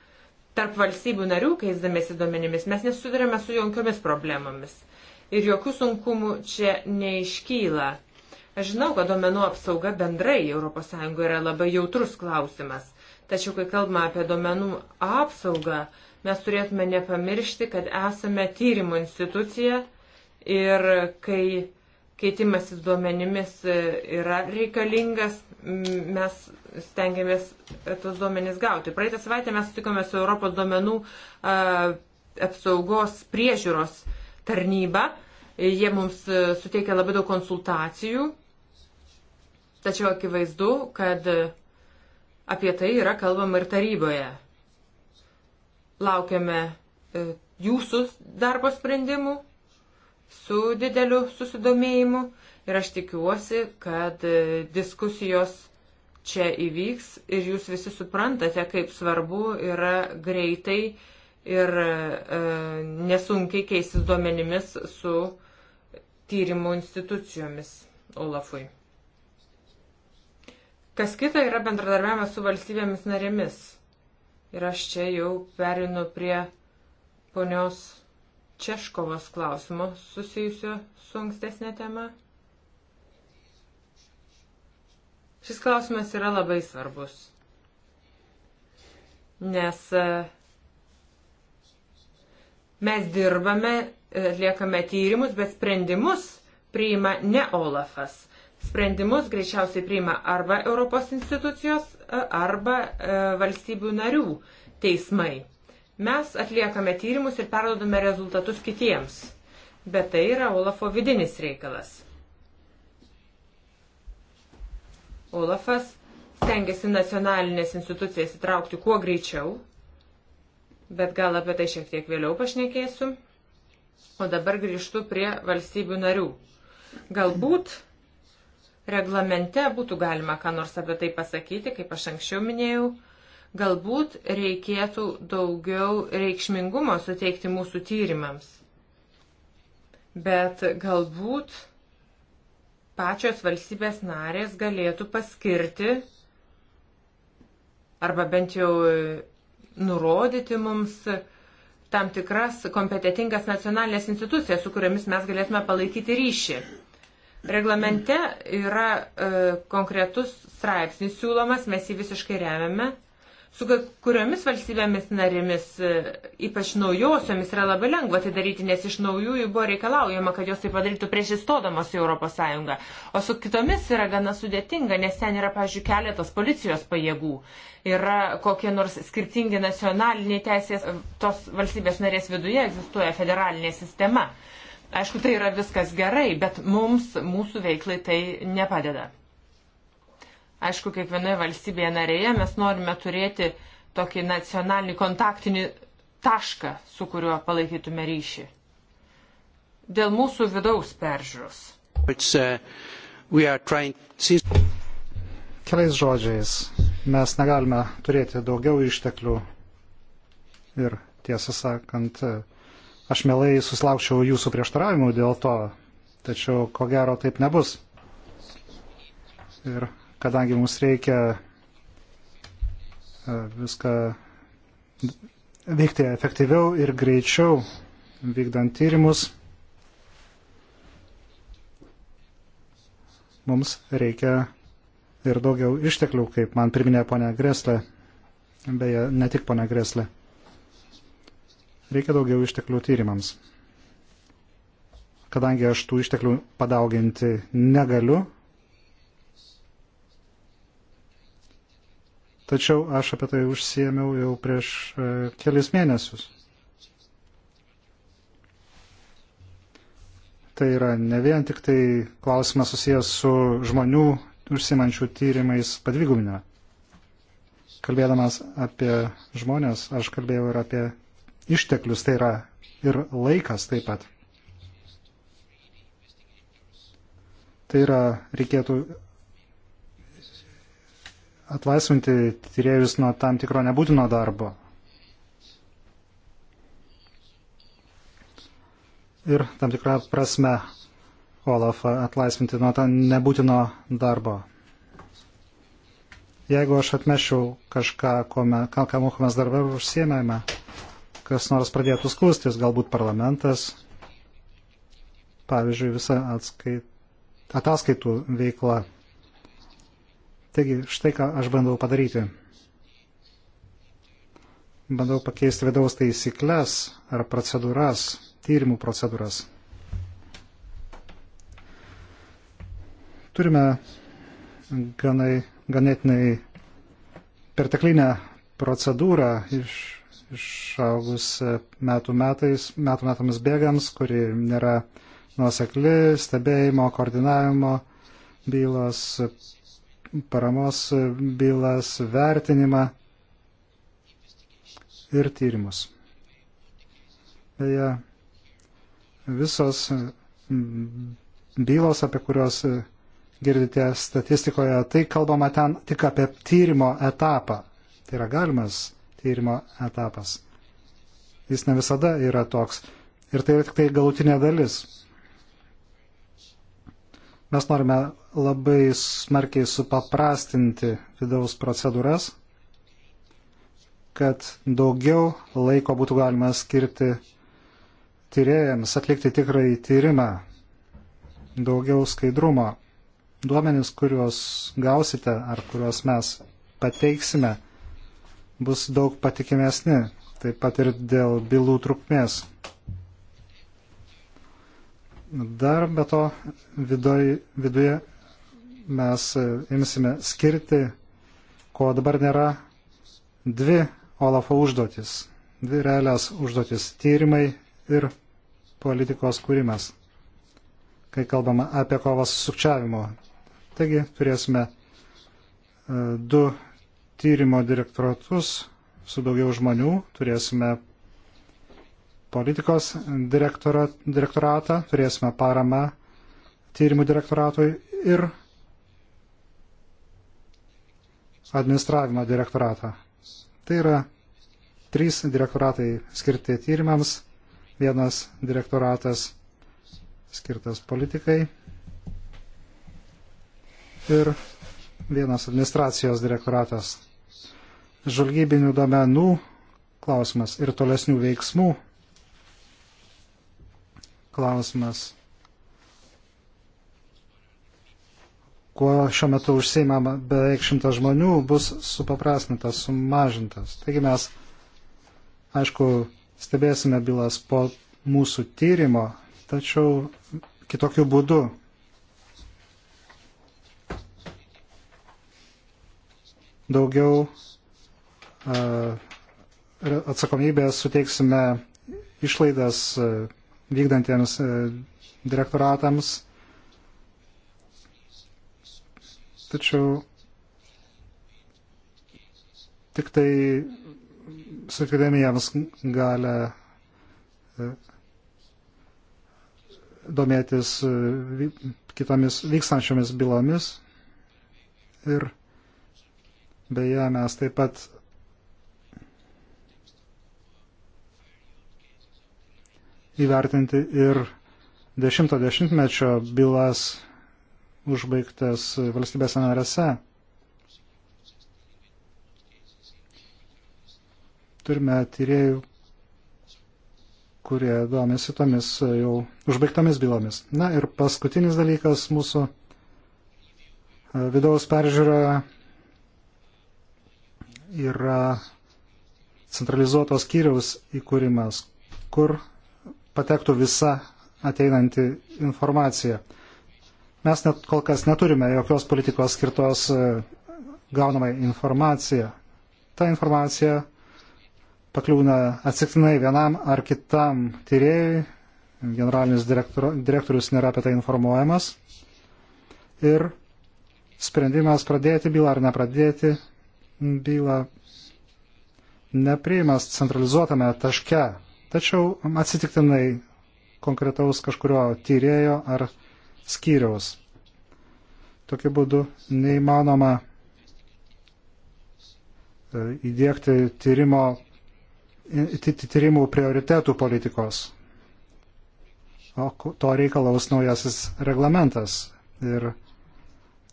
Tarp valstybių narių, keisdamėsi duomenimis, mes nesudarėme su jokiomis problemomis. Ir jokių sunkumų čia neiškyla. Aš žinau, kad duomenų apsauga bendrai ES yra labai jautrus klausimas. Tačiau, kai kalbame apie duomenų apsaugą, mes turėtume nepamiršti, kad esame tyrimo institucija ir kai keitimasis duomenimis e, yra reikalingas, mes stengiamės e, tos duomenys gauti. Praeitą savaitę mes sutikome su Europos duomenų e, apsaugos priežiūros tarnyba. Jie mums suteikia labai daug konsultacijų, tačiau akivaizdu, kad apie tai yra kalbama ir taryboje. Laukiame e, jūsų darbo sprendimų su dideliu susidomėjimu ir aš tikiuosi, kad e, diskusijos čia įvyks ir jūs visi suprantate, kaip svarbu yra greitai ir e, e, nesunkiai keistis duomenimis su tyrimų institucijomis Olafui. Kas kita yra bendradarbiavimas su valstybėmis narėmis. Ir aš čia jau perinu prie ponios Češkovos klausimo susijusio su ankstesnė tema. Šis klausimas yra labai svarbus, nes e, mes dirbame, atliekame tyrimus, bet sprendimus priima ne Olafas. Sprendimus greičiausiai priima arba Europos institucijos, arba e, valstybių narių teismai. Mes atliekame tyrimus ir perdodame rezultatus kitiems, bet tai yra Olafo vidinis reikalas. Olafas stengiasi nacionalinės institucijas įtraukti kuo greičiau, bet gal apie tai šiek tiek vėliau pašnekėsiu. O dabar grįžtu prie valstybių narių. Galbūt reglamente būtų galima ką nors apie tai pasakyti, kaip aš anksčiau minėjau. Galbūt reikėtų daugiau reikšmingumo suteikti mūsų tyrimams. Bet galbūt pačios valstybės narės galėtų paskirti arba bent jau nurodyti mums tam tikras kompetitingas nacionalinės institucijas, su kuriamis mes galėtume palaikyti ryšį. Reglamente yra e, konkretus straipsnis siūlomas, mes jį visiškai remiame. Su kuriomis valstybėmis narėmis, e, ypač naujosiomis, yra labai lengva tai daryti, nes iš naujųjų buvo reikalaujama, kad jos tai padarytų prieš įstodamos į ES. O su kitomis yra gana sudėtinga, nes ten yra, pažiūrėjau, keletas policijos pajėgų. Yra kokie nors skirtingi nacionaliniai teisės, e, tos valstybės narės viduje egzistuoja federalinė sistema. Aišku, tai yra viskas gerai, bet mums, mūsų veiklai tai nepadeda. Aišku, kiekvienoje valstybėje narėje mes norime turėti tokį nacionalinį kontaktinį tašką, su kuriuo palaikytume ryšį. Dėl mūsų vidaus peržiūros. Uh, Keliais žodžiais, mes negalime turėti daugiau išteklių ir, tiesą sakant, uh, Aš mielai susilaukčiau jūsų prieštaravimų dėl to, tačiau ko gero taip nebus. Ir kadangi mums reikia e, viską veikti efektyviau ir greičiau, vykdant tyrimus, mums reikia ir daugiau išteklių, kaip man priminė ponia Greslė, beje, ne tik ponia Greslė. Reikia daugiau išteklių tyrimams. Kadangi aš tų išteklių padauginti negaliu, tačiau aš apie tai užsiemiau jau prieš e, kelis mėnesius. Tai yra ne vien tik tai klausimas susijęs su žmonių užsimančių tyrimais padvigubinę. Kalbėdamas apie žmonės, aš kalbėjau ir apie išteklius, tai yra ir laikas taip pat. Tai yra, reikėtų atlaisvinti tyriejus nuo tam tikro nebūtino darbo. Ir tam tikrą prasme Olafą atlaisvinti nuo to nebūtino darbo. Jeigu aš atmešiau kažką, ko me, ką, ką mokomės darbą užsiemėme, kas nors pradėtų skūstis, galbūt parlamentas, pavyzdžiui, visa atskait, ataskaitų veikla. Taigi, štai ką aš bandau padaryti. Bandau pakeisti vidaus taisyklės ar procedūras, tyrimų procedūras. Turime ganai, ganėtinai perteklinę procedūrą iš išaugus metų, metais, metų metams bėgams, kuri nėra nuosekli, stebėjimo, koordinavimo bylos, paramos bylas, vertinimą ir tyrimus. Beje, visos bylos, apie kurios girdite statistikoje, tai kalbama ten tik apie tyrimo etapą. Tai yra galimas tyrimo etapas. Jis ne visada yra toks. Ir tai yra tik tai galutinė dalis. Mes norime labai smarkiai supaprastinti vidaus procedūras, kad daugiau laiko būtų galima skirti tyrėjams atlikti tikrai tyrimą, daugiau skaidrumo. Duomenys, kuriuos gausite ar kuriuos mes pateiksime, bus daug patikimesni, taip pat ir dėl bylų trukmės. Dar be to vidoj, viduje mes e, imsime skirti, ko dabar nėra, dvi Olafo užduotis, dvi realias užduotis - tyrimai ir politikos kūrimas, kai kalbama apie kovas su sukčiavimu. Taigi turėsime e, du tyrimo direktoratus su daugiau žmonių, turėsime politikos direktora, direktoratą, turėsime paramą tyrimų direktoratui ir administravimo direktoratą. Tai yra trys direktoratai skirti tyrimams, vienas direktoratas skirtas politikai ir vienas administracijos direktoratas. Žalgybinių domenų klausimas ir tolesnių veiksmų klausimas. kuo šiuo metu užseima beveik šimtas žmonių, bus supaprasmintas, sumažintas. Taigi mes, aišku, stebėsime bylas po mūsų tyrimo, tačiau kitokiu būdu daugiau e, atsakomybės suteiksime išlaidas e, vykdantiems e, direktoratams. Tačiau tik tai sutikdami jiems galę domėtis kitomis vykstančiomis bylomis ir Beje, mes taip pat įvertinti ir 10-mečio bylas užbaigtas valstybės narėse. Turime tyriejų, kurie domisi tomis jau užbaigtomis bylomis. Na ir paskutinis dalykas mūsų vidaus peržiūra yra centralizuotos kyriaus įkūrimas, kur patektų visa ateinanti informacija. Mes net kol kas neturime jokios politikos skirtos e, gaunamai informacija. Ta informacija pakliūna atsiktinai vienam ar kitam tyrėjui, generalinis direktorius nėra apie tai informuojamas ir sprendimas pradėti bylą ar nepradėti bylą nepriimas centralizuotame taške, tačiau atsitiktinai konkretaus kažkurio tyrėjo ar skyriaus. Tokiu būdu neįmanoma e, įdėkti tyrimo, tyrimų prioritetų politikos. O to reikalaus naujasis reglamentas. Ir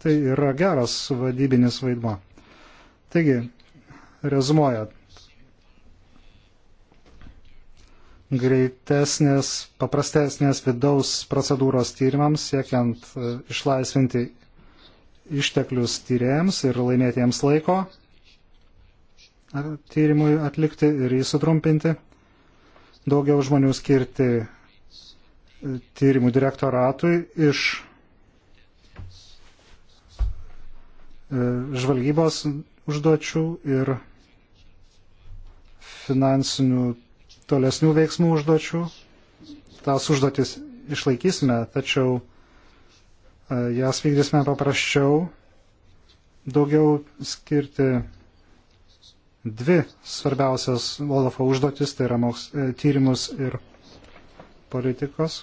tai yra geras vadybinis vaidmo. Taigi, rezumuojant, greitesnės, paprastesnės vidaus procedūros tyrimams, siekiant e, išlaisvinti išteklius tyrėjams ir laimėtiems laiko tyrimui atlikti ir jį sutrumpinti, daugiau žmonių skirti e, tyrimų direktoratui iš e, žvalgybos užduočių ir finansinių tolesnių veiksmų užduočių. Tas užduotis išlaikysime, tačiau e, jas vykdysime paprasčiau, daugiau skirti dvi svarbiausias Olafo užduotis, tai yra moks, e, tyrimus ir politikos,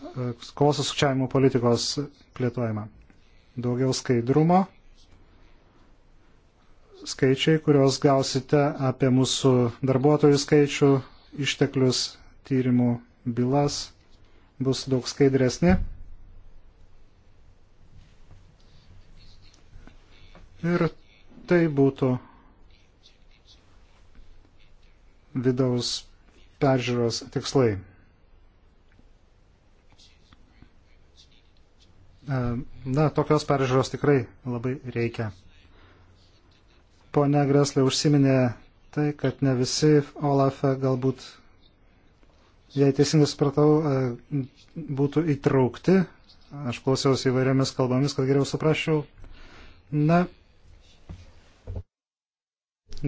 e, kovos su sukčiavimu politikos plėtojimą. Daugiau skaidrumo skaičiai, kuriuos gausite apie mūsų darbuotojų skaičių, išteklius, tyrimų bylas, bus daug skaidresni. Ir tai būtų vidaus peržiūros tikslai. Na, tokios peržiūros tikrai labai reikia ponia Greslė užsiminė tai, kad ne visi Olafe galbūt, jei teisingai supratau, e, būtų įtraukti. Aš klausiausi įvairiomis kalbomis, kad geriau suprasčiau. Na,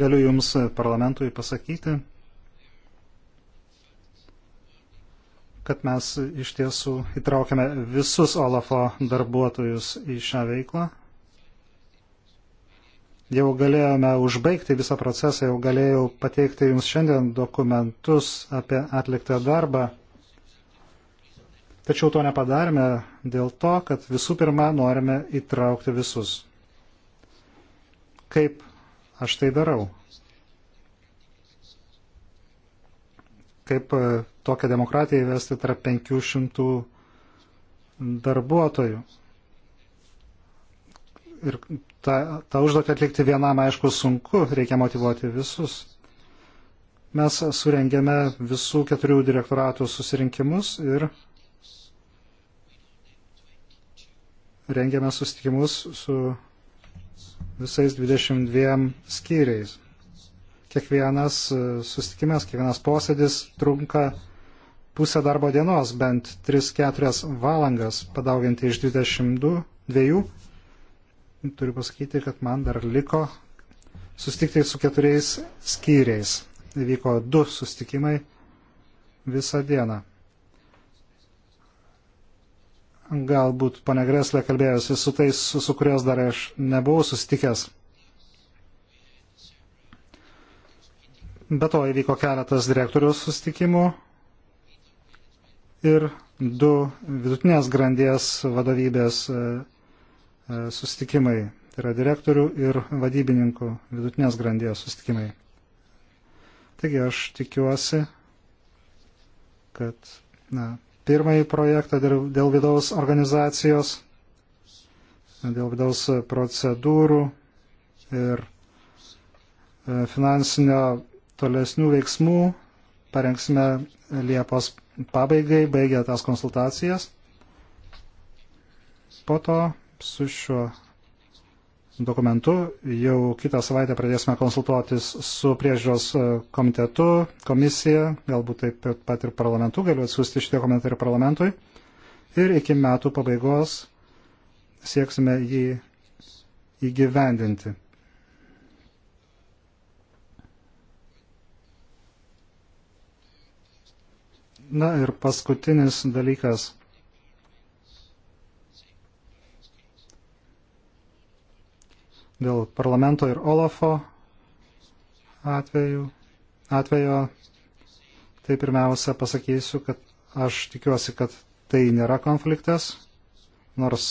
galiu Jums parlamentui pasakyti, kad mes iš tiesų įtraukėme visus Olafo darbuotojus į šią veiklą jau galėjome užbaigti visą procesą, jau galėjau pateikti Jums šiandien dokumentus apie atliktą darbą. Tačiau to nepadarėme dėl to, kad visų pirma norime įtraukti visus. Kaip aš tai darau? Kaip e, tokią demokratiją įvesti tarp 500 darbuotojų? ir tą, tą užduotį atlikti vienam, aišku, sunku, reikia motivuoti visus. Mes surengėme visų keturių direktoratų susirinkimus ir rengėme susitikimus su visais 22 skyriais. Kiekvienas e, susitikimas, kiekvienas posėdis trunka pusę darbo dienos, bent 3-4 valandas, padauginti iš 22 turiu pasakyti, kad man dar liko sustikti su keturiais skyriais. Vyko du sustikimai visą dieną. Galbūt pane Greslė kalbėjosi su tais, su, su kurios dar aš nebuvau susitikęs. Be to įvyko keletas direktorių sustikimų ir du vidutinės grandies vadovybės E, sustikimai, tai yra direktorių ir vadybininkų vidutinės grandies sustikimai. Taigi aš tikiuosi, kad na, pirmąjį projektą dėl vidaus organizacijos, dėl vidaus procedūrų ir e, finansinio tolesnių veiksmų parengsime Liepos pabaigai, baigę tas konsultacijas. Po to su šiuo dokumentu. Jau kitą savaitę pradėsime konsultuotis su priežiūros e, komitetu, komisija, galbūt taip pat ir parlamentu, galiu atsiųsti šitie komentai ir parlamentui. Ir iki metų pabaigos sieksime jį įgyvendinti. Na ir paskutinis dalykas dėl parlamento ir Olafo atveju, atvejo, tai pirmiausia pasakysiu, kad aš tikiuosi, kad tai nėra konfliktas, nors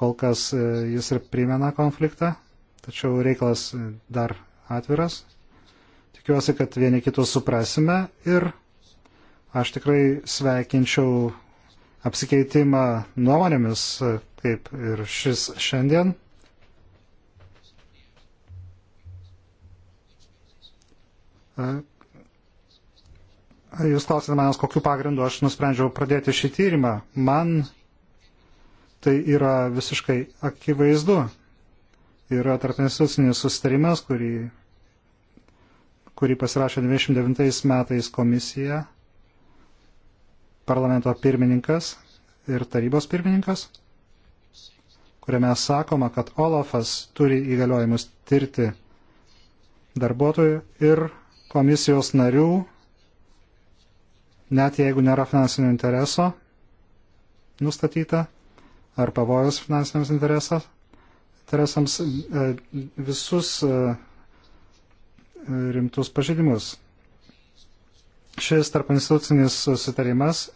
kol kas e, jis ir primena konfliktą, tačiau reikalas e, dar atviras. Tikiuosi, kad vieni kitus suprasime ir aš tikrai sveikinčiau apsikeitimą nuomonėmis, e, kaip ir šis šiandien. Jūs klausėte manęs, kokiu pagrindu aš nusprendžiau pradėti šį tyrimą. Man tai yra visiškai akivaizdu. Yra tarpinstitucinis sustarimas, kurį, kurį pasirašė 29 metais komisija, parlamento pirmininkas ir tarybos pirmininkas, kuriame sakoma, kad Olafas turi įgaliojimus tirti darbuotojų ir komisijos narių, net jeigu nėra finansinio intereso nustatyta ar pavojus finansiniams interesams, e, visus e, rimtus pažeidimus. Šis tarp institucinis susitarimas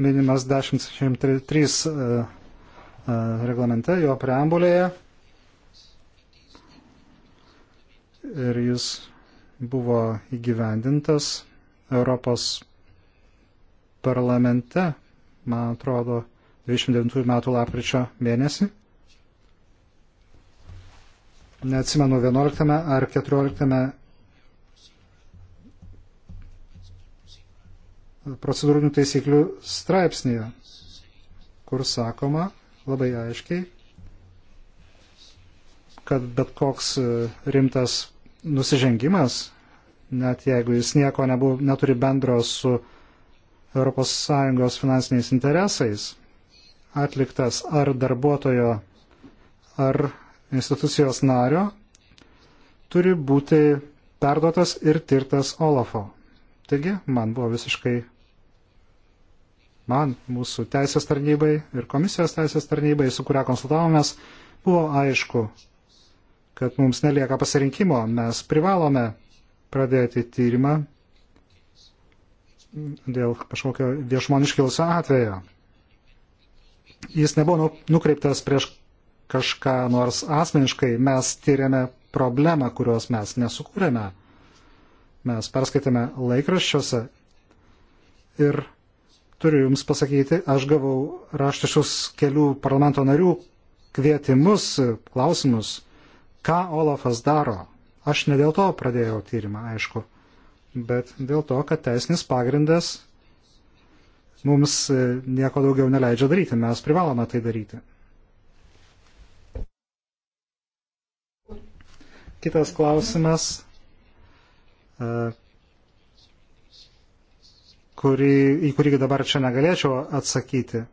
minimas 1073 e, reglamente, jo preambulėje. Ir jis buvo įgyvendintas Europos parlamente, man atrodo, 29 metų lapkričio mėnesį. Neatsimenu, 11 ar 14 procedūrinių taisyklių straipsnėje, kur sakoma labai aiškiai, kad bet koks e, rimtas nusižengimas, net jeigu jis nieko nebu, neturi bendro su ES finansiniais interesais, atliktas ar darbuotojo, ar institucijos nario, turi būti perduotas ir tirtas Olafo. Taigi, man buvo visiškai, man, mūsų teisės tarnybai ir komisijos teisės tarnybai, su kuria konsultavomės, buvo aišku, kad mums nelieka pasirinkimo. Mes privalome pradėti tyrimą dėl kažkokio viešmoniškiausio atvejo. Jis nebuvo nu- nukreiptas prieš kažką nors asmeniškai. Mes tyrėme problemą, kurios mes nesukūrėme. Mes perskaitėme laikraščiuose ir turiu Jums pasakyti, aš gavau raštišus kelių parlamento narių kvietimus, klausimus Ką Olafas daro? Aš ne dėl to pradėjau tyrimą, aišku, bet dėl to, kad teisinis pagrindas mums e, nieko daugiau neleidžia daryti, mes privalome tai daryti. Kitas klausimas, e, kurį, į kurį dabar čia negalėčiau atsakyti,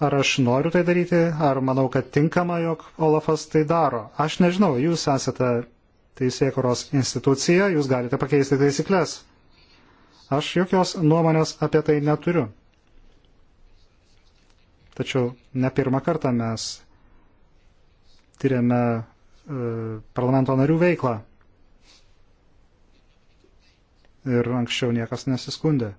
Ar aš noriu tai daryti, ar manau, kad tinkama, jog Olafas tai daro. Aš nežinau, jūs esate teisėkuros institucija, jūs galite pakeisti taisyklės. Aš jokios nuomonės apie tai neturiu. Tačiau ne pirmą kartą mes tyriame e, parlamento narių veiklą. Ir anksčiau niekas nesiskundė.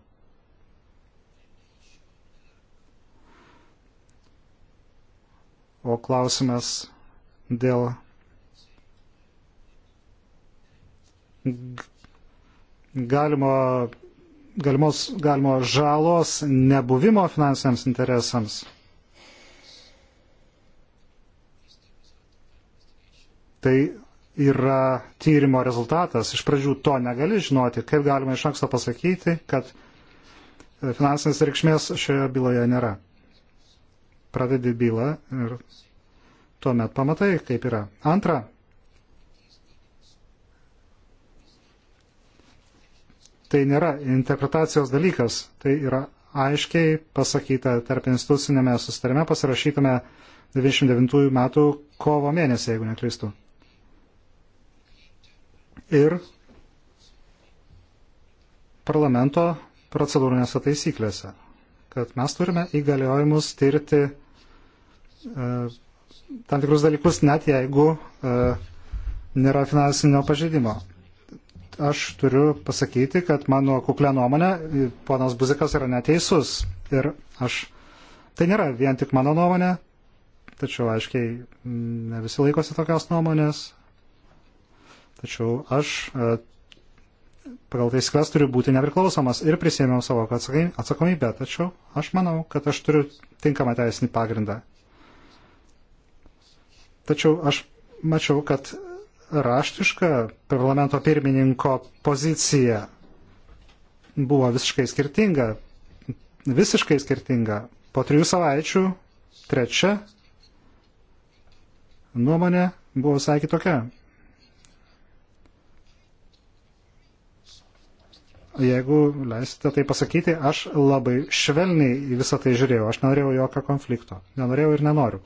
O klausimas dėl galimo, galimos, galimo žalos nebuvimo finansiniams interesams. Tai yra tyrimo rezultatas. Iš pradžių to negali žinoti, kaip galima iš anksto pasakyti, kad finansinės reikšmės šioje byloje nėra pradedi bylą ir tuomet pamatai, kaip yra. Antra, tai nėra interpretacijos dalykas, tai yra aiškiai pasakyta tarp institucinėme sustarime pasirašytame 99 metų kovo mėnesį, jeigu neklystu. Ir parlamento procedūrinėse taisyklėse kad mes turime įgaliojimus tirti e, tam tikrus dalykus, net jeigu e, nėra finansinio pažeidimo. Aš turiu pasakyti, kad mano kuklė nuomonė, ponas Buzikas yra neteisus. Ir aš, tai nėra vien tik mano nuomonė, tačiau aiškiai ne visi laikosi tokios nuomonės. Tačiau aš e, pagal taisyklės turiu būti nepriklausomas ir prisėmiau savo atsakomybę, tačiau aš manau, kad aš turiu tinkamą teisinį pagrindą. Tačiau aš mačiau, kad raštiška parlamento pirmininko pozicija buvo visiškai skirtinga, visiškai skirtinga. Po trijų savaičių trečia nuomonė buvo visai kitokia. jeigu leisite tai pasakyti, aš labai švelniai į visą tai žiūrėjau, aš nenorėjau jokio konflikto, nenorėjau ir nenoriu.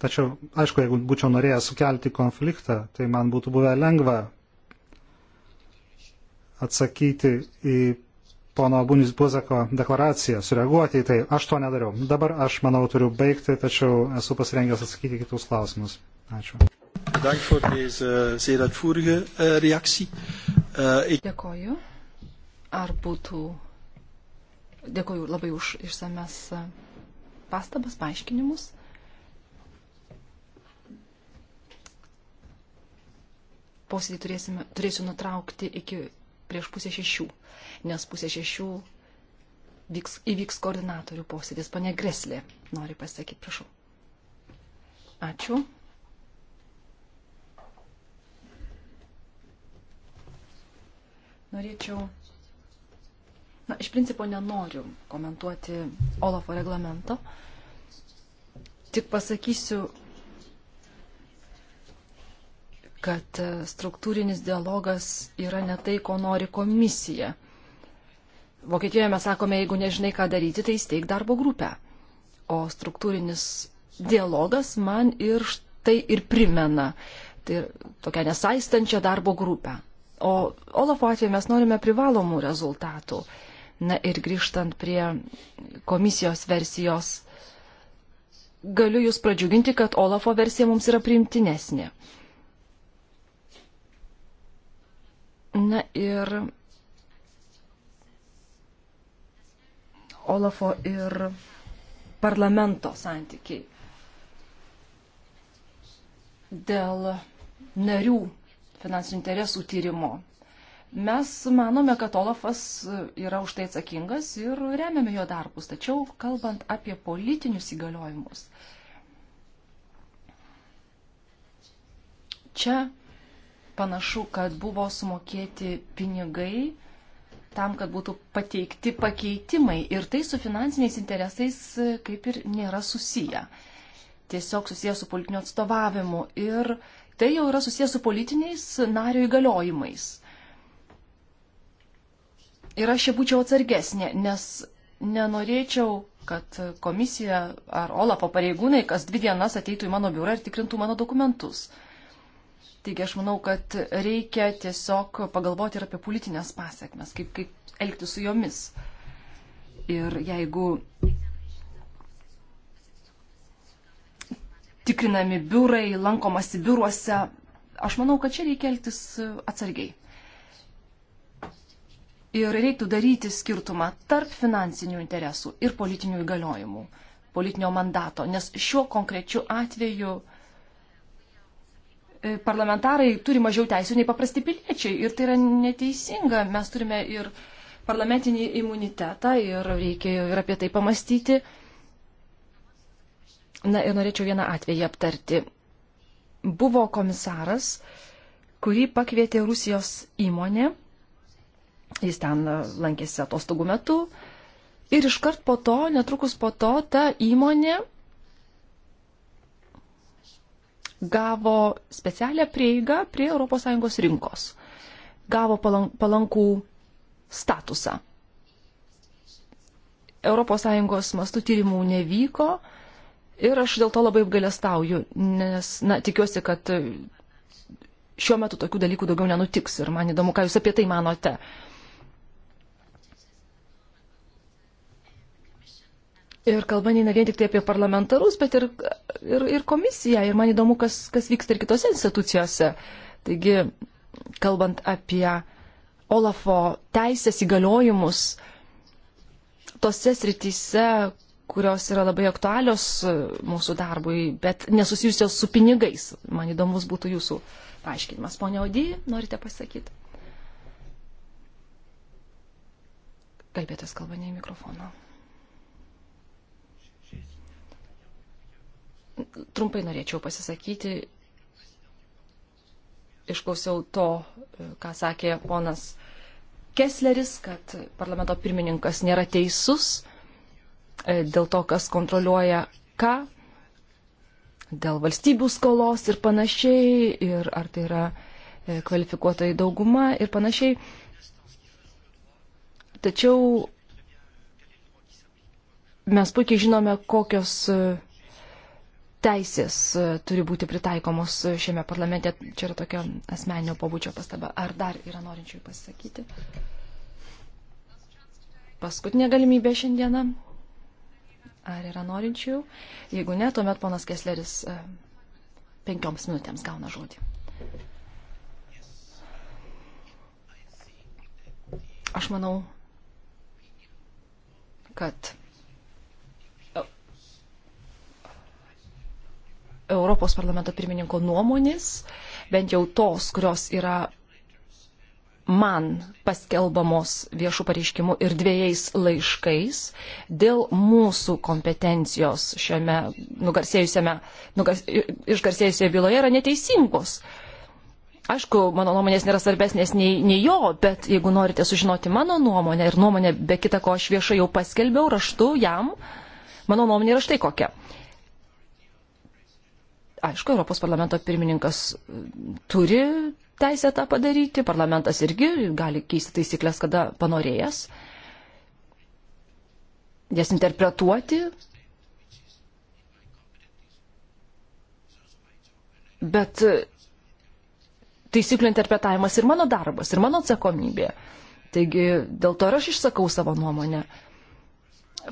Tačiau, aišku, jeigu būčiau norėjęs sukelti konfliktą, tai man būtų buvę lengva atsakyti į pono Bunis Buzako deklaraciją, sureaguoti į tai. Aš to nedariau. Dabar aš, manau, turiu baigti, tačiau esu pasirengęs atsakyti kitus klausimus. Ačiū. Bedankt voor deze eh, zeer uitvoerige uh, reactie. Uh, ik... Dėkoju. Ar būtų. Dėkoju labai už išsames pastabas, paaiškinimus. Posėdį turėsime, turėsiu nutraukti iki prieš pusę šešių, nes pusę šešių vyks, įvyks koordinatorių posėdis. Pane Greslė nori pasakyti, prašau. Ačiū. Norėčiau. Na, iš principo nenoriu komentuoti Olafo reglamento. Tik pasakysiu, kad e, struktūrinis dialogas yra ne tai, ko nori komisija. Vokietijoje mes sakome, jeigu nežinai, ką daryti, tai įsteig darbo grupę. O struktūrinis dialogas man ir tai ir primena. Tai tokia nesaistančia darbo grupė. O Olafo atveju mes norime privalomų rezultatų. Na ir grįžtant prie komisijos versijos, galiu Jūs pradžiuginti, kad Olafo versija mums yra priimtinesnė. Na ir Olafo ir parlamento santykiai dėl narių finansinių interesų tyrimu. Mes manome, kad Olafas yra už tai atsakingas ir remiame jo darbus. Tačiau, kalbant apie politinius įgaliojimus, čia panašu, kad buvo sumokėti pinigai tam, kad būtų pateikti pakeitimai ir tai su finansiniais interesais kaip ir nėra susiję. Tiesiog susiję su politiniu atstovavimu ir uh, tai jau yra susijęs su politiniais nario įgaliojimais. Ir aš čia būčiau atsargesnė, nes nenorėčiau, kad komisija ar Olafo pareigūnai kas dvi dienas ateitų į mano biurą ir tikrintų mano dokumentus. Taigi aš manau, kad reikia tiesiog pagalvoti ir apie politinės pasiekmes, kaip, kaip elgti su jomis. Ir jeigu tikrinami biurai, lankomasi biuruose. Aš manau, kad čia reikia elgtis e, atsargiai. Ir reiktų daryti skirtumą tarp finansinių interesų ir politinių įgaliojimų, politinio mandato, nes šiuo konkrečiu atveju e, parlamentarai turi mažiau teisų nei paprasti piliečiai ir tai yra neteisinga. Mes turime ir parlamentinį imunitetą ir reikia ir apie tai pamastyti. Na ir norėčiau vieną atvejį aptarti. Buvo komisaras, kurį pakvietė Rusijos įmonė, jis ten lankėsi atostogų metu ir iškart po to, netrukus po to, ta įmonė gavo specialią prieigą prie ES rinkos. Gavo palankų statusą. ES mastų tyrimų nevyko, Ir aš dėl to labai apgailestauju, nes, na, tikiuosi, kad šiuo metu tokių dalykų daugiau nenutiks ir man įdomu, ką jūs apie tai manote. Ir kalba neina vien tik tai apie parlamentarus, bet ir, ir, ir komisiją. Ir man įdomu, kas, kas vyksta ir kitose institucijose. Taigi, kalbant apie Olafo teisės įgaliojimus, tose srityse, kurios yra labai aktualios e, mūsų darbui, bet nesusijusios su pinigais. Man įdomus būtų jūsų paaiškinimas. Pone Audy, norite pasakyti? Kalbėtas kalba ne į mikrofoną. Trumpai norėčiau pasisakyti. Išklausiau to, e, ką sakė ponas Kessleris, kad parlamento pirmininkas nėra teisus E, dėl to, kas kontroliuoja ką, dėl valstybių skolos ir panašiai, ir ar tai yra e, kvalifikuotojai dauguma ir panašiai. Tačiau mes puikiai žinome, kokios e, teisės turi būti pritaikomos šiame parlamente. Čia yra tokia asmeninio pabudžio pastaba. Ar dar yra norinčių pasisakyti? Paskutinė galimybė šiandieną. Ar yra norinčių? Jeigu ne, tuomet ponas Kesleris e, penkioms minutėms gauna žodį. Aš manau, kad Europos parlamento pirmininko nuomonės, bent jau tos, kurios yra man paskelbamos viešų pareiškimų ir dviejais laiškais dėl mūsų kompetencijos šiame nugarsėjusiame, nugars, išgarsėjusioje byloje yra neteisingos. Aišku, mano nuomonės nėra svarbesnės nei, nei jo, bet jeigu norite sužinoti mano nuomonę ir nuomonę be kita ko aš viešai jau paskelbiau raštu jam, mano nuomonė yra štai kokia aišku, Europos parlamento pirmininkas turi teisę tą padaryti, parlamentas irgi gali keisti taisyklės, kada panorėjęs, jas interpretuoti. Bet taisyklių interpretavimas ir mano darbas, ir mano atsakomybė. Taigi dėl to ir aš išsakau savo nuomonę.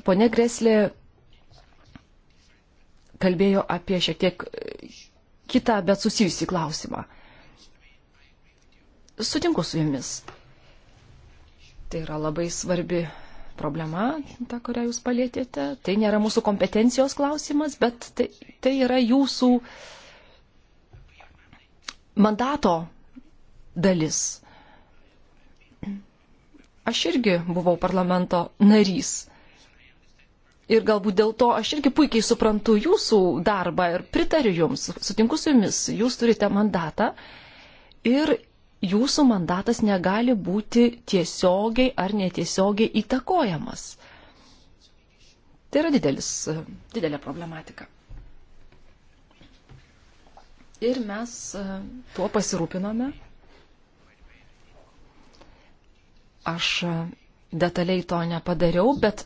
Pone Greslė kalbėjo apie šiek tiek kitą, bet susijusį klausimą sutinku su jumis. Tai yra labai svarbi problema, ta, kurią jūs palėtėte. Tai nėra mūsų kompetencijos klausimas, bet tai, tai yra jūsų mandato dalis. Aš irgi buvau parlamento narys. Ir galbūt dėl to aš irgi puikiai suprantu jūsų darbą ir pritariu jums, sutinku su jumis, jūs turite mandatą ir jūsų mandatas negali būti tiesiogiai ar netiesiogiai įtakojamas. Tai yra didelis, didelė problematika. Ir mes e, tuo pasirūpinome. Aš e, detaliai to nepadariau, bet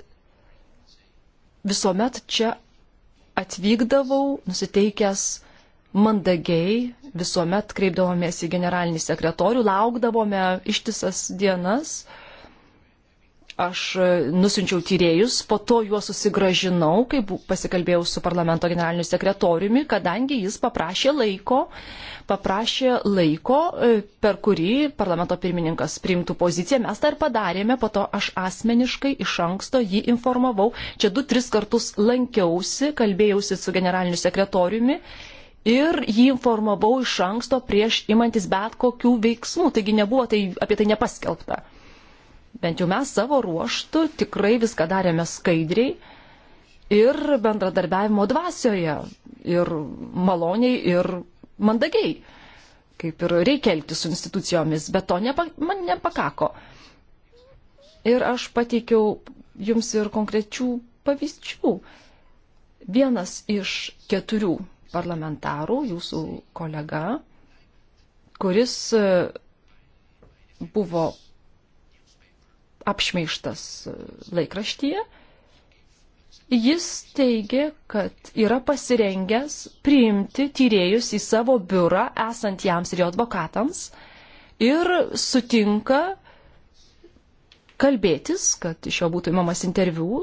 visuomet čia atvykdavau nusiteikęs mandagiai visuomet kreipdavomės į generalinį sekretorių, laukdavome ištisas dienas. Aš nusinčiau tyrėjus, po to juos susigražinau, kai pasikalbėjau su parlamento generaliniu sekretoriumi, kadangi jis paprašė laiko, paprašė laiko, e, per kurį parlamento pirmininkas priimtų poziciją. Mes tą ir padarėme, po to aš asmeniškai iš anksto jį informavau. Čia du, tris kartus lankiausi, kalbėjausi su generaliniu sekretoriumi ir jį informavau iš anksto prieš imantis bet kokių veiksmų, taigi nebuvo tai, apie tai nepaskelbta. Bent jau mes savo ruoštų tikrai viską darėme skaidriai ir bendradarbiavimo dvasioje, ir maloniai, ir mandagiai, kaip ir reikia elgti su institucijomis, bet to nepa, man nepakako. Ir aš pateikiau jums ir konkrečių pavyzdžių. Vienas iš keturių parlamentarų, jūsų kolega, kuris e, buvo apšmeištas e, laikraštyje. Jis teigia, kad yra pasirengęs priimti tyrėjus į savo biurą esant jams ir jo advokatams ir sutinka kalbėtis, kad iš jo būtų įmamas interviu,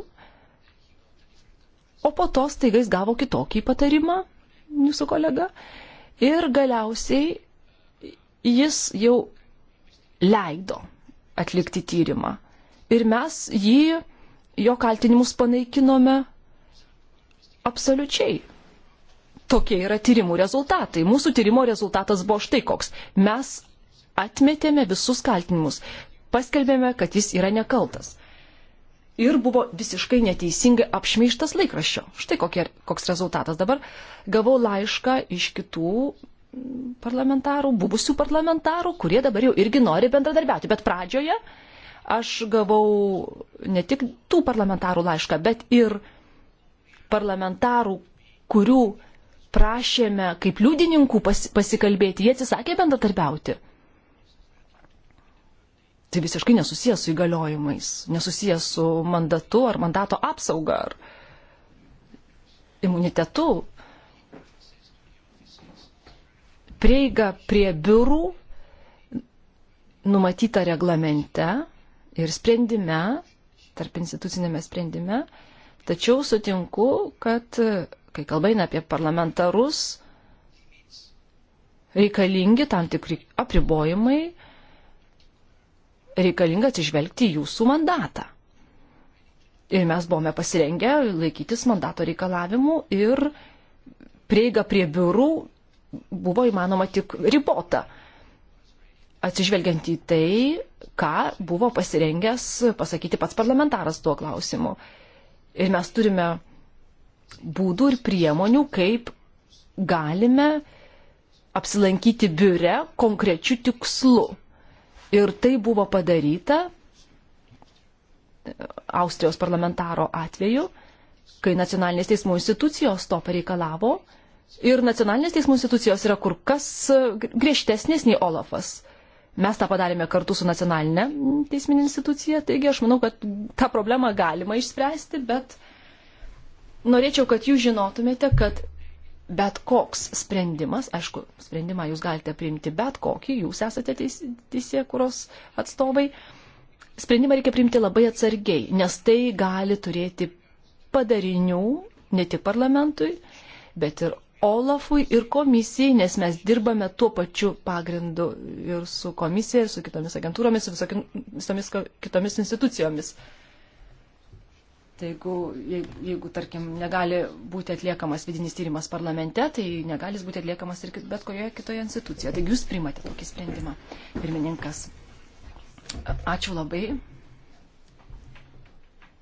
o po to staigais gavo kitokį patarimą jūsų kolega. Ir galiausiai jis jau leido atlikti tyrimą. Ir mes jį, jo kaltinimus panaikinome absoliučiai. Tokie yra tyrimų rezultatai. Mūsų tyrimo rezultatas buvo štai koks. Mes atmetėme visus kaltinimus. Paskelbėme, kad jis yra nekaltas ir buvo visiškai neteisingai apšmeištas laikraščio. Štai kokie, koks rezultatas. Dabar gavau laišką iš kitų mm, parlamentarų, buvusių parlamentarų, kurie dabar jau irgi nori bendradarbiauti. Bet pradžioje aš gavau ne tik tų parlamentarų laišką, bet ir parlamentarų, kurių prašėme kaip liudininkų pas, pasikalbėti, jie atsisakė bendradarbiauti tai visiškai nesusijęs su įgaliojimais, nesusijęs su mandatu ar mandato apsauga ar imunitetu. Prieiga prie biurų numatyta reglamente ir sprendime, tarp institucinėme sprendime, tačiau sutinku, kad kai kalba eina apie parlamentarus, reikalingi tam tikri apribojimai, reikalinga atsižvelgti jūsų mandatą. Ir mes buvome pasirengę laikytis mandato reikalavimų ir prieiga prie biurų buvo įmanoma tik ribota. Atsižvelgiant į tai, ką buvo pasirengęs pasakyti pats parlamentaras tuo klausimu. Ir mes turime būdų ir priemonių, kaip galime apsilankyti biure konkrečių tikslų Ir tai buvo padaryta Austrijos parlamentaro atveju, kai nacionalinės teismų institucijos to pareikalavo. Ir nacionalinės teismų institucijos yra kur kas griežtesnės nei Olafas. Mes tą padarėme kartu su nacionalinė teisminė institucija, taigi aš manau, kad tą problemą galima išspręsti, bet norėčiau, kad jūs žinotumėte, kad bet koks sprendimas, aišku, sprendimą jūs galite priimti bet kokį, jūs esate teisėkuros atstovai, sprendimą reikia priimti labai atsargiai, nes tai gali turėti padarinių ne tik parlamentui, bet ir Olafui ir komisijai, nes mes dirbame tuo pačiu pagrindu ir su komisija, ir su kitomis agentūromis, ir visomis kitomis institucijomis. Tai jeigu, jeigu, tarkim, negali būti atliekamas vidinis tyrimas parlamente, tai negali jis būti atliekamas ir bet kurioje kitoje institucijoje. Taigi jūs primate tokį sprendimą, pirmininkas. Ačiū labai.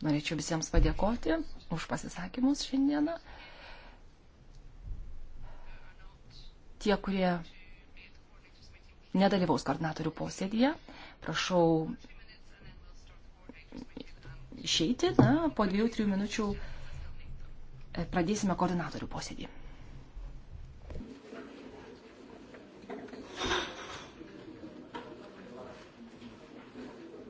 Norėčiau visiems padėkoti už pasisakymus šiandieną. Tie, kurie nedalyvaus koordinatorių posėdėje, prašau išeiti, na, po dviejų, trijų minučių e, pradėsime koordinatorių posėdį.